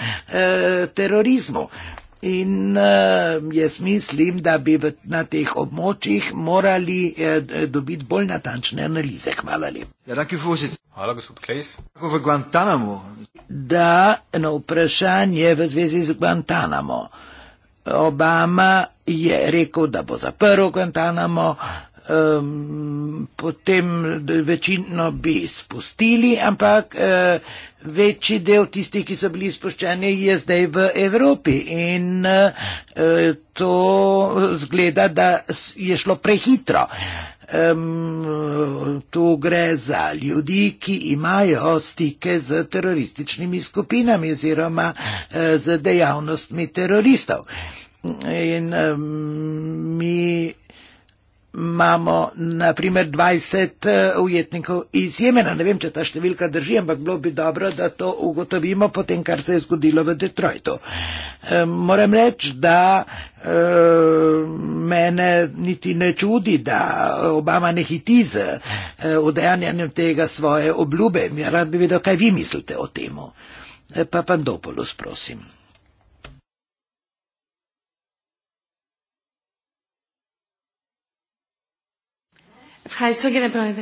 terorizmu. In uh, jaz mislim, da bi v, na teh območjih morali eh, eh dobiti bolj natančne analize. Hvala lepa. Ja, Hvala, gospod Klejs. Kako v Guantanamo? Da, na no, vprašanje v zvezi z Guantanamo. Obama je rekel, da bo zaprl Guantanamo, um, potem večino bi spustili, ampak uh, večji del tistih, ki so bili spuščeni, je zdaj v Evropi in uh, to zgleda, da je šlo prehitro. Um, tu gre za ljudi, ki imajo stike z terorističnimi skupinami oziroma uh, z dejavnostmi teroristov. In um, mi imamo naprimer 20 eh, ujetnikov iz Jemena. Ne vem, če ta številka drži, ampak bilo bi dobro, da to ugotovimo potem, kar se je zgodilo v Detroitu. Eh, moram reči, da eh, mene niti ne čudi, da Obama ne hiti z udejanjanjem tega svoje obljube. Ja, rad bi vedel, kaj vi mislite o temu. Papandopoulos, prosim. Ευχαριστώ κύριε Πρόεδρε.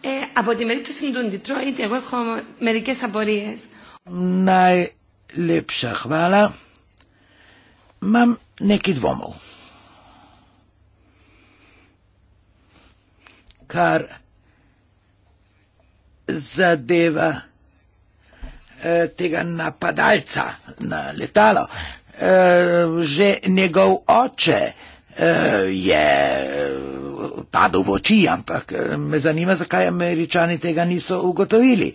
Ε, από την περίπτωση του Ντιτρόιτ εγώ έχω μερικές απορίες. Να λείψα χβάλα, μα νεκί δβόμω. Καρ ζαδεύα τίγαν να παντάλτσα, να λετάλω, ε, γε νεγό ότσε, Eh, je eh, padel v oči, ampak eh, me zanima, zakaj američani tega niso ugotovili.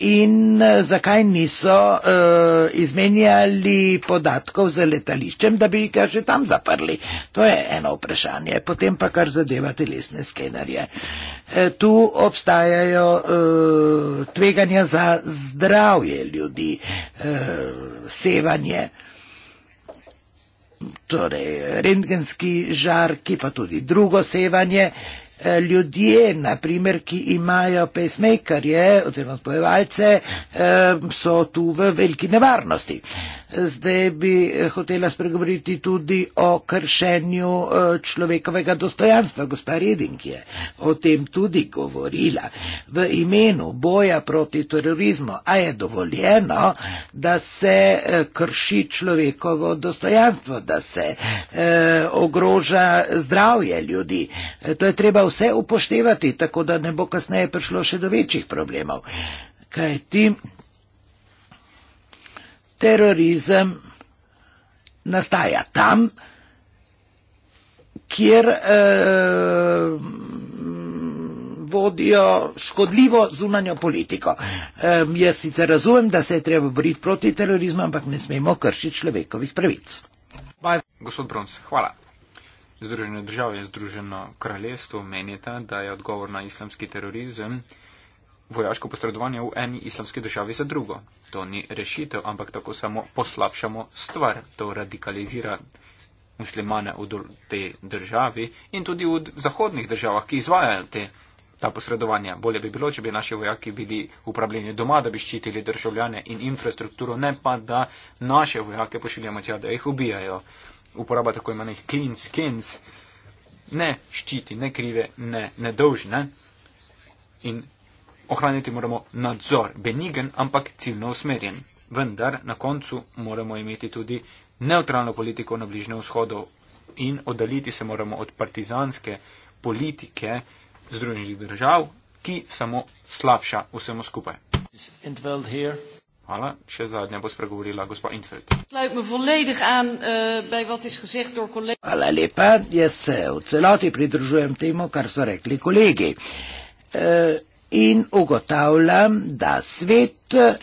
In zakaj niso uh, izmenjali podatkov z letališčem, da bi ga že tam zaprli? To je eno vprašanje. Potem pa kar zadeva telesne skenerje. E, tu obstajajo uh, tveganja za zdravje ljudi, uh, sevanje. Uh, torej rentgenski žar, ki pa tudi drugo sevanje. E, ljudje, naprimer, ki imajo pacemakerje oziroma spojevalce, e, so tu v veliki nevarnosti zdaj bi eh, hotela spregovoriti tudi o kršenju eh, človekovega dostojanstva. Gospa Reding je o tem tudi govorila. V imenu boja proti terorizmu, a je dovoljeno, da se eh, krši človekovo dostojanstvo, da se ogroža zdravje ljudi. To je treba vse upoštevati, tako da ne bo kasneje prišlo še do večjih problemov. Kaj ti? terorizem nastaja tam, kjer eh, vodijo škodljivo zunanjo politiko. Eh, jaz sicer razumem, da se je treba boriti proti terorizmu, ampak ne smemo kršiti človekovih pravic. Bye. Gospod Brons, hvala. Združene države in Združeno kraljestvo menijo, da je odgovor na islamski terorizem vojaško posredovanje v eni islamski državi za drugo. To ni rešitev, ampak tako samo poslabšamo stvar. To radikalizira muslimane v tej državi in tudi v zahodnih državah, ki izvajajo te, ta posredovanja. Bolje bi bilo, če bi naši vojaki bili upravljeni doma, da bi ščitili državljane in infrastrukturo, ne pa da naše vojake pošiljamo tja, da jih ubijajo. Uporaba tako imenih clean skins ne ščiti, ne krive, ne nedolžne. In ohranjati moramo nadzor, benigen, ampak ciljno usmerjen. Vendar na koncu moramo imeti tudi neutralno politiko na bližnjo vzhodu in oddaliti se moramo od partizanske politike Združenih držav, ki samo slabša vsemu skupaj. Hvala. Še zadnja bo spregovorila gospa Infeld. Eh, Hvala lepa. Jaz se v celoti pridružujem temu, kar so rekli kolegi. Uh, in ugotavljam, da svet eh,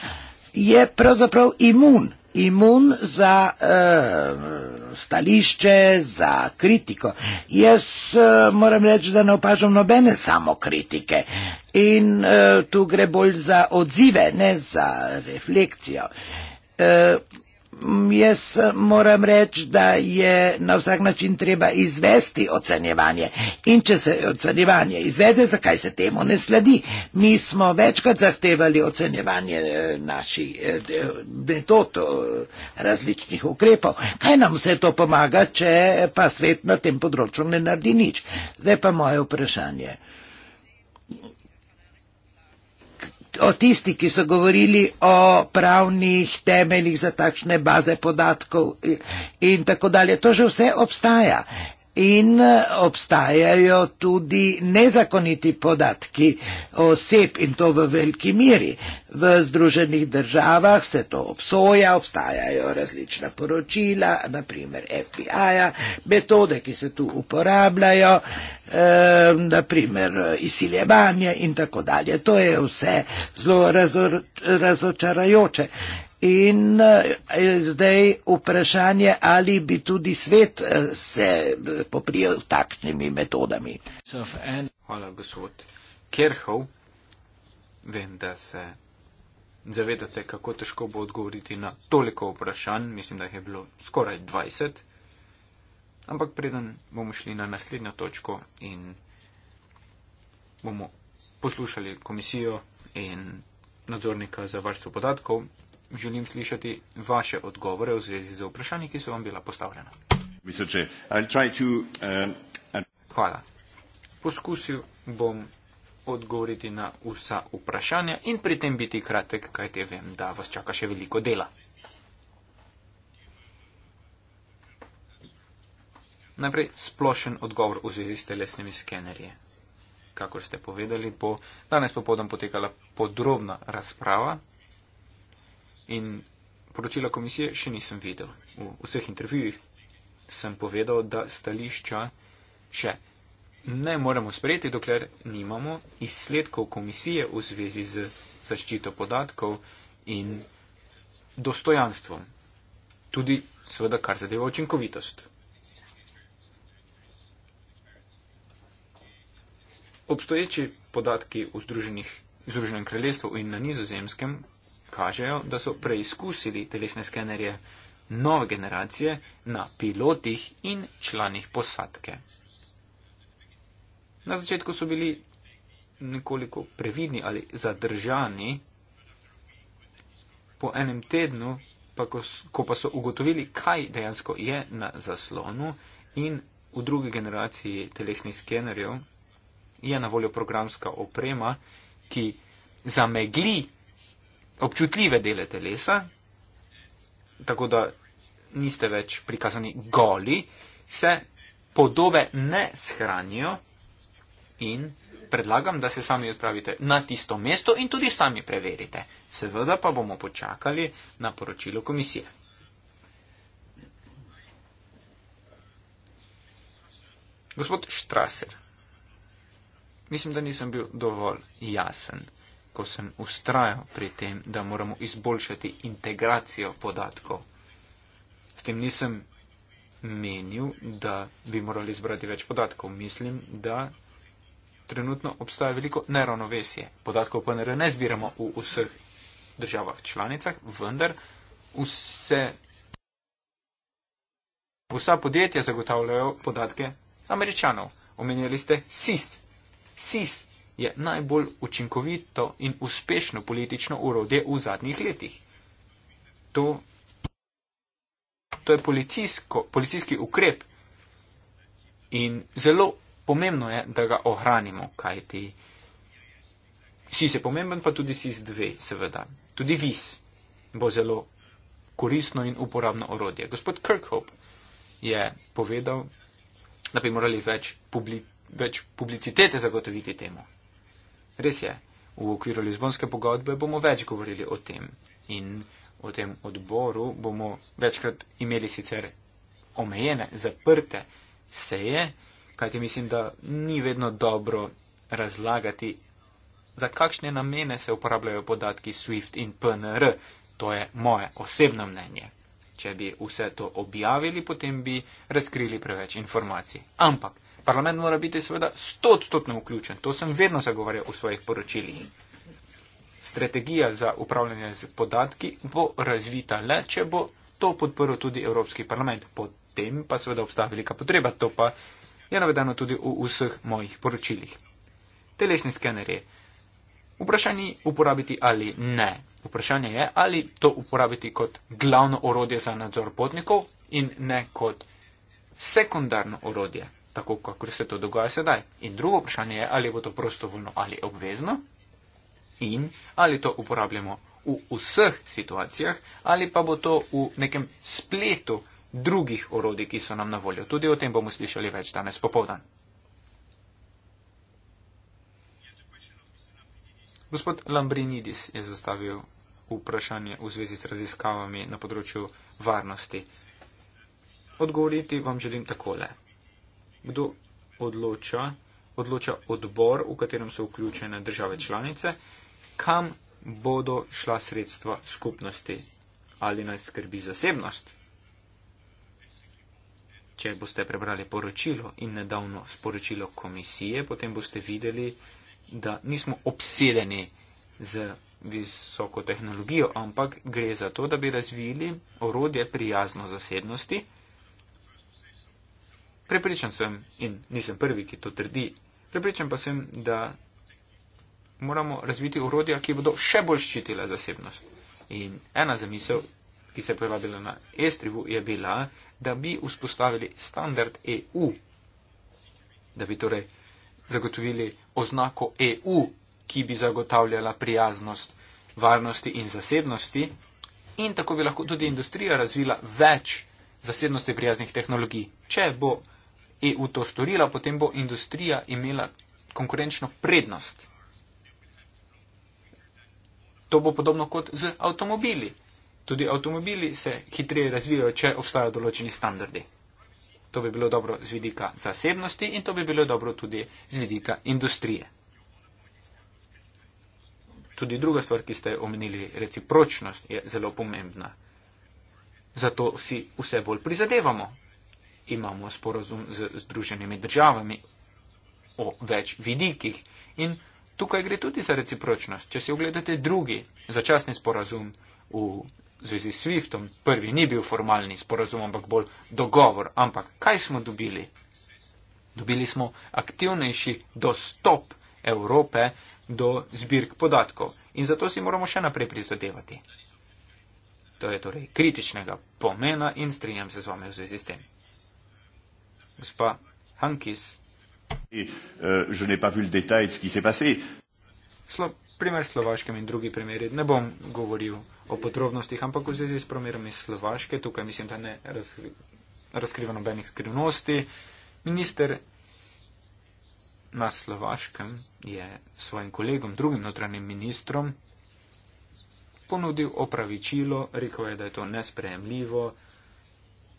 je pravzaprav imun. Imun za uh, stališče, za kritiko. Jaz uh, moram reči, da ne opažam nobene samo kritike in uh, tu gre bolj za odzive, ne za refleksijo. Uh, Mm, jaz eh, moram reči, da je na vsak način treba izvesti ocenjevanje. In če se ocenjevanje izvede, zakaj se temu ne sledi? Mi smo večkrat zahtevali ocenjevanje eh, naših eh, metod, različnih ukrepov. Kaj nam vse to pomaga, če pa svet na tem področju ne naredi nič? Zdaj pa moje vprašanje. o tisti, ki so govorili o pravnih temeljih za takšne baze podatkov in tako dalje. To že vse obstaja. In eh, obstajajo tudi nezakoniti podatki oseb in to v veliki miri. V Združenih državah se to obsoja, obstajajo različna poročila, naprimer FBI-ja, metode, ki se tu uporabljajo eh, naprimer izsiljevanje in tako dalje. To je vse zelo razor, razočarajoče. In eh, zdaj vprašanje, ali bi tudi svet eh, se eh, poprijel takšnimi metodami. Hvala, gospod Kerhov. Vem, da se zavedate, kako težko bo odgovoriti na toliko vprašanj. Mislim, da jih je bilo skoraj 20. Ampak preden bomo šli na naslednjo točko in bomo poslušali komisijo in nadzornika za varstvo podatkov, želim slišati vaše odgovore v zvezi z vprašanji, ki so vam bila postavljena. Um, Hvala. Poskusil bom odgovoriti na vsa vprašanja in pri tem biti kratek, kajte vem, da vas čaka še veliko dela. Najprej splošen odgovor v zvezi s telesnimi skenerji. Kakor ste povedali, bo danes popodem potekala podrobna razprava in poročila komisije še nisem videl. V vseh intervjujih sem povedal, da stališča še ne moremo sprejeti, dokler nimamo izsledkov komisije v zvezi z zaščito podatkov in dostojanstvom. Tudi, seveda, kar zadeva učinkovitost. Obstoječi podatki v Združenih, Združenem kraljestvu in na nizozemskem kažejo, da so preizkusili telesne skenerje nove generacije na pilotih in članih posadke. Na začetku so bili nekoliko previdni ali zadržani, po enem tednu, pa ko, ko pa so ugotovili, kaj dejansko je na zaslonu in v drugi generaciji telesnih skenerjev, je na voljo programska oprema, ki zamegli občutljive dele telesa, tako da niste več prikazani goli, se podobe ne shranijo in predlagam, da se sami odpravite na tisto mesto in tudi sami preverite. Seveda pa bomo počakali na poročilo komisije. Gospod Štraser. Mislim, da nisem bil dovolj jasen, ko sem ustrajal pri tem, da moramo izboljšati integracijo podatkov. S tem nisem menil, da bi morali zbrati več podatkov. Mislim, da trenutno obstaja veliko neravnovesje. Podatkov pa ne zbiramo v vseh državah članicah, vendar vse, vsa podjetja zagotavljajo podatke američanov. Omenjali ste SIST, SIS je najbolj učinkovito in uspešno politično urode v zadnjih letih. To, to je policijski ukrep in zelo pomembno je, da ga ohranimo, kajti SIS je pomemben, pa tudi SIS-2, seveda. Tudi VIS bo zelo koristno in uporabno orodje. Gospod Kirkhope je povedal, da bi morali več publikati več publicitete zagotoviti temu. Res je, v okviru Lizbonske pogodbe bomo več govorili o tem in o tem odboru bomo večkrat imeli sicer omejene, zaprte seje, kajti mislim, da ni vedno dobro razlagati, za kakšne namene se uporabljajo podatki SWIFT in PNR. To je moje osebno mnenje. Če bi vse to objavili, potem bi razkrili preveč informacij. Ampak Parlament mora biti seveda stotstotno vključen. To sem vedno zagovarjal v svojih poročilih. Strategija za upravljanje z podatki bo razvita le, če bo to podporil tudi Evropski parlament. Potem pa seveda obstaja velika potreba, to pa je navedeno tudi v vseh mojih poročilih. Telesni skener je. Vprašanje je uporabiti ali ne. Vprašanje je, ali to uporabiti kot glavno orodje za nadzor potnikov in ne kot sekundarno orodje tako kakor se to dogaja sedaj. In drugo vprašanje je, ali bo to prostovoljno ali obvezno in ali to uporabljamo v vseh situacijah ali pa bo to v nekem spletu drugih orodij, ki so nam na voljo. Tudi o tem bomo slišali več danes popovdan. Gospod Lambrinidis je zastavil vprašanje v zvezi s raziskavami na področju varnosti. Odgovoriti vam želim takole kdo odloča, odloča odbor, v katerem so vključene države članice, kam bodo šla sredstva skupnosti ali naj skrbi zasebnost. Če boste prebrali poročilo in nedavno sporočilo komisije, potem boste videli, da nismo obsedeni z visoko tehnologijo, ampak gre za to, da bi razvili orodje prijazno zasebnosti. Prepričan sem in nisem prvi, ki to trdi. Prepričan pa sem, da moramo razviti urodja, ki bodo še bolj ščitila zasebnost. In ena zamisel, ki se je pojavila na Estrivu, je bila, da bi vzpostavili standard EU, da bi torej zagotovili oznako EU, ki bi zagotavljala prijaznost varnosti in zasebnosti in tako bi lahko tudi industrija razvila več zasebnosti prijaznih tehnologij. Če bo EU to storila, potem bo industrija imela konkurenčno prednost. To bo podobno kot z avtomobili. Tudi avtomobili se hitreje razvijajo, če obstajajo določeni standardi. To bi bilo dobro z vidika zasebnosti in to bi bilo dobro tudi z vidika industrije. Tudi druga stvar, ki ste omenili, recipročnost, je zelo pomembna. Zato si vse bolj prizadevamo, imamo sporozum z Združenimi državami o več vidikih. In tukaj gre tudi za recipročnost. Če si ogledate drugi začasni sporozum v zvezi s SWIFT-om, prvi ni bil formalni sporozum, ampak bolj dogovor. Ampak kaj smo dobili? Dobili smo aktivnejši dostop Evrope do zbirk podatkov in zato si moramo še naprej prizadevati. To je torej kritičnega pomena in strinjam se z vami v zvezi s tem gospa Hankis. Eh, Slo, primer Slovaškem in drugi primeri. Ne bom govoril o podrobnostih, ampak v zvezi s primerom iz Slovaške, tukaj mislim, da ne raz, razkriva nobenih skrivnosti. Minister na Slovaškem je svojim kolegom, drugim notranjim ministrom, ponudil opravičilo, rekel je, da je to nesprejemljivo,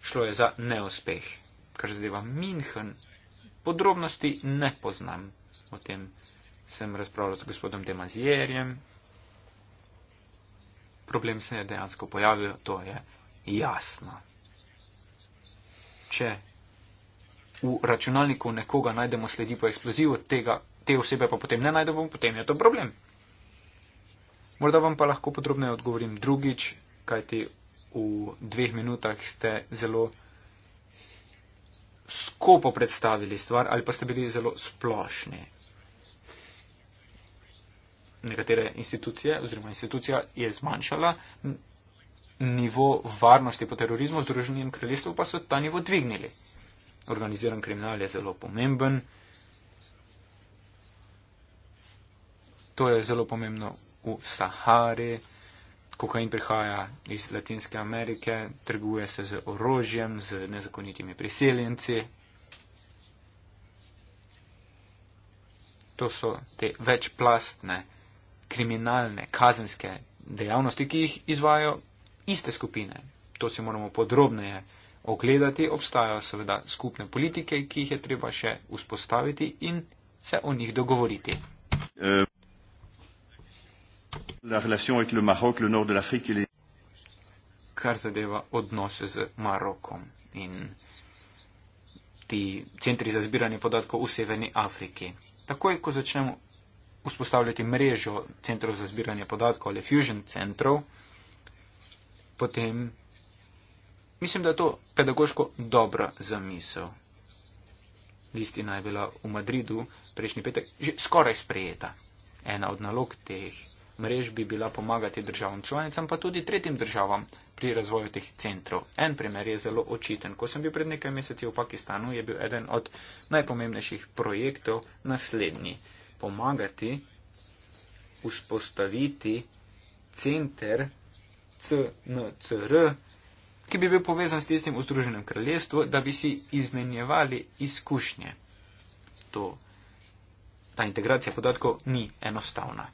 šlo je za neuspeh kar zadeva Minhen, podrobnosti ne poznam. O tem sem razpravljal z gospodom Demazierjem. Problem se je dejansko pojavil, to je jasno. Če v računalniku nekoga najdemo sledi po eksploziju, tega, te osebe pa potem ne najdemo, potem je to problem. Morda vam pa lahko podrobneje odgovorim drugič, kajti v dveh minutah ste zelo skupo predstavili stvar ali pa ste bili zelo splošni. Nekatere institucije oziroma institucija je zmanjšala nivo varnosti po terorizmu, Združenjem kraljestvu pa so ta nivo dvignili. Organiziran kriminal je zelo pomemben. To je zelo pomembno v Sahari kokain prihaja iz Latinske Amerike, trguje se z orožjem, z nezakonitimi priseljenci. To so te večplastne kriminalne, kazenske dejavnosti, ki jih izvajo iste skupine. To si moramo podrobneje ogledati. Obstajajo seveda skupne politike, ki jih je treba še vzpostaviti in se o njih dogovoriti. Uh. Kar zadeva odnose z Marokom in ti centri za zbiranje podatkov v Severni Afriki. Takoj, ko začnemo vzpostavljati mrežo centrov za zbiranje podatkov ali fusion centrov, potem mislim, da je to pedagoško dobra zamisel. Listina je bila v Madridu prejšnji petek že skoraj sprejeta. Ena od nalog teh mrež bi bila pomagati državam članicam, pa tudi tretjim državam pri razvoju teh centrov. En primer je zelo očiten. Ko sem bil pred nekaj meseci v Pakistanu, je bil eden od najpomembnejših projektov naslednji. Pomagati, vzpostaviti center CNCR, ki bi bil povezan s tistim vzdruženim kraljestvom, da bi si izmenjevali izkušnje. To, ta integracija podatkov ni enostavna.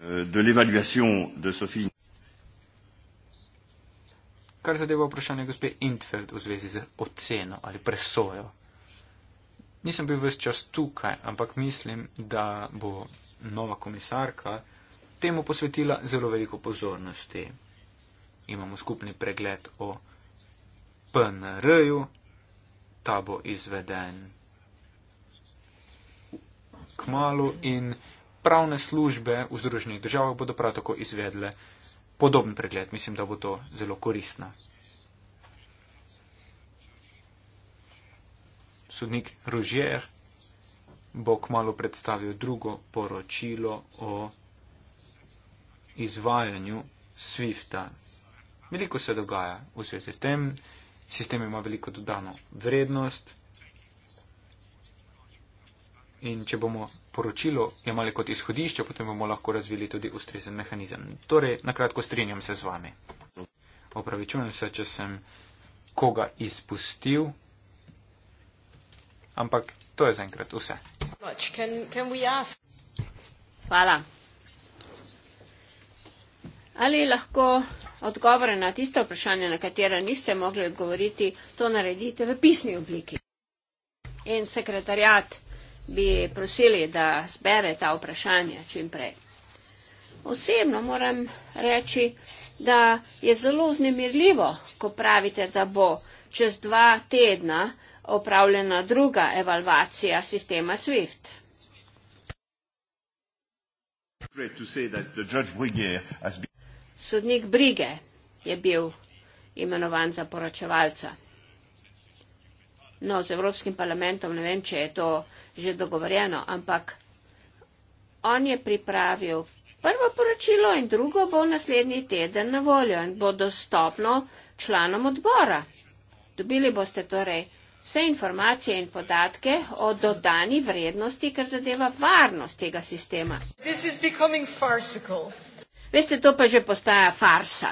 Euh, de l'évaluation de Sophie. Kar zadeva vprašanje gospe Intfeld v zvezi z oceno ali presojo. Nisem bil vse čas tukaj, ampak mislim, da bo nova komisarka temu posvetila zelo veliko pozornosti. Imamo skupni pregled o PNR-ju, ta bo izveden k malu in pravne službe v združenih državah bodo prav tako izvedle podoben pregled. Mislim, da bo to zelo koristno. Sodnik Rožjer bo kmalo predstavil drugo poročilo o izvajanju SWIFT-a. Veliko se dogaja v svetu s tem, sistem ima veliko dodano vrednost. In če bomo poročilo imali kot izhodišče, potem bomo lahko razvili tudi ustrezen mehanizem. Torej, nakratko strinjam se z vami. Opravičujem se, če sem koga izpustil. Ampak to je zaenkrat vse. Can, can Hvala. Ali lahko odgovore na tiste vprašanja, na katera niste mogli odgovoriti, to naredite v pisni obliki? In sekretarjat bi prosili, da zbere ta vprašanja čim prej. Osebno moram reči, da je zelo znemirljivo, ko pravite, da bo čez dva tedna opravljena druga evalvacija sistema SWIFT. Sodnik Brige je bil imenovan za poročevalca. No, z Evropskim parlamentom ne vem, če je to že dogovorjeno, ampak on je pripravil prvo poročilo in drugo bo naslednji teden na voljo in bo dostopno članom odbora. Dobili boste torej vse informacije in podatke o dodani vrednosti, kar zadeva varnost tega sistema. Veste, to pa že postaja farsa.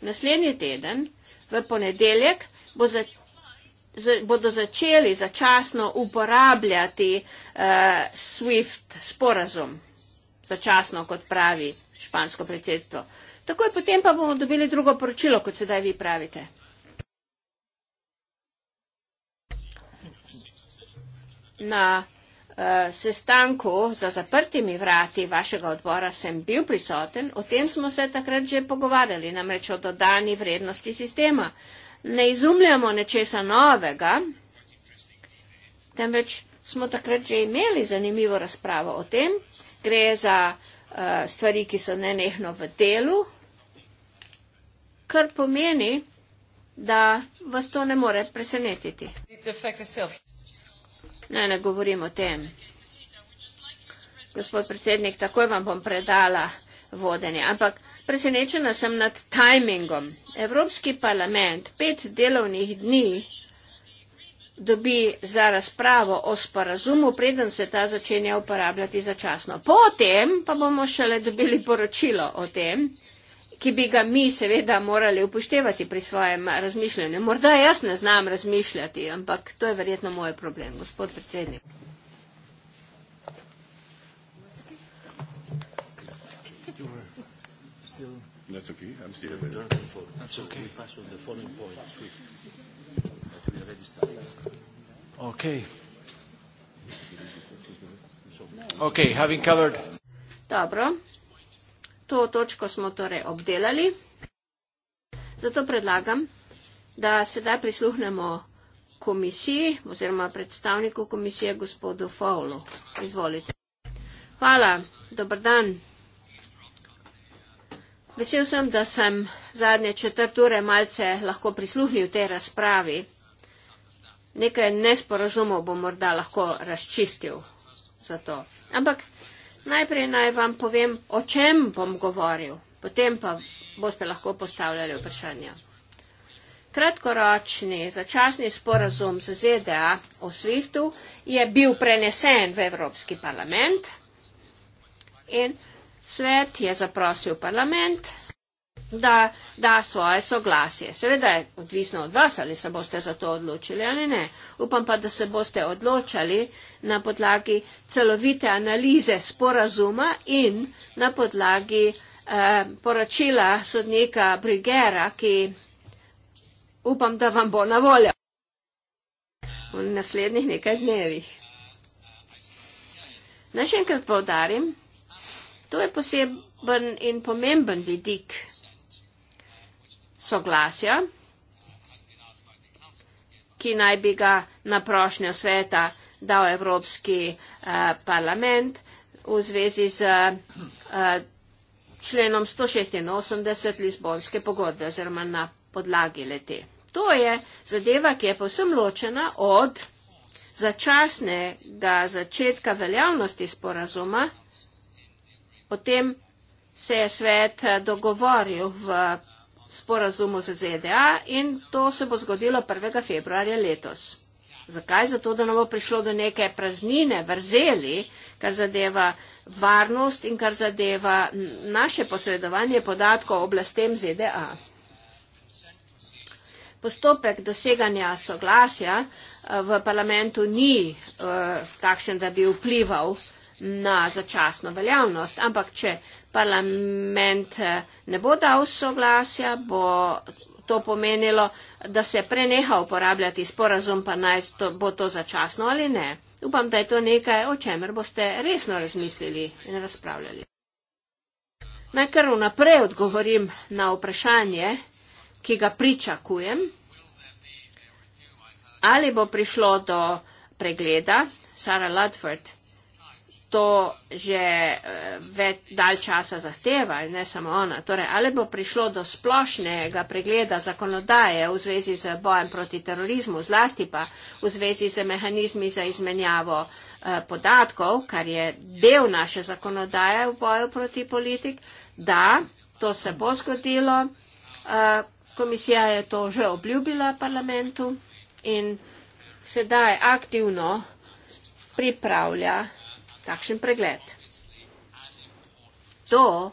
Naslednji teden, v ponedeljek, bo začel bodo začeli začasno uporabljati uh, SWIFT sporazum, začasno, kot pravi špansko predsedstvo. Takoj potem pa bomo dobili drugo poročilo, kot sedaj vi pravite. Na uh, sestanku za zaprtimi vrati vašega odbora sem bil prisoten, o tem smo se takrat že pogovarjali, namreč o dodani vrednosti sistema. Uh, ne izumljamo nečesa novega, temveč smo takrat že imeli zanimivo razpravo o tem. Gre za uh, stvari, ki so nenehno v delu, kar pomeni, da vas to ne more presenetiti. Ne, ne govorim o tem. Gospod predsednik, takoj vam bom predala vodenje. Ampak Presenečena sem nad tajmingom. Evropski parlament pet delovnih dni dobi za razpravo o sporazumu, preden se ta začenja uporabljati začasno. Potem pa bomo šele dobili poročilo o tem, ki bi ga mi seveda morali upoštevati pri svojem razmišljanju. Morda jaz ne znam razmišljati, ampak to je verjetno moj problem, gospod predsednik. That's okay. I'm still available. That's okay. Pass on the following point, SWIFT. We already started. Okay. Okay, having covered. Dobro. To točko smo torej obdelali. Zato predlagam, da sedaj prisluhnemo komisiji oziroma predstavniku komisije gospodu Fowlu. Izvolite. Hvala. Dobar dan. Vesel sem, da sem zadnje četrt ure malce lahko prisluhnil tej razpravi. Nekaj nesporazumov bom morda lahko razčistil za to. Ampak najprej naj vam povem, o čem bom govoril, potem pa boste lahko postavljali vprašanja. Kratkoročni začasni sporazum z ZDA o SWIFT-u je bil prenesen v Evropski parlament in svet je zaprosil parlament, da da svoje soglasje. Seveda je odvisno od vas, ali se boste za to odločili ali ne. Upam pa, da se boste odločali na podlagi celovite analize sporazuma in na podlagi eh, poročila sodnika Brigera, ki upam, da vam bo na voljo v naslednjih nekaj dnevih. Naj še enkrat povdarim, To je poseben in pomemben vidik soglasja, ki naj bi ga na prošnjo sveta dal Evropski eh, parlament v zvezi z eh, členom 186 Lizbonske pogodbe oziroma na podlagi lete. To je zadeva, ki je povsem ločena od začasnega začetka veljavnosti sporazuma Potem se je svet eh, dogovoril v sporazumu z ZDA in to se bo zgodilo 1. februarja letos. Zakaj? Zato, da nam bo prišlo do neke praznine, vrzeli, kar zadeva varnost in kar zadeva naše posredovanje podatkov oblastem ZDA. Postopek doseganja soglasja eh, v parlamentu ni uh, takšen, da bi vplival uh, na začasno veljavnost. Ampak, če parlament eh, ne bo dal soglasja, bo to pomenilo, da se preneha uporabljati sporazum, pa naj to, bo to začasno ali ne. Upam, da je to nekaj, o čemer boste resno razmislili in razpravljali. Naj kar vnaprej odgovorim na vprašanje, ki ga pričakujem. Ali bo prišlo do pregleda? Sara Ludford to že eh, več dalj časa zahteva in ne samo ona. Torej, ali bo prišlo do splošnega pregleda zakonodaje v zvezi z bojem proti terorizmu, zlasti pa v zvezi z mehanizmi za izmenjavo eh, podatkov, kar je del naše zakonodaje v boju proti politik, da to se bo zgodilo. Eh, komisija je to že obljubila parlamentu in sedaj aktivno pripravlja kakšen pregled. To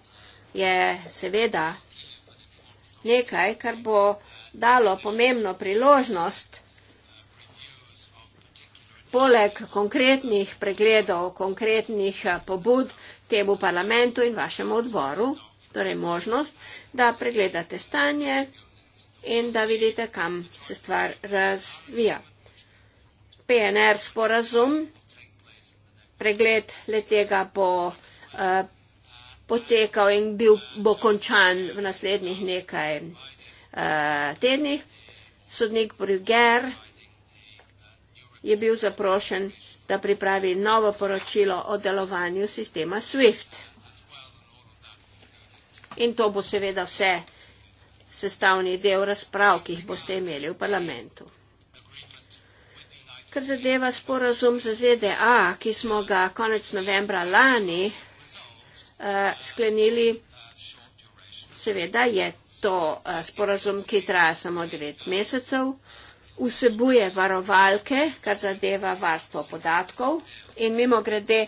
je seveda nekaj, kar bo dalo pomembno priložnost, poleg konkretnih pregledov, konkretnih pobud temu parlamentu in vašemu odboru, torej možnost, da pregledate stanje in da vidite, kam se stvar razvija. PNR sporazum pregled letega bo eh, potekal in bil, bo končan v naslednjih nekaj eh, tednih. Sodnik Brugger je bil zaprošen, da pripravi novo poročilo o delovanju sistema SWIFT. In to bo seveda vse sestavni del razprav, ki jih boste imeli v parlamentu kar zadeva sporazum za ZDA, ki smo ga konec novembra lani uh, sklenili, seveda je to uh, sporazum, ki traja samo devet mesecev, vsebuje varovalke, kar zadeva varstvo podatkov in mimo grede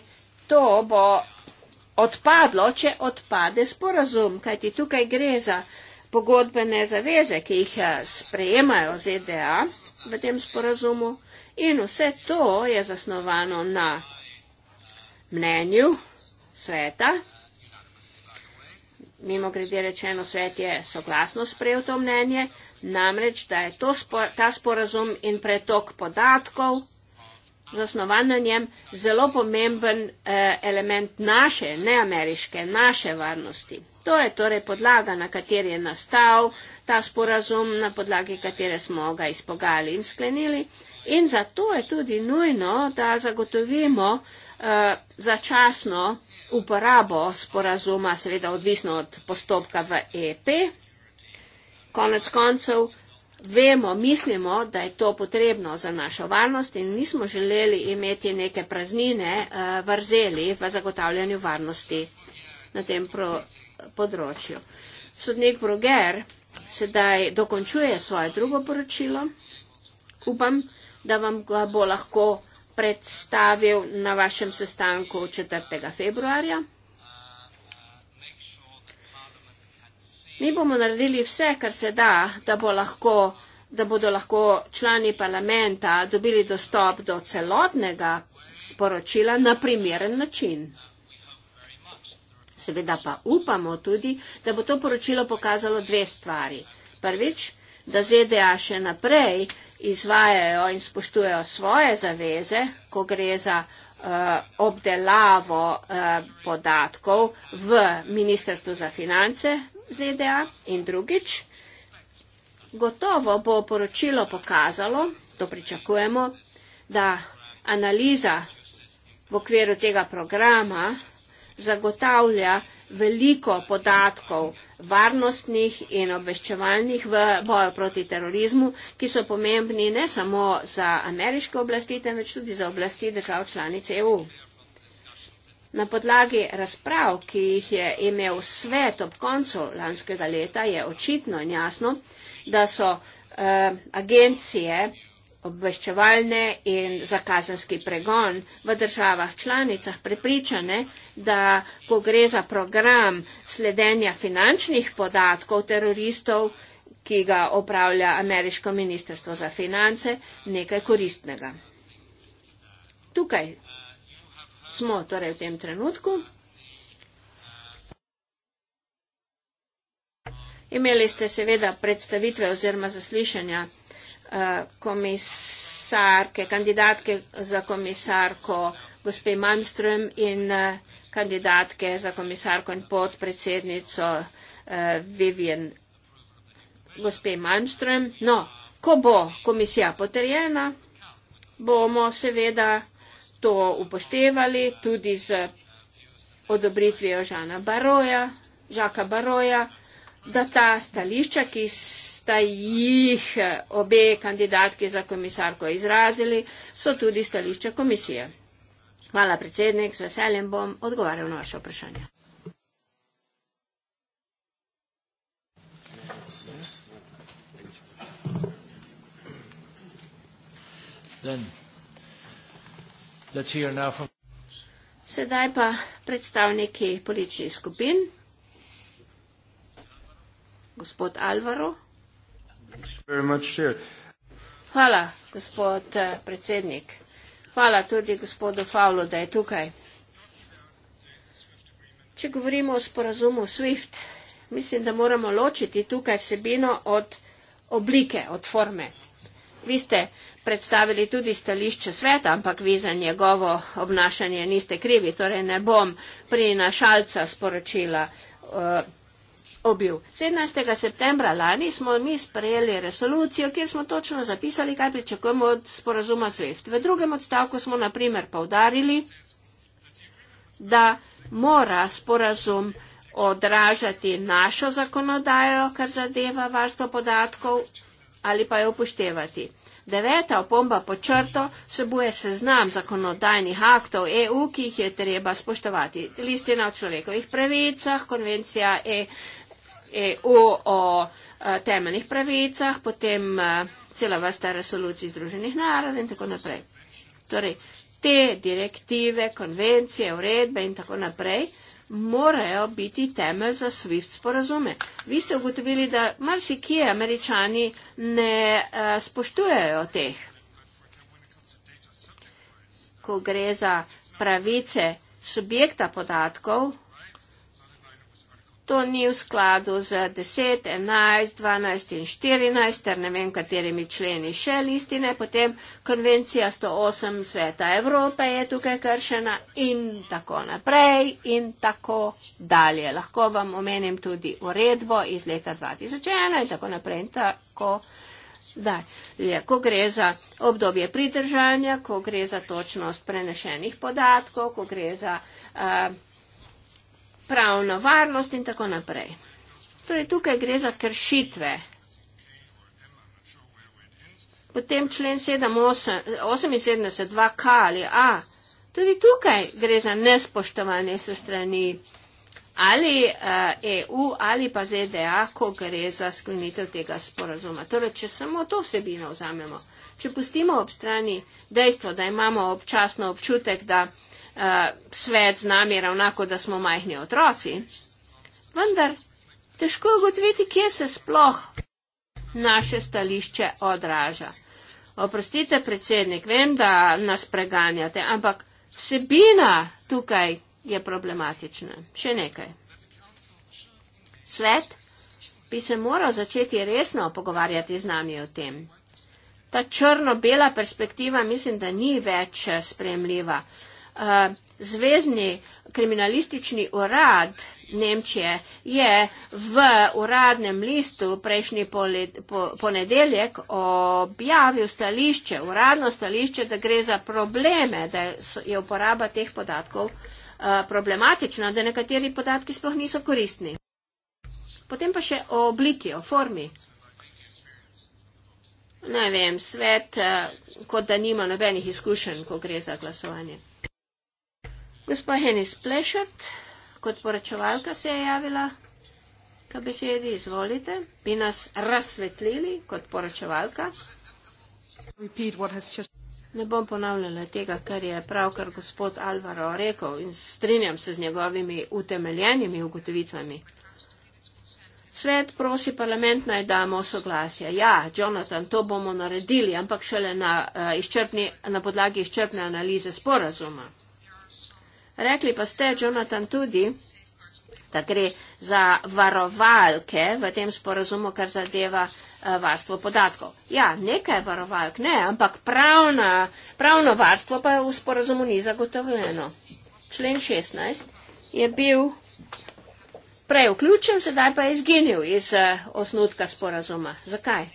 to bo odpadlo, če odpade sporazum, kajti tukaj gre za pogodbene zaveze, ki jih eh, sprejemajo ZDA v tem sporazumu in vse to je zasnovano na mnenju sveta. Mimo grede rečeno, svet je soglasno sprejel to mnenje, namreč, da je to, ta sporazum in pretok podatkov zasnovan na njem zelo pomemben eh, element naše, ne ameriške, naše varnosti. To je torej podlaga, na kateri je nastal ta sporazum, na podlagi katere smo ga izpogali in sklenili. In zato je tudi nujno, da zagotovimo eh, začasno uporabo sporazuma, seveda odvisno od postopka v EP. Konec koncev vemo, mislimo, da je to potrebno za našo varnost in nismo želeli imeti neke praznine eh, vrzeli v zagotavljanju varnosti na tem proizvodu področju. Sodnik Bruger sedaj dokončuje svoje drugo poročilo. Upam, da vam ga bo lahko predstavil na vašem sestanku 4. februarja. Mi bomo naredili vse, kar se da, da, bo lahko, da bodo lahko člani parlamenta dobili dostop do celotnega poročila na primeren način. Seveda pa upamo tudi, da bo to poročilo pokazalo dve stvari. Prvič, da ZDA še naprej izvajajo in spoštujejo svoje zaveze, ko gre za uh, obdelavo uh, podatkov v Ministrstvu za finance ZDA in drugič. Gotovo bo poročilo pokazalo, to pričakujemo, da analiza v okviru tega programa zagotavlja veliko podatkov varnostnih in obveščevalnih v boju proti terorizmu, ki so pomembni ne samo za ameriške oblasti, temveč tudi za oblasti držav članic EU. Na podlagi razprav, ki jih je imel svet ob koncu lanskega leta, je očitno in jasno, da so eh, agencije obveščevalne in zakazanski pregon v državah članicah prepričane, da ko gre za program sledenja finančnih podatkov teroristov, ki ga opravlja Ameriško ministrstvo za finance, nekaj koristnega. Tukaj smo torej v tem trenutku. Imeli ste seveda predstavitve oziroma zaslišanja. Uh, Eh, komisarke, kandidatke za komisarko gospe Malmström in eh, kandidatke za komisarko in podpredsednico eh, Vivien gospe Malmström. No, ko bo komisija potrjena, bomo seveda to upoštevali tudi z odobritvijo Žaka Baroja da ta stališča, ki sta jih eh, obe kandidatki za komisarko izrazili, so tudi stališča komisije. Hvala, predsednik, z veseljem bom odgovarjal na vaše vprašanje. Sedaj pa predstavniki političnih skupin. Gospod Alvaro. Hvala, gospod eh, predsednik. Hvala tudi gospodu Favlu, da je tukaj. Če govorimo o sporazumu SWIFT, mislim, da moramo ločiti tukaj vsebino od oblike, od forme. Vi ste predstavili tudi stališče sveta, ampak vi za njegovo obnašanje niste krivi. Torej ne bom prinašalca sporočila. Uh, obil. 17. septembra lani smo mi sprejeli resolucijo, kjer smo točno zapisali, kaj pričakujemo od sporazuma SWIFT. V drugem odstavku smo naprimer povdarili, da mora sporazum odražati našo zakonodajo, kar zadeva varstvo podatkov, ali pa jo upoštevati. Deveta opomba po črto vsebuje seznam zakonodajnih aktov EU, ki jih je treba spoštovati. Listina o človekovih pravicah, konvencija EU. EU o eh, temeljnih pravicah, potem eh, cela vrsta resolucij Združenih narodov in tako naprej. Torej, te direktive, konvencije, uredbe in tako naprej morajo biti temelj za SWIFT sporazume. Vi ste ugotovili, da marsikje američani ne eh, spoštujejo teh. Ko gre za pravice subjekta podatkov, to ni v skladu z 10, 11, 12 in 14, ter ne vem, katerimi členi še listine, potem konvencija 108 sveta Evrope je tukaj kršena in tako naprej in tako dalje. Lahko vam omenim tudi uredbo iz leta 2001 in tako naprej in tako. Da, je, ko gre za obdobje pridržanja, ko gre za točnost prenešenih podatkov, ko gre za uh, pravno varnost in tako naprej. Torej, tukaj gre za kršitve. Potem člen 78, 2K ali A. Tudi tukaj gre za nespoštovanje se strani ali uh, eh, EU ali pa ZDA, ko gre za sklenitev tega sporazuma. Torej, če samo to vsebino vzamemo, če pustimo ob strani dejstvo, da imamo občasno občutek, da uh, Eh, svet z nami ravna, kot da smo majhni otroci. Vendar težko je ugotoviti, kje se sploh naše stališče odraža. Oprostite, predsednik, vem, da nas preganjate, ampak vsebina tukaj je problematična. Še nekaj. Svet bi se moral začeti resno pogovarjati z nami o tem. Ta črno-bela perspektiva mislim, da ni več eh, spremljiva. Eh, Zvezdni kriminalistični urad Nemčije je v uradnem listu prejšnji ponedeljek objavil stališče, uradno stališče, da gre za probleme, da je uporaba teh podatkov eh, problematična, da nekateri podatki sploh niso koristni. Potem pa še o obliki, o formi. Ne vem, svet, eh, kot da nima nobenih izkušenj, ko gre za glasovanje. Gospa Henis Plešert, kot poročevalka se je javila k besedi, izvolite, bi nas razsvetlili kot poročevalka. Ne bom ponavljala tega, kar je pravkar gospod Alvaro rekel in strinjam se z njegovimi utemeljenimi ugotovitvami. Svet prosi parlament naj damo soglasje. Ja, Jonathan, to bomo naredili, ampak šele na, uh, na podlagi izčrpne analize sporazuma. Rekli pa ste, Jonathan, tudi, da gre za varovalke v tem sporazumu, kar zadeva eh, varstvo podatkov. Ja, nekaj varovalk ne, ampak pravna, pravno varstvo pa je v sporazumu ni zagotovljeno. Člen 16 je bil prej vključen, sedaj pa je izginil iz eh, osnutka sporazuma. Zakaj?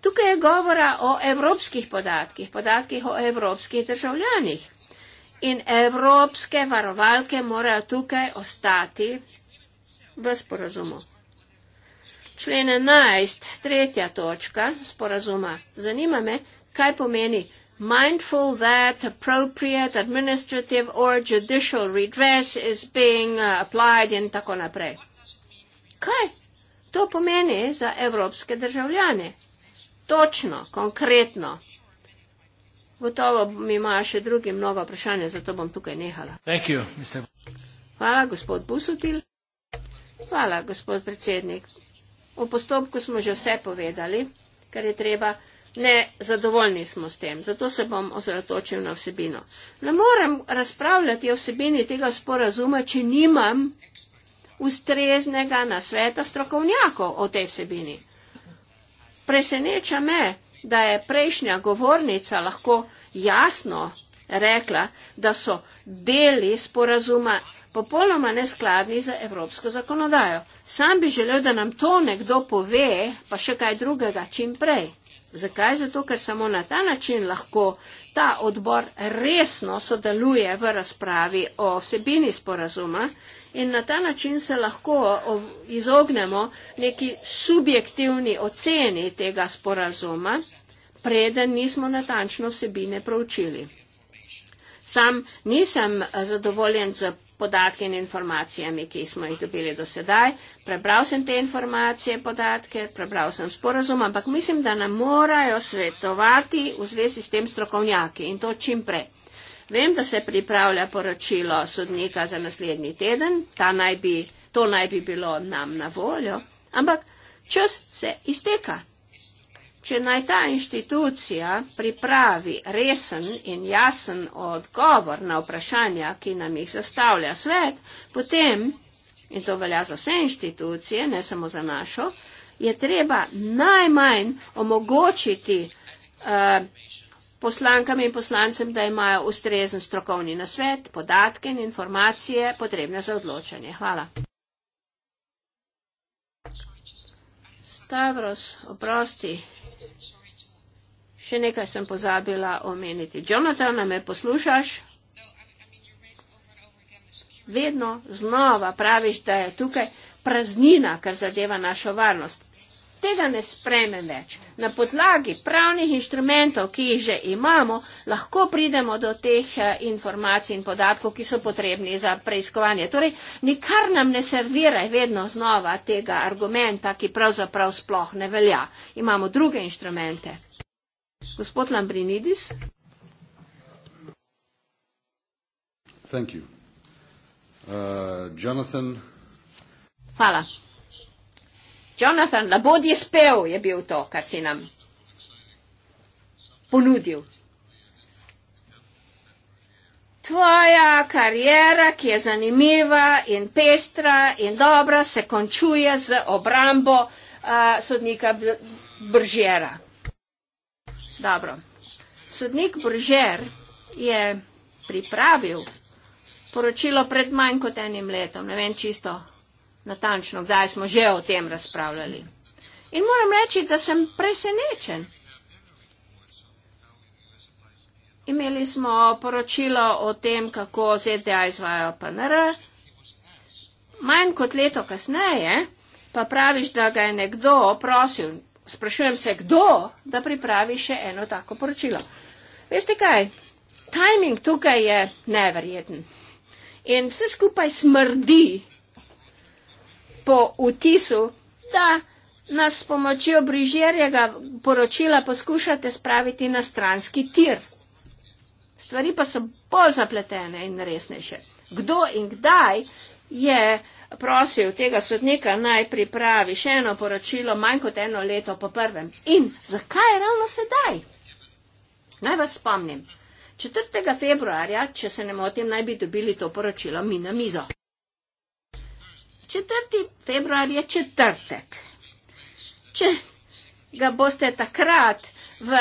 Tukaj je govora o evropskih podatkih, podatkih o evropskih državljanih in evropske varovalke morajo tukaj ostati v sporazumu. Člen 11, tretja točka sporazuma. Zanima me, kaj pomeni mindful that appropriate administrative or judicial redress is being uh, applied in tako naprej. Kaj to pomeni za evropske državljane? Točno, konkretno. Gotovo mi imajo še drugi mnogo vprašanja, zato bom tukaj nehala. You, Hvala, gospod Busutil. Hvala, gospod predsednik. V postopku smo že vse povedali, kar je treba. Ne, zadovoljni smo s tem, zato se bom ozratočil na vsebino. Ne morem razpravljati o vsebini tega sporazuma, če nimam ustreznega nasveta strokovnjakov o tej vsebini. Preseneča me, da je prejšnja govornica lahko jasno rekla, da so deli sporazuma popolnoma neskladni za evropsko zakonodajo. Sam bi želel, da nam to nekdo pove, pa še kaj drugega čim prej. Zakaj? Zato, ker samo na ta način lahko ta odbor resno sodeluje v razpravi o vsebini sporazuma, in na ta način se lahko izognemo neki subjektivni oceni tega sporazuma, preden nismo natančno vsebine proučili. Sam nisem eh, zadovoljen z podatki in informacijami, ki smo jih dobili do sedaj. Prebral sem te informacije, podatke, prebral sem sporazum, ampak mislim, da nam morajo svetovati v zvezi s tem strokovnjaki in to čim prej. Vem, da se pripravlja poročilo sodnika za naslednji teden, naj bi, to naj bi bilo nam na voljo, ampak čas se izteka. Če naj ta inštitucija pripravi resen in jasen odgovor na vprašanja, ki nam jih zastavlja svet, potem, in to velja za vse inštitucije, ne samo za našo, je treba najmanj omogočiti uh, poslankam in poslancem, da imajo ustrezen strokovni nasvet, podatke in informacije potrebne za odločanje. Hvala. Stavros, oprosti. Še nekaj sem pozabila omeniti. Jonathan, me poslušaš? Vedno znova praviš, da je tukaj praznina, kar zadeva našo varnost tega ne spremem več. Na podlagi pravnih inštrumentov, ki jih že imamo, lahko pridemo do teh eh, informacij in podatkov, ki so potrebni za preiskovanje. Torej, nikar nam ne serviraj vedno znova tega argumenta, ki pravzaprav sploh ne velja. Imamo druge inštrumente. Gospod Lambrinidis. Thank you. Uh, Jonathan. Hvala. Jonathan, labodji spev je bil to, kar si nam ponudil. Tvoja karjera, ki je zanimiva in pestra in dobra, se končuje z obrambo uh, sodnika Bržera. Dobro. Sodnik Bržer je pripravil poročilo pred manj kot enim letom, ne vem čisto, natančno, kdaj smo že o tem razpravljali. In moram reči, da sem presenečen. Imeli smo poročilo o tem, kako ZDA izvajo PNR. Manj kot leto kasneje, pa praviš, da ga je nekdo prosil, sprašujem se, kdo, da pripravi še eno tako poročilo. Veste kaj, timing tukaj je neverjeten. In vse skupaj smrdi po vtisu, da nas s pomočjo brižerjega poročila poskušate spraviti na stranski tir. Stvari pa so bolj zapletene in resnejše. Kdo in kdaj je prosil tega sodnika naj pripravi še eno poročilo manj kot eno leto po prvem? In zakaj ravno sedaj? Naj vas spomnim. 4. februarja, če se ne motim, naj bi dobili to poročilo mi na mizo. 4. februar je četrtek. Če ga boste takrat v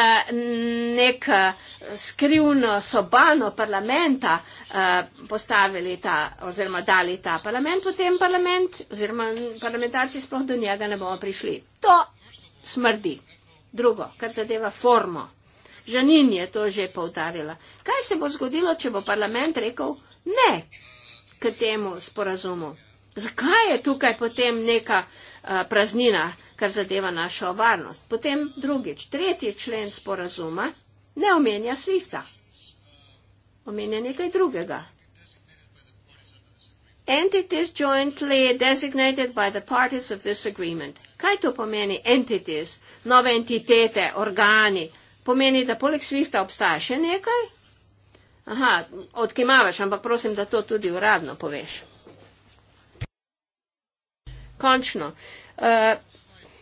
neko eh, skrivno sobano parlamenta eh, postavili ta, oziroma dali ta parlament, potem parlament, oziroma parlamentarci sploh do njega ne bomo prišli. To smrdi. Drugo, kar zadeva formo. Žanin je to že povdarjala. Kaj se bo zgodilo, če bo parlament rekel ne k temu sporazumu? zakaj je tukaj potem neka eh, praznina, kar zadeva našo varnost. Potem drugič, tretji člen sporazuma ne omenja Swifta, omenja nekaj drugega. Entities jointly designated by the parties of this agreement. Kaj to pomeni entities, nove entitete, organi? Pomeni, da poleg Swifta obstaja še nekaj? Aha, odkimavaš, ampak prosim, da to tudi uradno poveš. Končno. Eh,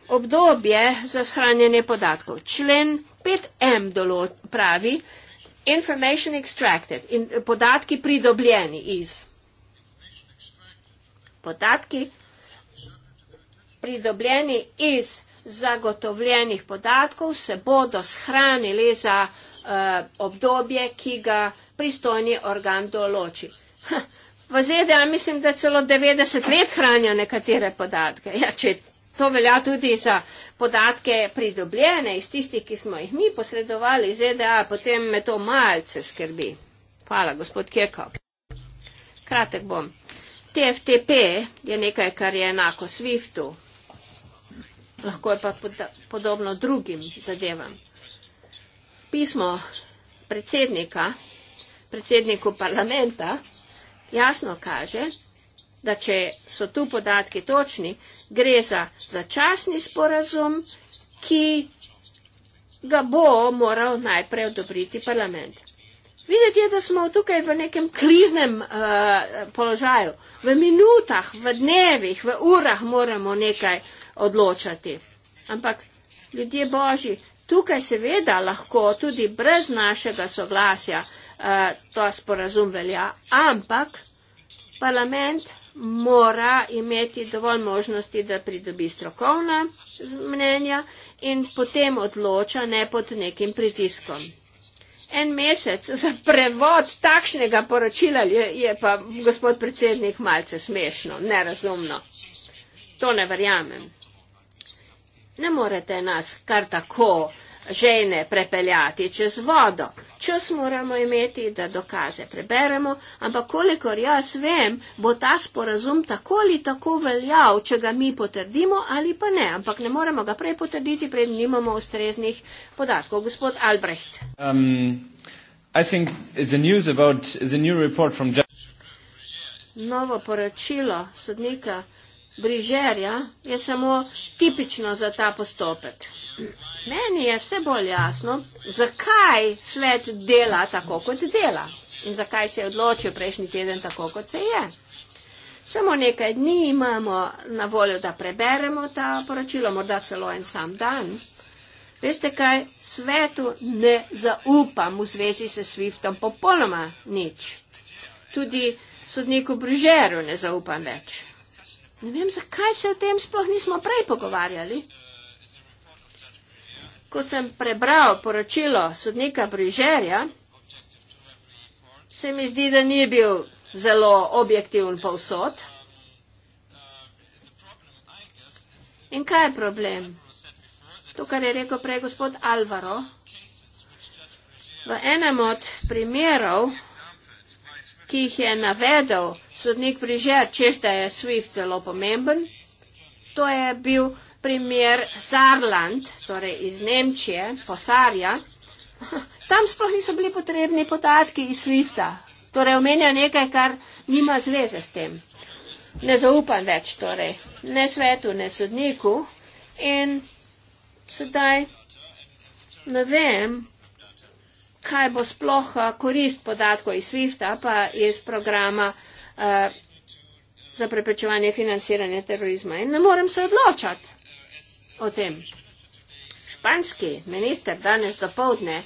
obdobje za shranjanje podatkov. Člen 5M pravi information extracted in podatki pridobljeni iz. Podatki pridobljeni iz zagotovljenih podatkov se bodo shranili za uh, obdobje, ki ga pristojni organ določi. Ha, v ZDA mislim, da celo 90 let hranijo nekatere podatke. Ja, če to velja tudi za podatke pridobljene iz tistih, ki smo jih mi posredovali iz ZDA, potem me to malce skrbi. Hvala, gospod Kekov. Kratek bom. TFTP je nekaj, kar je enako SWIFTu. Lahko je pa podobno drugim zadevam. Pismo predsednika, predsedniku parlamenta, jasno kaže, da če so tu podatki točni, gre za začasni sporazum, ki ga bo moral najprej odobriti parlament. Videti je, da smo tukaj v nekem kriznem uh, eh, položaju. V minutah, v dnevih, v urah moramo nekaj odločati. Ampak ljudje božji, tukaj seveda lahko tudi brez našega soglasja eh, ta sporazum velja, ampak parlament mora imeti dovolj možnosti, da pridobi strokovna mnenja in potem odloča ne pod nekim pritiskom. En mesec za prevod takšnega poročila je, je pa, gospod predsednik, malce smešno, nerazumno. To ne verjamem. Ne morete nas kar tako uh, žene prepeljati čez vodo. Čas moramo imeti, da dokaze preberemo, ampak kolikor jaz vem, bo ta sporazum tako ali tako veljav, če ga mi potrdimo ali pa ne. Ampak ne moremo ga prej potrditi, pred nimamo ustreznih podatkov. Gospod Albrecht. Um, novo poročilo sodnika brižerja je samo tipično za ta postopek. Meni je vse bolj jasno, zakaj svet dela tako, kot dela in zakaj se je odločil prejšnji teden tako, kot se je. Samo nekaj dni imamo na voljo, da preberemo ta poročilo, morda celo en sam dan. Veste kaj, svetu ne zaupam v zvezi se Swiftom popolnoma nič. Tudi sodniku Brižeru ne zaupam več. Ne vem, zakaj se o tem sploh nismo prej pogovarjali. Ko sem prebral poročilo sodnika Brižerja, se mi zdi, da ni bil zelo objektivn povsod. In kaj je problem? To, kar je rekel prej gospod Alvaro, v enem od primerov, ki jih je navedel sodnik Prižer, češ da je SWIFT zelo pomemben, to je bil primer Sarland, torej iz Nemčije, posarja. Tam sploh niso bili potrebni podatki iz SWIFT-a. Torej omenja nekaj, kar nima zveze s tem. Ne zaupam več, torej, ne svetu, ne sodniku. In sedaj ne vem, kaj bo sploh eh, korist podatkov iz SWIFT-a, pa iz programa eh, za preprečevanje financiranja terorizma. In ne morem se odločati o tem. Španski minister danes do povdne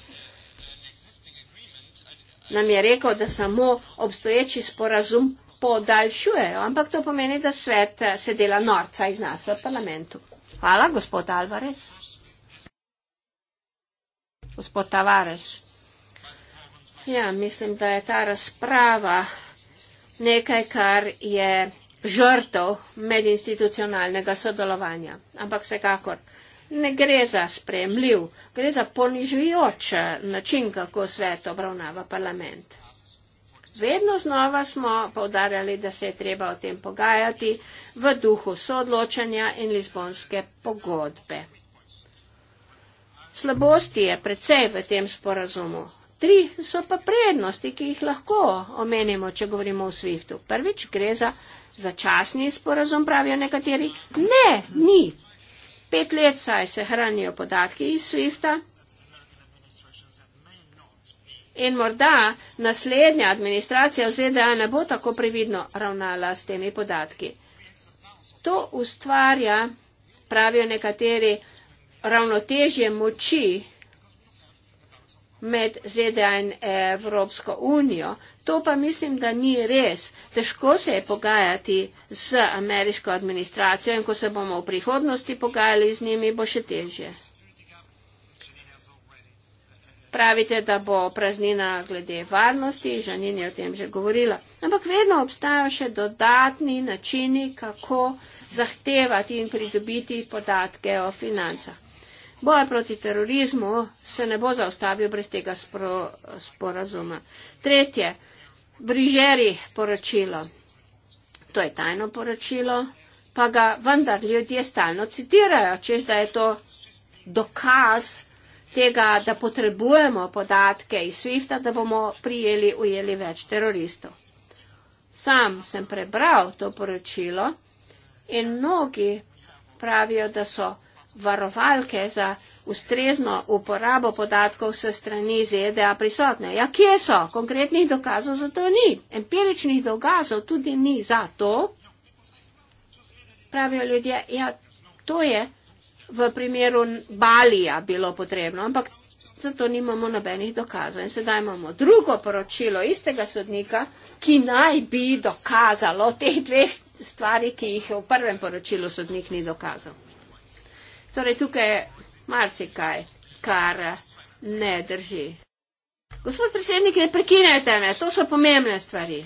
nam je rekel, da samo obstoječi sporazum podaljšujejo, ampak to pomeni, da svet eh, se dela norca iz nas v parlamentu. Hvala, gospod Alvarez. Gospod Tavares. Ja, mislim, da je ta razprava nekaj, kar je žrtov medinstitucionalnega sodelovanja. Ampak vsekakor ne gre za spremljiv, gre za ponižujoč eh, način, kako svet obravnava parlament. Vedno znova smo povdarjali, da se je treba o tem pogajati v duhu soodločanja in Lizbonske pogodbe. Slabosti je precej v tem sporazumu. Tri so pa prednosti, ki jih lahko omenimo, če govorimo o SWIFT-u. Prvič gre za začasni sporazum, pravijo nekateri. Ne, ni. Pet let saj se hranijo podatki iz SWIFT-a. In morda naslednja administracija v ZDA ne bo tako previdno ravnala s temi podatki. To ustvarja, pravijo nekateri, ravnotežje moči med ZDA in Evropsko unijo. To pa mislim, da ni res. Težko se je pogajati z ameriško administracijo in ko se bomo v prihodnosti pogajali z njimi, bo še težje. Pravite, da bo praznina glede varnosti, Žanin je o tem že govorila. Ampak vedno obstajajo še dodatni načini, kako zahtevati in pridobiti podatke o financah. Boj proti terorizmu se ne bo zaustavil brez tega spro, sporazuma. Tretje, brižeri poročilo. To je tajno poročilo, pa ga vendar ljudje stalno citirajo, čez da je to dokaz tega, da potrebujemo podatke iz Swifta, da bomo prijeli, ujeli več teroristov. Sam sem prebral to poročilo in mnogi pravijo, da so varovalke za ustrezno uporabo podatkov se strani ZDA prisotne. Ja, kje so? Konkretnih dokazov za to ni. Empiričnih dokazov tudi ni za to. Pravijo ljudje, ja, to je v primeru Balija bilo potrebno, ampak zato nimamo nobenih dokazov. In sedaj imamo drugo poročilo istega sodnika, ki naj bi dokazalo teh dveh stvari, ki jih v prvem poročilu sodnik ni dokazal. Torej, tukaj je marsikaj, kar ne drži. Gospod predsednik, ne prekinjajte me, to so pomembne stvari. I,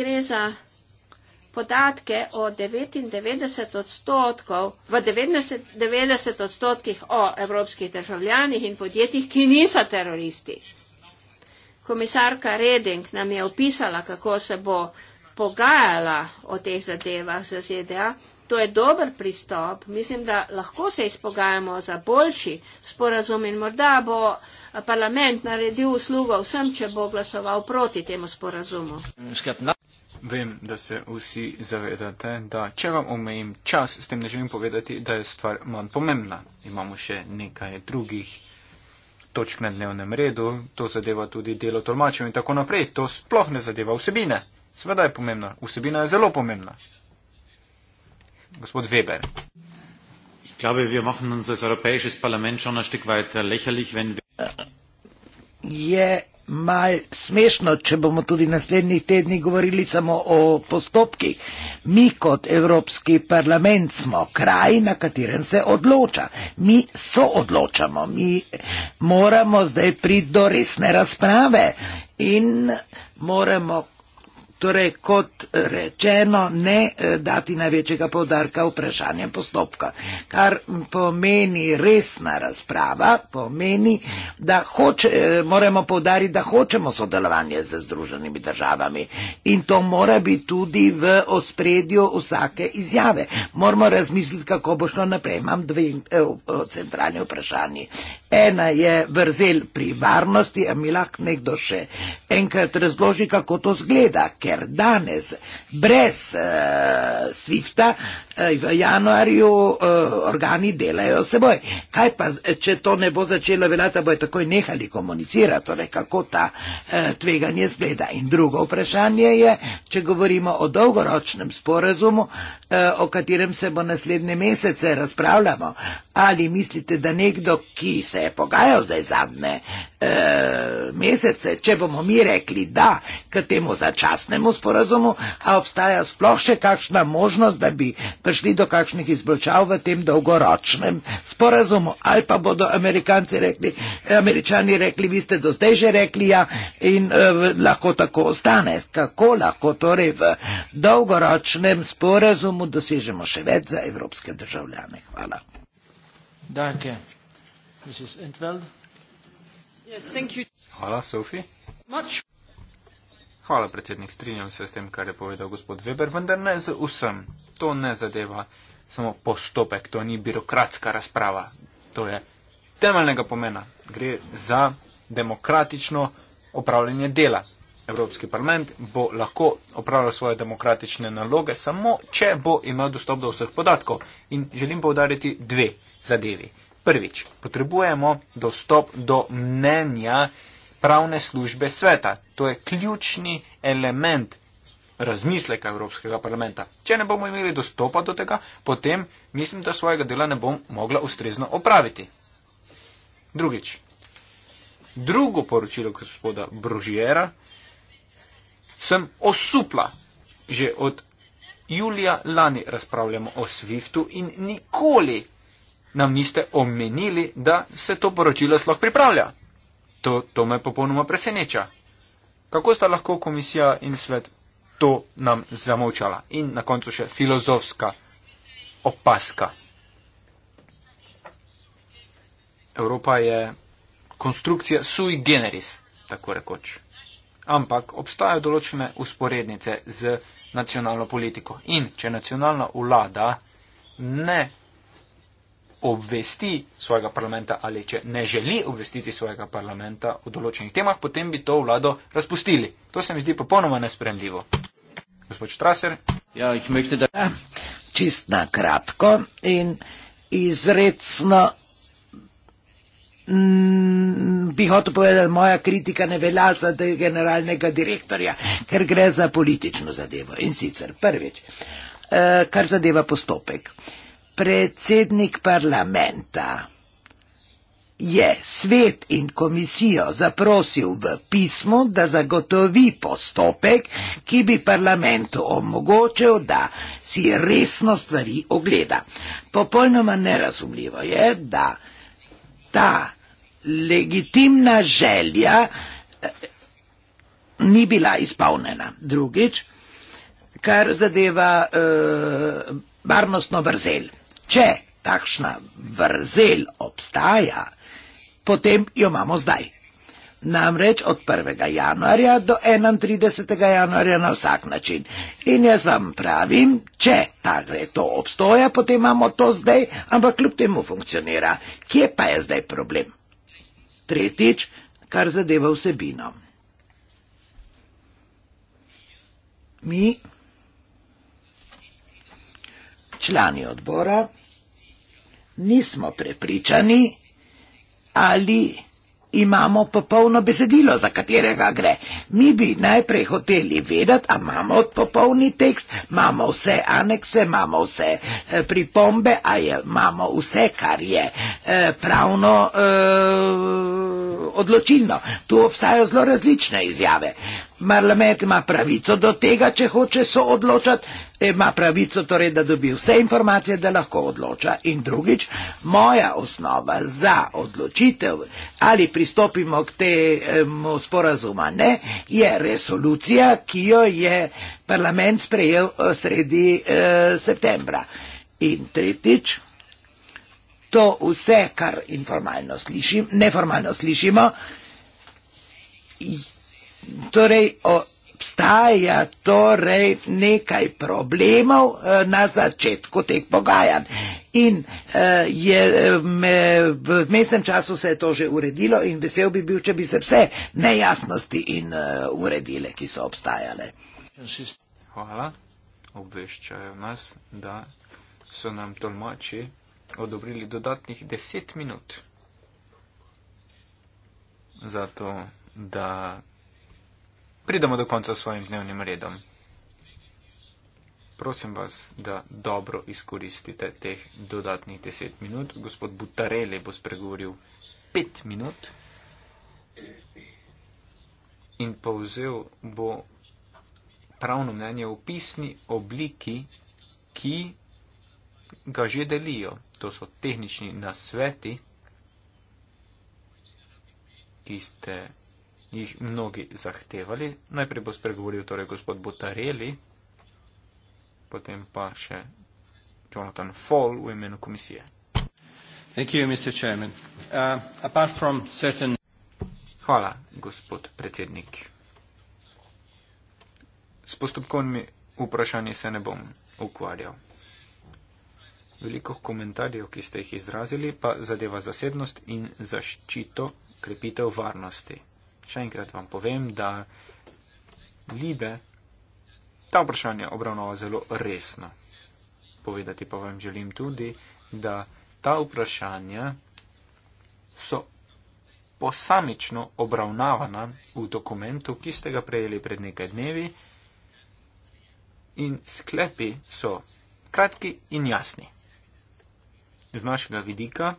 Gre za podatke o 99 odstotkov, v 90, 90 odstotkih o evropskih državljanih in podjetjih, ki niso teroristi. Komisarka Reding nam je opisala, kako se bo pogajala o teh zadevah z ZDA. To je dober pristop. Mislim, da lahko se izpogajamo za boljši sporazum in morda bo parlament naredil uslugo vsem, če bo glasoval proti temu sporazumu. Vem, da se vsi zavedate, da če vam omejim čas, s tem ne želim povedati, da je stvar manj pomembna. Imamo še nekaj drugih točk na dnevnem redu, to zadeva tudi delo tolmačev in tako naprej. To sploh ne zadeva vsebine. Sveda je pomembna, vsebina je zelo pomembna. Gospod Weber. Ich glaube, wir machen uns als Europäisches Parlament schon ein Stück weit lächerlich, wenn wir. Je mal smešno, če bomo tudi naslednjih tednih govorili samo o postopkih. Mi kot Evropski parlament smo kraj, na katerem se odloča. Mi so odločamo. Mi moramo zdaj priti do resne razprave in moramo Torej, kot rečeno, ne eh, dati največjega povdarka vprašanjem postopka, kar pomeni resna razprava, pomeni, da hoče, eh, moramo povdariti, da hočemo sodelovanje z združenimi državami in to mora biti tudi v ospredju vsake izjave. Moramo razmisliti, kako bo šlo naprej. Imam dve eh, eh centralni vprašanji. Ena je vrzel pri varnosti, a mi lahko nekdo še enkrat razloži, kako to zgleda ker danes brez uh, Swifta uh, v januarju uh, organi delajo seboj. Kaj pa, če to ne bo začelo veljati, bojo takoj nehali komunicirati, torej kako ta uh, tveganje zgleda. In drugo vprašanje je, če govorimo o dolgoročnem sporazumu, uh, o katerem se bo naslednje mesece razpravljamo, ali mislite, da nekdo, ki se je pogajal zdaj zadnje, uh, Eh, mesece, če bomo mi rekli da k temu začasnemu sporazumu, a obstaja sploh še kakšna možnost, da bi prišli do kakšnih izboljšav v tem dolgoročnem sporazumu. Ali pa bodo Amerikanci rekli, Američani rekli, vi ste do zdaj že rekli ja in eh, lahko tako ostane. Kako lahko torej v dolgoročnem sporazumu dosežemo še več za evropske državljane? Hvala. Danke. Mrs. Entveld. Hvala, Sofi. Hvala, predsednik. Strinjam se s tem, kar je povedal gospod Weber, vendar ne z vsem. To ne zadeva samo postopek, to ni birokratska razprava. To je temeljnega pomena. Gre za demokratično opravljanje dela. Evropski parlament bo lahko opravljal svoje demokratične naloge samo, če bo imel dostop do vseh podatkov. In želim povdariti dve zadevi. Prvič, potrebujemo dostop do mnenja pravne službe sveta. To je ključni element razmisleka Evropskega parlamenta. Če ne bomo imeli dostopa do tega, potem mislim, da svojega dela ne bom mogla ustrezno opraviti. Drugič, drugo poročilo gospoda Brožjera sem osupla že od. Julija lani razpravljamo o Swiftu in nikoli nam niste omenili, da se to poročilo sploh pripravlja. To, to me popolnoma preseneča. Kako sta lahko komisija in svet to nam zamovčala? In na koncu še filozofska opaska. Evropa je konstrukcija sui generis, tako rekoč. Ampak obstajajo določene usporednice z nacionalno politiko. In če nacionalna vlada ne obvesti svojega parlamenta ali če ne želi obvestiti svojega parlamenta o določenih temah, potem bi to vlado razpustili. To se mi zdi popolnoma nesprejemljivo. Gospod Štraser. Ja, ich möchte da. Ja, čist na kratko in izredno. Bi hotel povedati, da moja kritika ne velja za generalnega direktorja, ker gre za politično zadevo. In sicer prvič, eh, kar zadeva postopek predsednik parlamenta je svet in komisijo zaprosil v pismu, da zagotovi postopek, ki bi parlamentu omogočil, da si resno stvari ogleda. Popolnoma nerazumljivo je, da ta legitimna želja eh, ni bila izpolnjena. Drugič, kar zadeva eh, varnostno eh, vrzel če takšna vrzel obstaja, potem jo imamo zdaj. Namreč od 1. januarja do 31. januarja na vsak način. In jaz vam pravim, če ta gre to obstoja, potem imamo to zdaj, ampak kljub temu funkcionira. Kje pa je zdaj problem? Tretjič, kar zadeva vsebino. Mi člani odbora, nismo prepričani, ali imamo popolno besedilo, za katerega gre. Mi bi najprej hoteli vedeti, a imamo popolni tekst, imamo vse anekse, imamo vse eh, pripombe, a je, imamo vse, kar je eh, pravno eh, odločilno. Tu obstajajo zelo različne izjave. Marlamet ima pravico do tega, če hoče so odločati ima pravico torej, da dobi vse informacije, da lahko odloča. In drugič, moja osnova za odločitev, ali pristopimo k temu sporazuma, ne, je resolucija, ki jo je parlament sprejel eh, sredi eh, septembra. In tretjič, to vse, kar informalno slišim, neformalno slišimo, torej o obstaja torej nekaj problemov eh, na začetku teh pogajanj. In eh, je, me, v mestnem času se je to že uredilo in vesel bi bil, če bi se vse nejasnosti in eh, uredile, ki so obstajale. Hvala. Obveščajo nas, da so nam tolmači odobrili dodatnih deset minut. Zato, da pridemo do konca svojim dnevnim redom. Prosim vas, da dobro izkoristite teh dodatnih deset minut. Gospod Butarele bo spregovoril pet minut in povzel bo pravno mnenje v pisni obliki, ki ga že delijo. To so tehnični nasveti, ki ste jih mnogi zahtevali. Najprej bo spregovoril torej gospod Botareli, potem pa še Jonathan Fall v imenu komisije. You, uh, certain... Hvala, gospod predsednik. S postopkovnimi vprašanji se ne bom ukvarjal. Veliko komentarjev, ki ste jih izrazili, pa zadeva zasednost in zaščito krepitev varnosti še enkrat vam povem, da Libe ta vprašanja obravnava zelo resno. Povedati pa vam želim tudi, da ta vprašanja so posamično obravnavana v dokumentu, ki ste ga prejeli pred nekaj dnevi in sklepi so kratki in jasni. Z našega vidika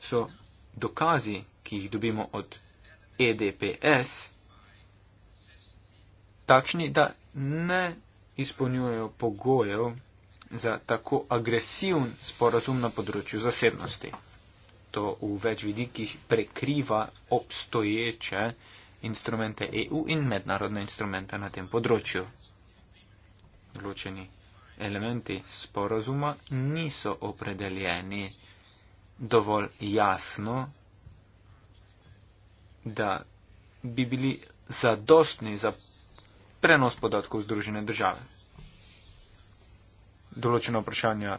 so dokazi ki jih dobimo od EDPS, takšni, da ne izpolnjujejo pogojev za tako agresiven sporazum na področju zasebnosti. To v več vidikih prekriva obstoječe instrumente EU in mednarodne instrumente na tem področju. Določeni elementi sporazuma niso opredeljeni dovolj jasno da bi bili zadostni za prenos podatkov Združene države. Določena vprašanja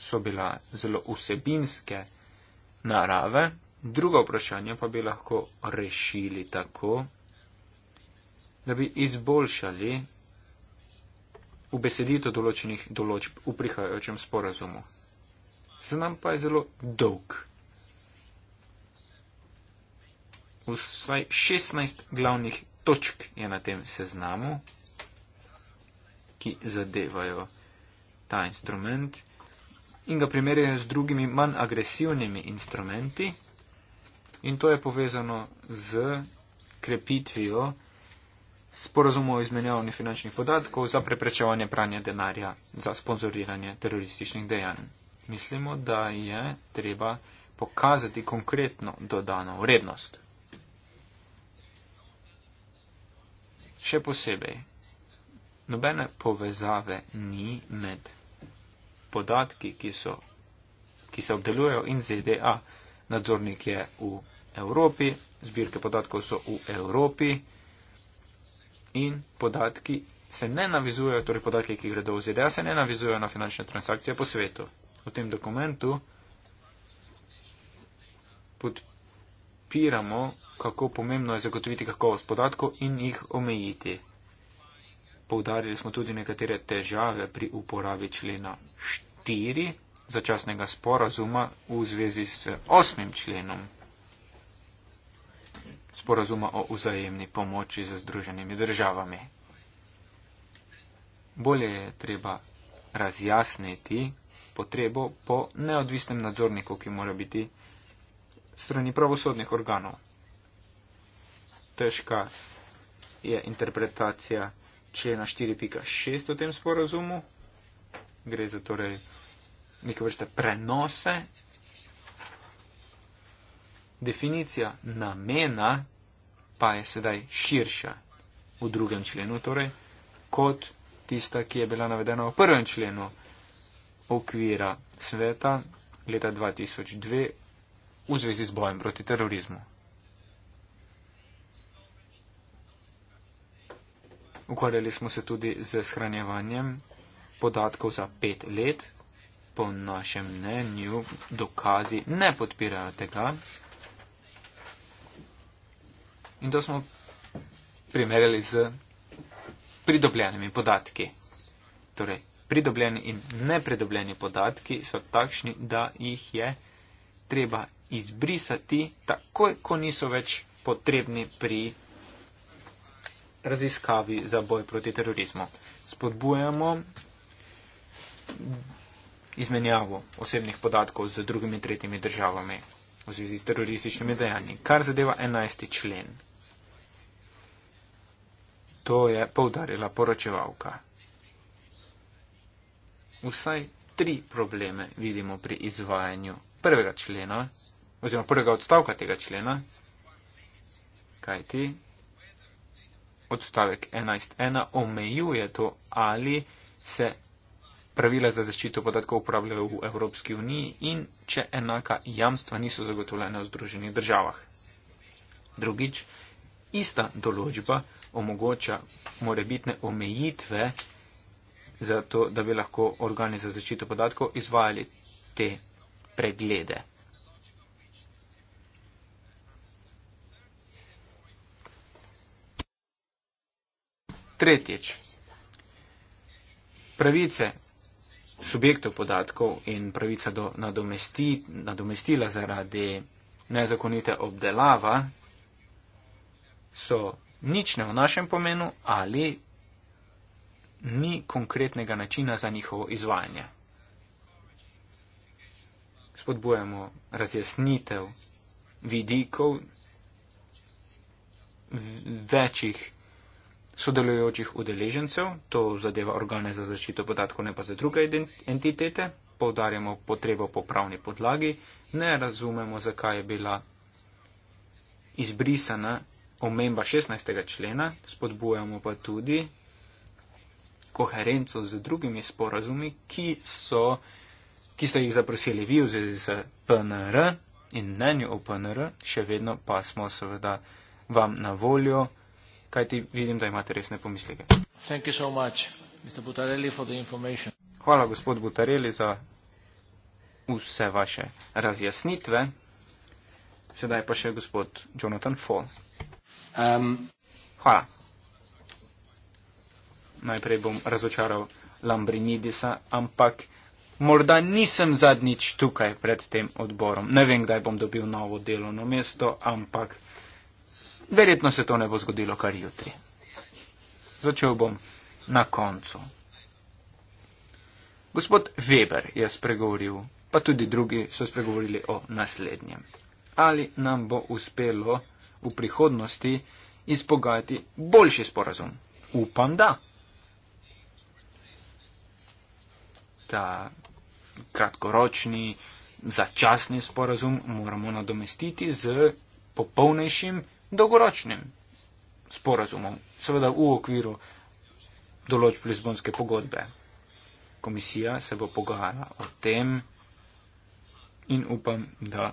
so bila zelo vsebinske narave, druga vprašanja pa bi lahko rešili tako, da bi izboljšali ubeseditev določenih določb v prihajajočem sporazumu. Znam pa je zelo dolg. vsaj 16 glavnih točk je na tem seznamu, ki zadevajo ta instrument in ga primerjajo z drugimi manj agresivnimi instrumenti. In to je povezano z krepitvijo sporozumov o izmenjavanju finančnih podatkov za preprečevanje pranja denarja za sponzoriranje terorističnih dejanj. Mislimo, da je treba pokazati konkretno dodano vrednost. še posebej, nobene povezave ni med podatki, ki, so, ki se obdelujejo in ZDA. Nadzornik je v Evropi, zbirke podatkov so v Evropi in podatki se ne navizujejo, torej podatki, ki gredo v ZDA, se ne navizujejo na finančne transakcije po svetu. V tem dokumentu podpiramo kako pomembno je zagotoviti kakovost podatkov in jih omejiti. Poudarili smo tudi nekatere težave pri uporabi člena 4 začasnega sporazuma v zvezi s 8. členom sporazuma o vzajemni pomoči z združenimi državami. Bolje je treba razjasniti potrebo po neodvisnem nadzorniku, ki mora biti strani pravosodnih organov težka je interpretacija člena 4.6 v tem sporazumu. Gre za torej neke vrste prenose. Definicija namena pa je sedaj širša v drugem členu, torej kot tista, ki je bila navedena v prvem členu okvira sveta leta 2002 v zvezi z bojem proti terorizmu. Ukvarjali smo se tudi z shranjevanjem podatkov za pet let. Po našem mnenju dokazi ne podpirajo tega. In to smo primerjali z pridobljenimi podatki. Torej, pridobljeni in nepredobljeni podatki so takšni, da jih je treba izbrisati takoj, ko niso več potrebni pri raziskavi za boj proti terorizmu. Spodbujamo izmenjavo osebnih podatkov z drugimi tretjimi državami v zvezi s terorističnimi dejanji, kar zadeva 11. člen. To je poudarila poročevalka. Vsaj tri probleme vidimo pri izvajanju prvega člena oziroma prvega odstavka tega člena. Kaj ti? odstavek 11.1 omejuje to, ali se pravila za zaščito podatkov uporabljajo v Evropski uniji in če enaka jamstva niso zagotovljena v Združenih državah. Drugič, ista določba omogoča morebitne omejitve za to, da bi lahko organi za zaščito podatkov izvajali te preglede. Tretjič, pravice subjektov podatkov in pravica do nadomesti, nadomestila zaradi nezakonite obdelava so nične v našem pomenu ali ni konkretnega načina za njihovo izvajanje. Spodbujamo razjasnitev vidikov večjih sodelujočih udeležencev, to zadeva organe za zaščito podatkov, ne pa za druge entitete, povdarjamo potrebo po pravni podlagi, ne razumemo, zakaj je bila izbrisana omemba 16. člena, spodbujamo pa tudi koherenco z drugimi sporazumi, ki, so, ki ste jih zaprosili vi v zvezi z PNR in mnenju o PNR, še vedno pa smo seveda vam na voljo kajti vidim, da imate resne pomislike. So much, Hvala, gospod Butareli, za vse vaše razjasnitve. Sedaj pa še gospod Jonathan Fall. Um. Hvala. Najprej bom razočaral Lambrinidisa, ampak. Morda nisem zadnjič tukaj pred tem odborom. Ne vem, kdaj bom dobil novo delovno mesto, ampak Verjetno se to ne bo zgodilo kar jutri. Začel bom na koncu. Gospod Weber je spregovoril, pa tudi drugi so spregovorili o naslednjem. Ali nam bo uspelo v prihodnosti izpogajati boljši sporazum? Upam, da. Ta kratkoročni, začasni sporazum moramo nadomestiti z popolnejšim dolgoročnim sporazumom, seveda v okviru določb Lizbonske pogodbe. Komisija se bo pogajala o tem in upam, da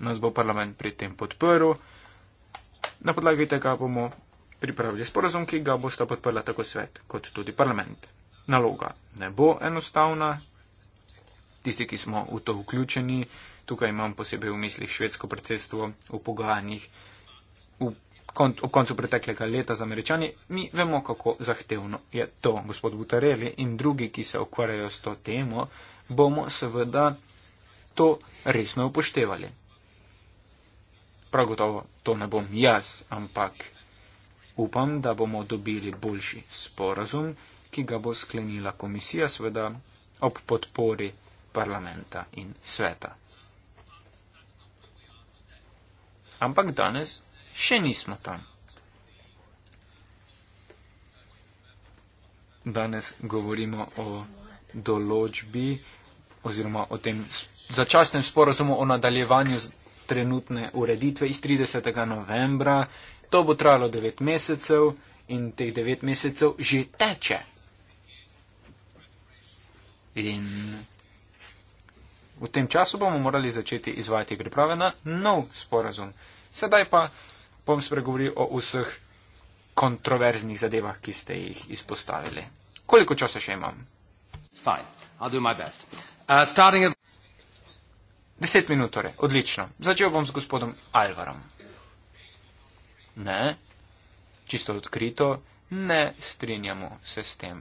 nas bo parlament pri tem podprl. Na podlagi tega bomo pripravili sporazum, ki ga bosta podprla tako svet kot tudi parlament. Naloga ne bo enostavna. Tisti, ki smo v to vključeni, tukaj imam posebej v mislih švedsko predsedstvo v pogajanjih, v, konc, v koncu preteklega leta z američani, mi vemo, kako zahtevno je to. Gospod Butareli in drugi, ki se ukvarjajo s to temo, bomo seveda to resno upoštevali. Prav gotovo to ne bom jaz, ampak upam, da bomo dobili boljši sporazum, ki ga bo sklenila komisija, seveda ob podpori parlamenta in sveta. Ampak danes še nismo tam. Danes govorimo o določbi oziroma o tem začasnem sporozumu o nadaljevanju trenutne ureditve iz 30. novembra. To bo trajalo 9 mesecev in teh 9 mesecev že teče. In v tem času bomo morali začeti izvajati priprave na nov sporazum. Sedaj pa bom spregovoril o vseh kontroverznih zadevah, ki ste jih izpostavili. Koliko časa še imam? Uh, Deset minut, torej, odlično. Začel bom s gospodom Alvarom. Ne, čisto odkrito, ne strinjamo se s tem.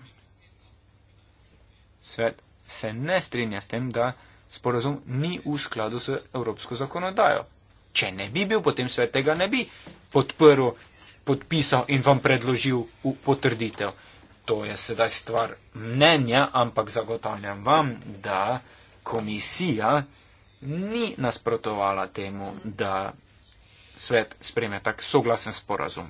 Svet se ne strinja s tem, da sporozum ni v skladu z evropsko zakonodajo. Če ne bi bil, potem svet tega ne bi podprl, podpisal in vam predložil v potrditev. To je sedaj stvar mnenja, ampak zagotavljam vam, da komisija ni nasprotovala temu, da svet spreme tak soglasen sporazum.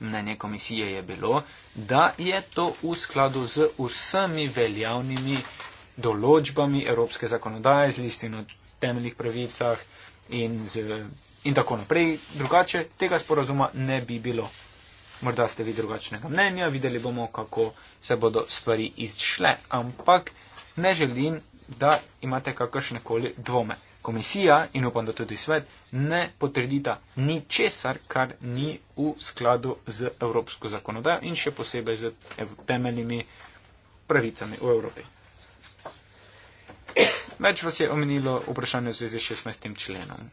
Mnenje komisije je bilo, da je to v skladu z vsemi veljavnimi določbami evropske zakonodaje, z listino temeljnih pravicah, in, z, in tako naprej. Drugače tega sporazuma ne bi bilo. Morda ste vi drugačnega mnenja, videli bomo, kako se bodo stvari izšle, ampak ne želim, da imate kakršne koli dvome. Komisija in upam, da tudi svet ne potrdita ničesar, kar ni v skladu z evropsko zakonodajo in še posebej z temeljnimi pravicami v Evropi. Več vas je omenilo vprašanje v zvezi s 16. členom.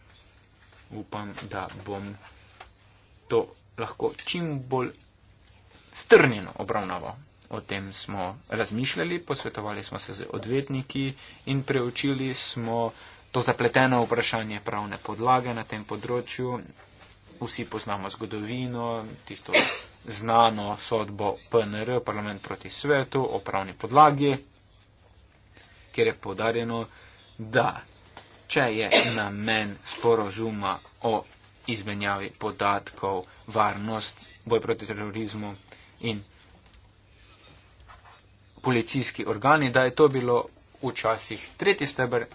Upam, da bom to lahko čim bolj strnjeno obravnaval. O tem smo razmišljali, posvetovali smo se z odvetniki in preučili smo to zapleteno vprašanje pravne podlage na tem področju. Vsi poznamo zgodovino, tisto znano sodbo PNR, parlament proti svetu, o pravni podlagi kjer je podarjeno, da če je namen sporozuma o izmenjavi podatkov, varnost, boj proti terorizmu in policijski organi, da je to bilo včasih tretji steber,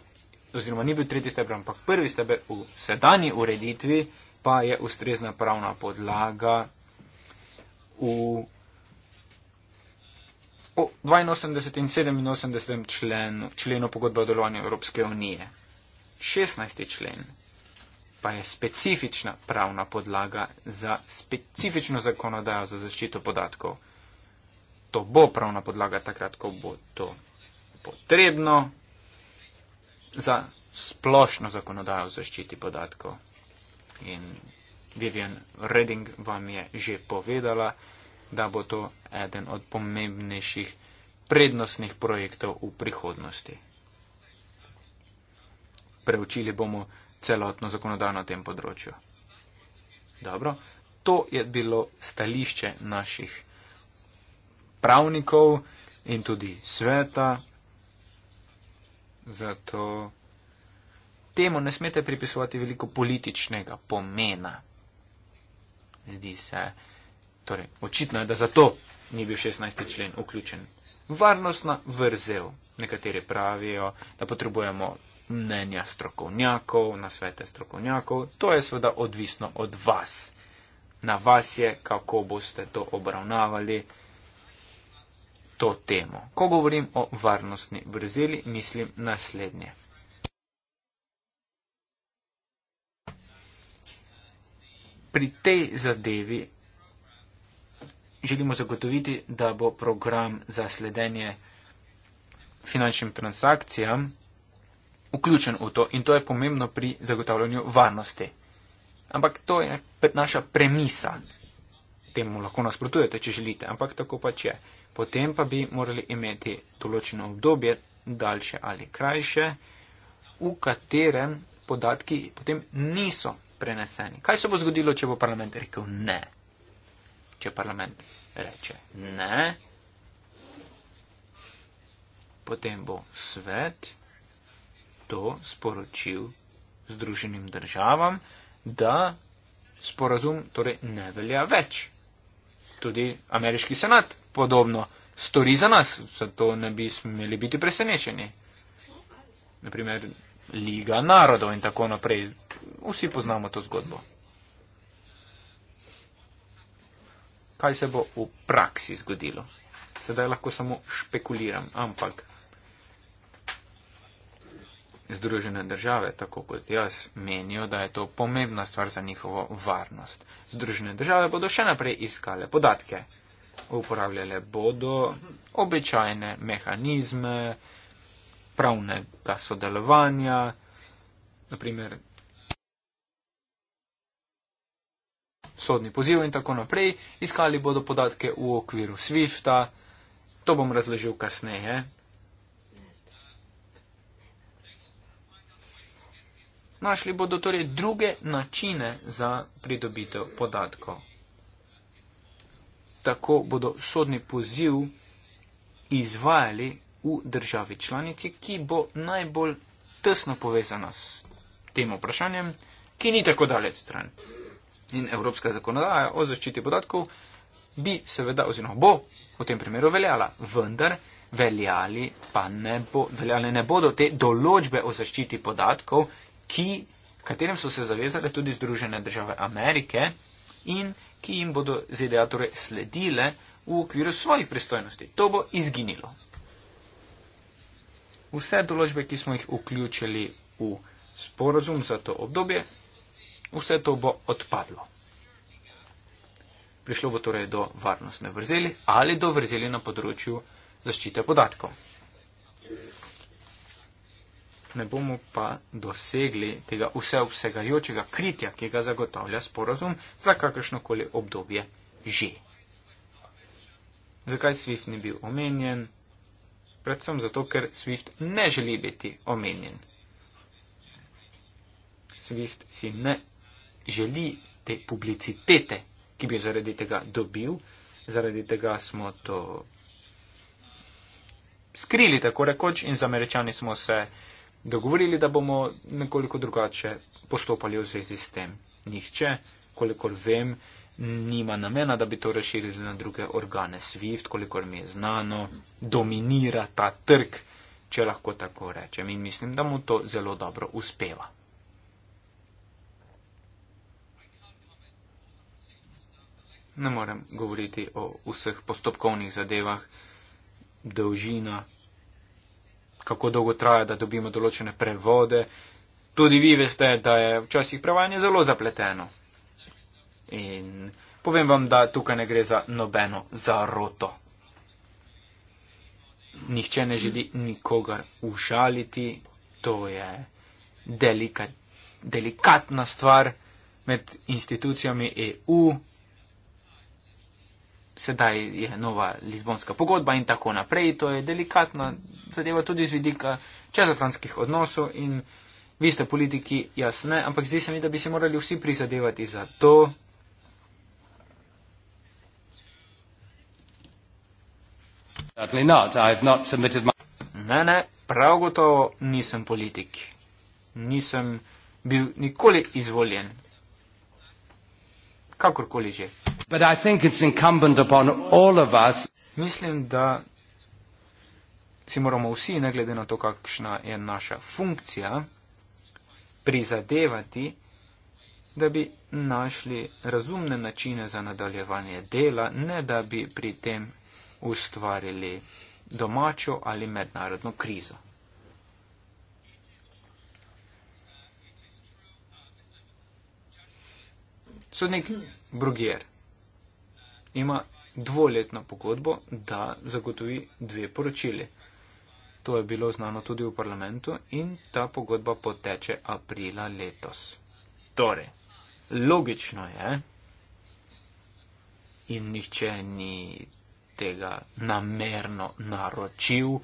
oziroma ni bil tretji steber, ampak prvi steber v sedanji ureditvi, pa je ustrezna pravna podlaga v 82 in 87 člen, členu pogodbe o delovanju Evropske unije. 16. člen pa je specifična pravna podlaga za specifično zakonodajo za zaščito podatkov. To bo pravna podlaga takrat, ko bo to potrebno za splošno zakonodajo o zaščiti podatkov. In Vivian Redding vam je že povedala, da bo to eden od pomembnejših prednostnih projektov v prihodnosti. Preučili bomo celotno zakonodajo na tem področju. Dobro, to je bilo stališče naših pravnikov in tudi sveta. Zato temu ne smete pripisovati veliko političnega pomena. Zdi se, da Torej, očitno je, da zato ni bil 16. člen vključen. Varnostna vrzel. Nekateri pravijo, da potrebujemo mnenja strokovnjakov, na svete strokovnjakov. To je seveda odvisno od vas. Na vas je, kako boste to obravnavali, to temo. Ko govorim o varnostni vrzeli, mislim naslednje. Pri tej zadevi želimo zagotoviti, da bo program za sledenje finančnim transakcijam vključen v to in to je pomembno pri zagotavljanju varnosti. Ampak to je naša premisa. Temu lahko nasprotujete, če želite, ampak tako pač je. Potem pa bi morali imeti določeno obdobje, daljše ali krajše, v katerem podatki potem niso preneseni. Kaj se bo zgodilo, če bo parlament rekel ne? če parlament reče ne, potem bo svet to sporočil združenim državam, da sporazum torej ne velja več. Tudi ameriški senat podobno stori za nas, zato ne bi smeli biti presenečeni. Naprimer, Liga narodov in tako naprej. Vsi poznamo to zgodbo. kaj se bo v praksi zgodilo. Sedaj lahko samo špekuliram, ampak Združene države, tako kot jaz, menijo, da je to pomembna stvar za njihovo varnost. Združene države bodo še naprej iskale podatke, uporabljale bodo običajne mehanizme pravnega sodelovanja, naprimer sodni poziv in tako naprej. Iskali bodo podatke v okviru SWIFT-a, to bom razložil kasneje. Našli bodo torej druge načine za pridobitev podatkov. Tako bodo sodni poziv izvajali v državi članici, ki bo najbolj tesno povezana s tem vprašanjem, ki ni tako daleč stran in evropska zakonodaja o zaščiti podatkov bi seveda oziroma bo v tem primeru veljala, vendar veljali pa ne, bo, veljali ne bodo te določbe o zaščiti podatkov, ki, katerim so se zavezale tudi Združene države Amerike in ki jim bodo ZDA torej sledile v okviru svojih pristojnosti. To bo izginilo. Vse določbe, ki smo jih vključili v sporozum za to obdobje, Vse to bo odpadlo. Prišlo bo torej do varnostne vrzeli ali do vrzeli na področju zaščite podatkov. Ne bomo pa dosegli tega vseobsegajočega kritja, ki ga zagotavlja sporozum za kakršnokoli obdobje že. Zakaj SWIFT ni bil omenjen? Predvsem zato, ker SWIFT ne želi biti omenjen. SWIFT si ne želi te publicitete, ki bi jo zaradi tega dobil, zaradi tega smo to skrili tako rekoč in z američani smo se dogovorili, da bomo nekoliko drugače postopali v zvezi s tem. Nihče, kolikor vem, nima namena, da bi to razširili na druge organe. SWIFT, kolikor mi je znano, dominira ta trg, če lahko tako rečem. In mislim, da mu to zelo dobro uspeva. ne morem govoriti o vseh postopkovnih zadevah, dolžina, kako dolgo traja, da dobimo določene prevode. Tudi vi veste, da je včasih prevajanje zelo zapleteno. In povem vam, da tukaj ne gre za nobeno zaroto. Nihče ne želi nikogar užaliti, to je delika, delikatna stvar med institucijami EU, sedaj je nova Lizbonska pogodba in tako naprej. To je delikatna zadeva tudi z vidika čezatlantskih odnosov in vi ste politiki, jaz ne, ampak zdi se mi, da bi se morali vsi prizadevati za to. Ne, ne, prav gotovo nisem politik. Nisem bil nikoli izvoljen. Kakorkoli že. Mislim, da si moramo vsi, ne glede na to, kakšna je naša funkcija, prizadevati, da bi našli razumne načine za nadaljevanje dela, ne da bi pri tem ustvarili domačo ali mednarodno krizo. Sodnik Brugier ima dvoletno pogodbo, da zagotovi dve poročili. To je bilo znano tudi v parlamentu in ta pogodba poteče aprila letos. Torej, logično je in nihče ni tega namerno naročil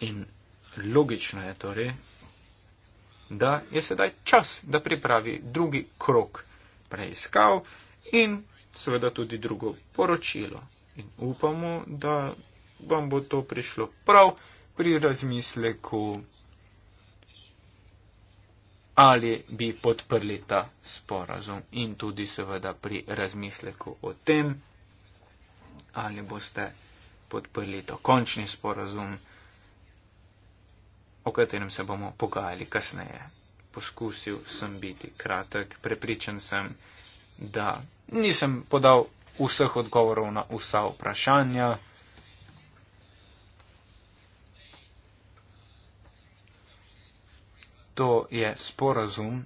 in logično je torej, da je sedaj čas, da pripravi drugi krok preiskav in seveda tudi drugo poročilo. In upamo, da vam bo to prišlo prav pri razmisleku, ali bi podprli ta sporazum in tudi seveda pri razmisleku o tem, ali boste podprli to končni sporazum, o katerem se bomo pogajali kasneje. Poskusil sem biti kratek, prepričan sem, da nisem podal vseh odgovorov na vsa vprašanja. To je sporazum,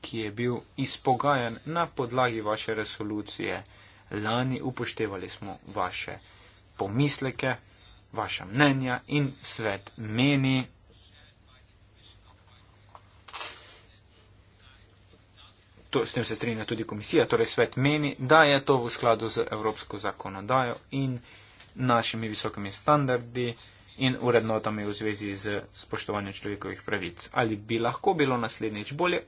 ki je bil izpogajan na podlagi vaše resolucije. Lani upoštevali smo vaše pomisleke, vaša mnenja in svet meni, to, s tem se strinja tudi komisija, torej svet meni, da je to v skladu z evropsko zakonodajo in našimi visokimi standardi in urednotami v zvezi z spoštovanjem človekovih pravic. Ali bi lahko bilo naslednjič bolje?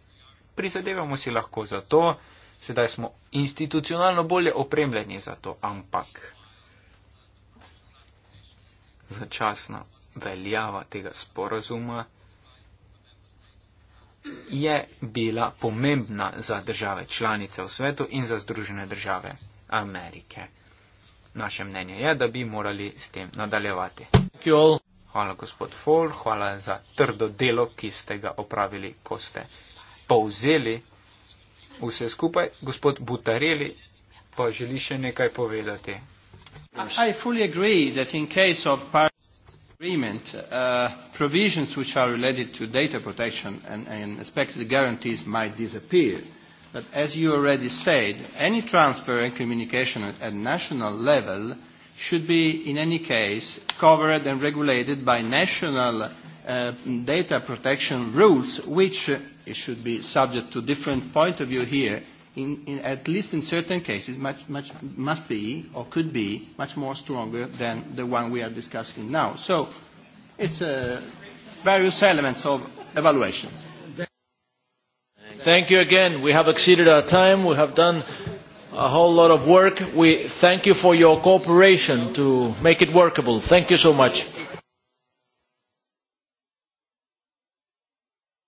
Prizadevamo si lahko za to, sedaj smo institucionalno bolje opremljeni za to, ampak začasna veljava tega sporazuma je bila pomembna za države članice v svetu in za Združene države Amerike. Naše mnenje je, da bi morali s tem nadaljevati. Hvala, gospod Fol, hvala za trdo delo, ki ste ga opravili, ko ste povzeli vse skupaj. Gospod Butareli pa želi še nekaj povedati. I, I agreement, uh, provisions which are related to data protection and, and expected guarantees might disappear. But as you already said, any transfer and communication at, at national level should be, in any case, covered and regulated by national uh, data protection rules, which uh, it should be subject to different point of view here, in, in, at least in certain cases, much, much, must be or could be much more stronger than the one we are discussing now. So it's uh, various elements of evaluations. Thank you again. We have exceeded our time. We have done a whole lot of work. We thank you for your cooperation to make it workable. Thank you so much.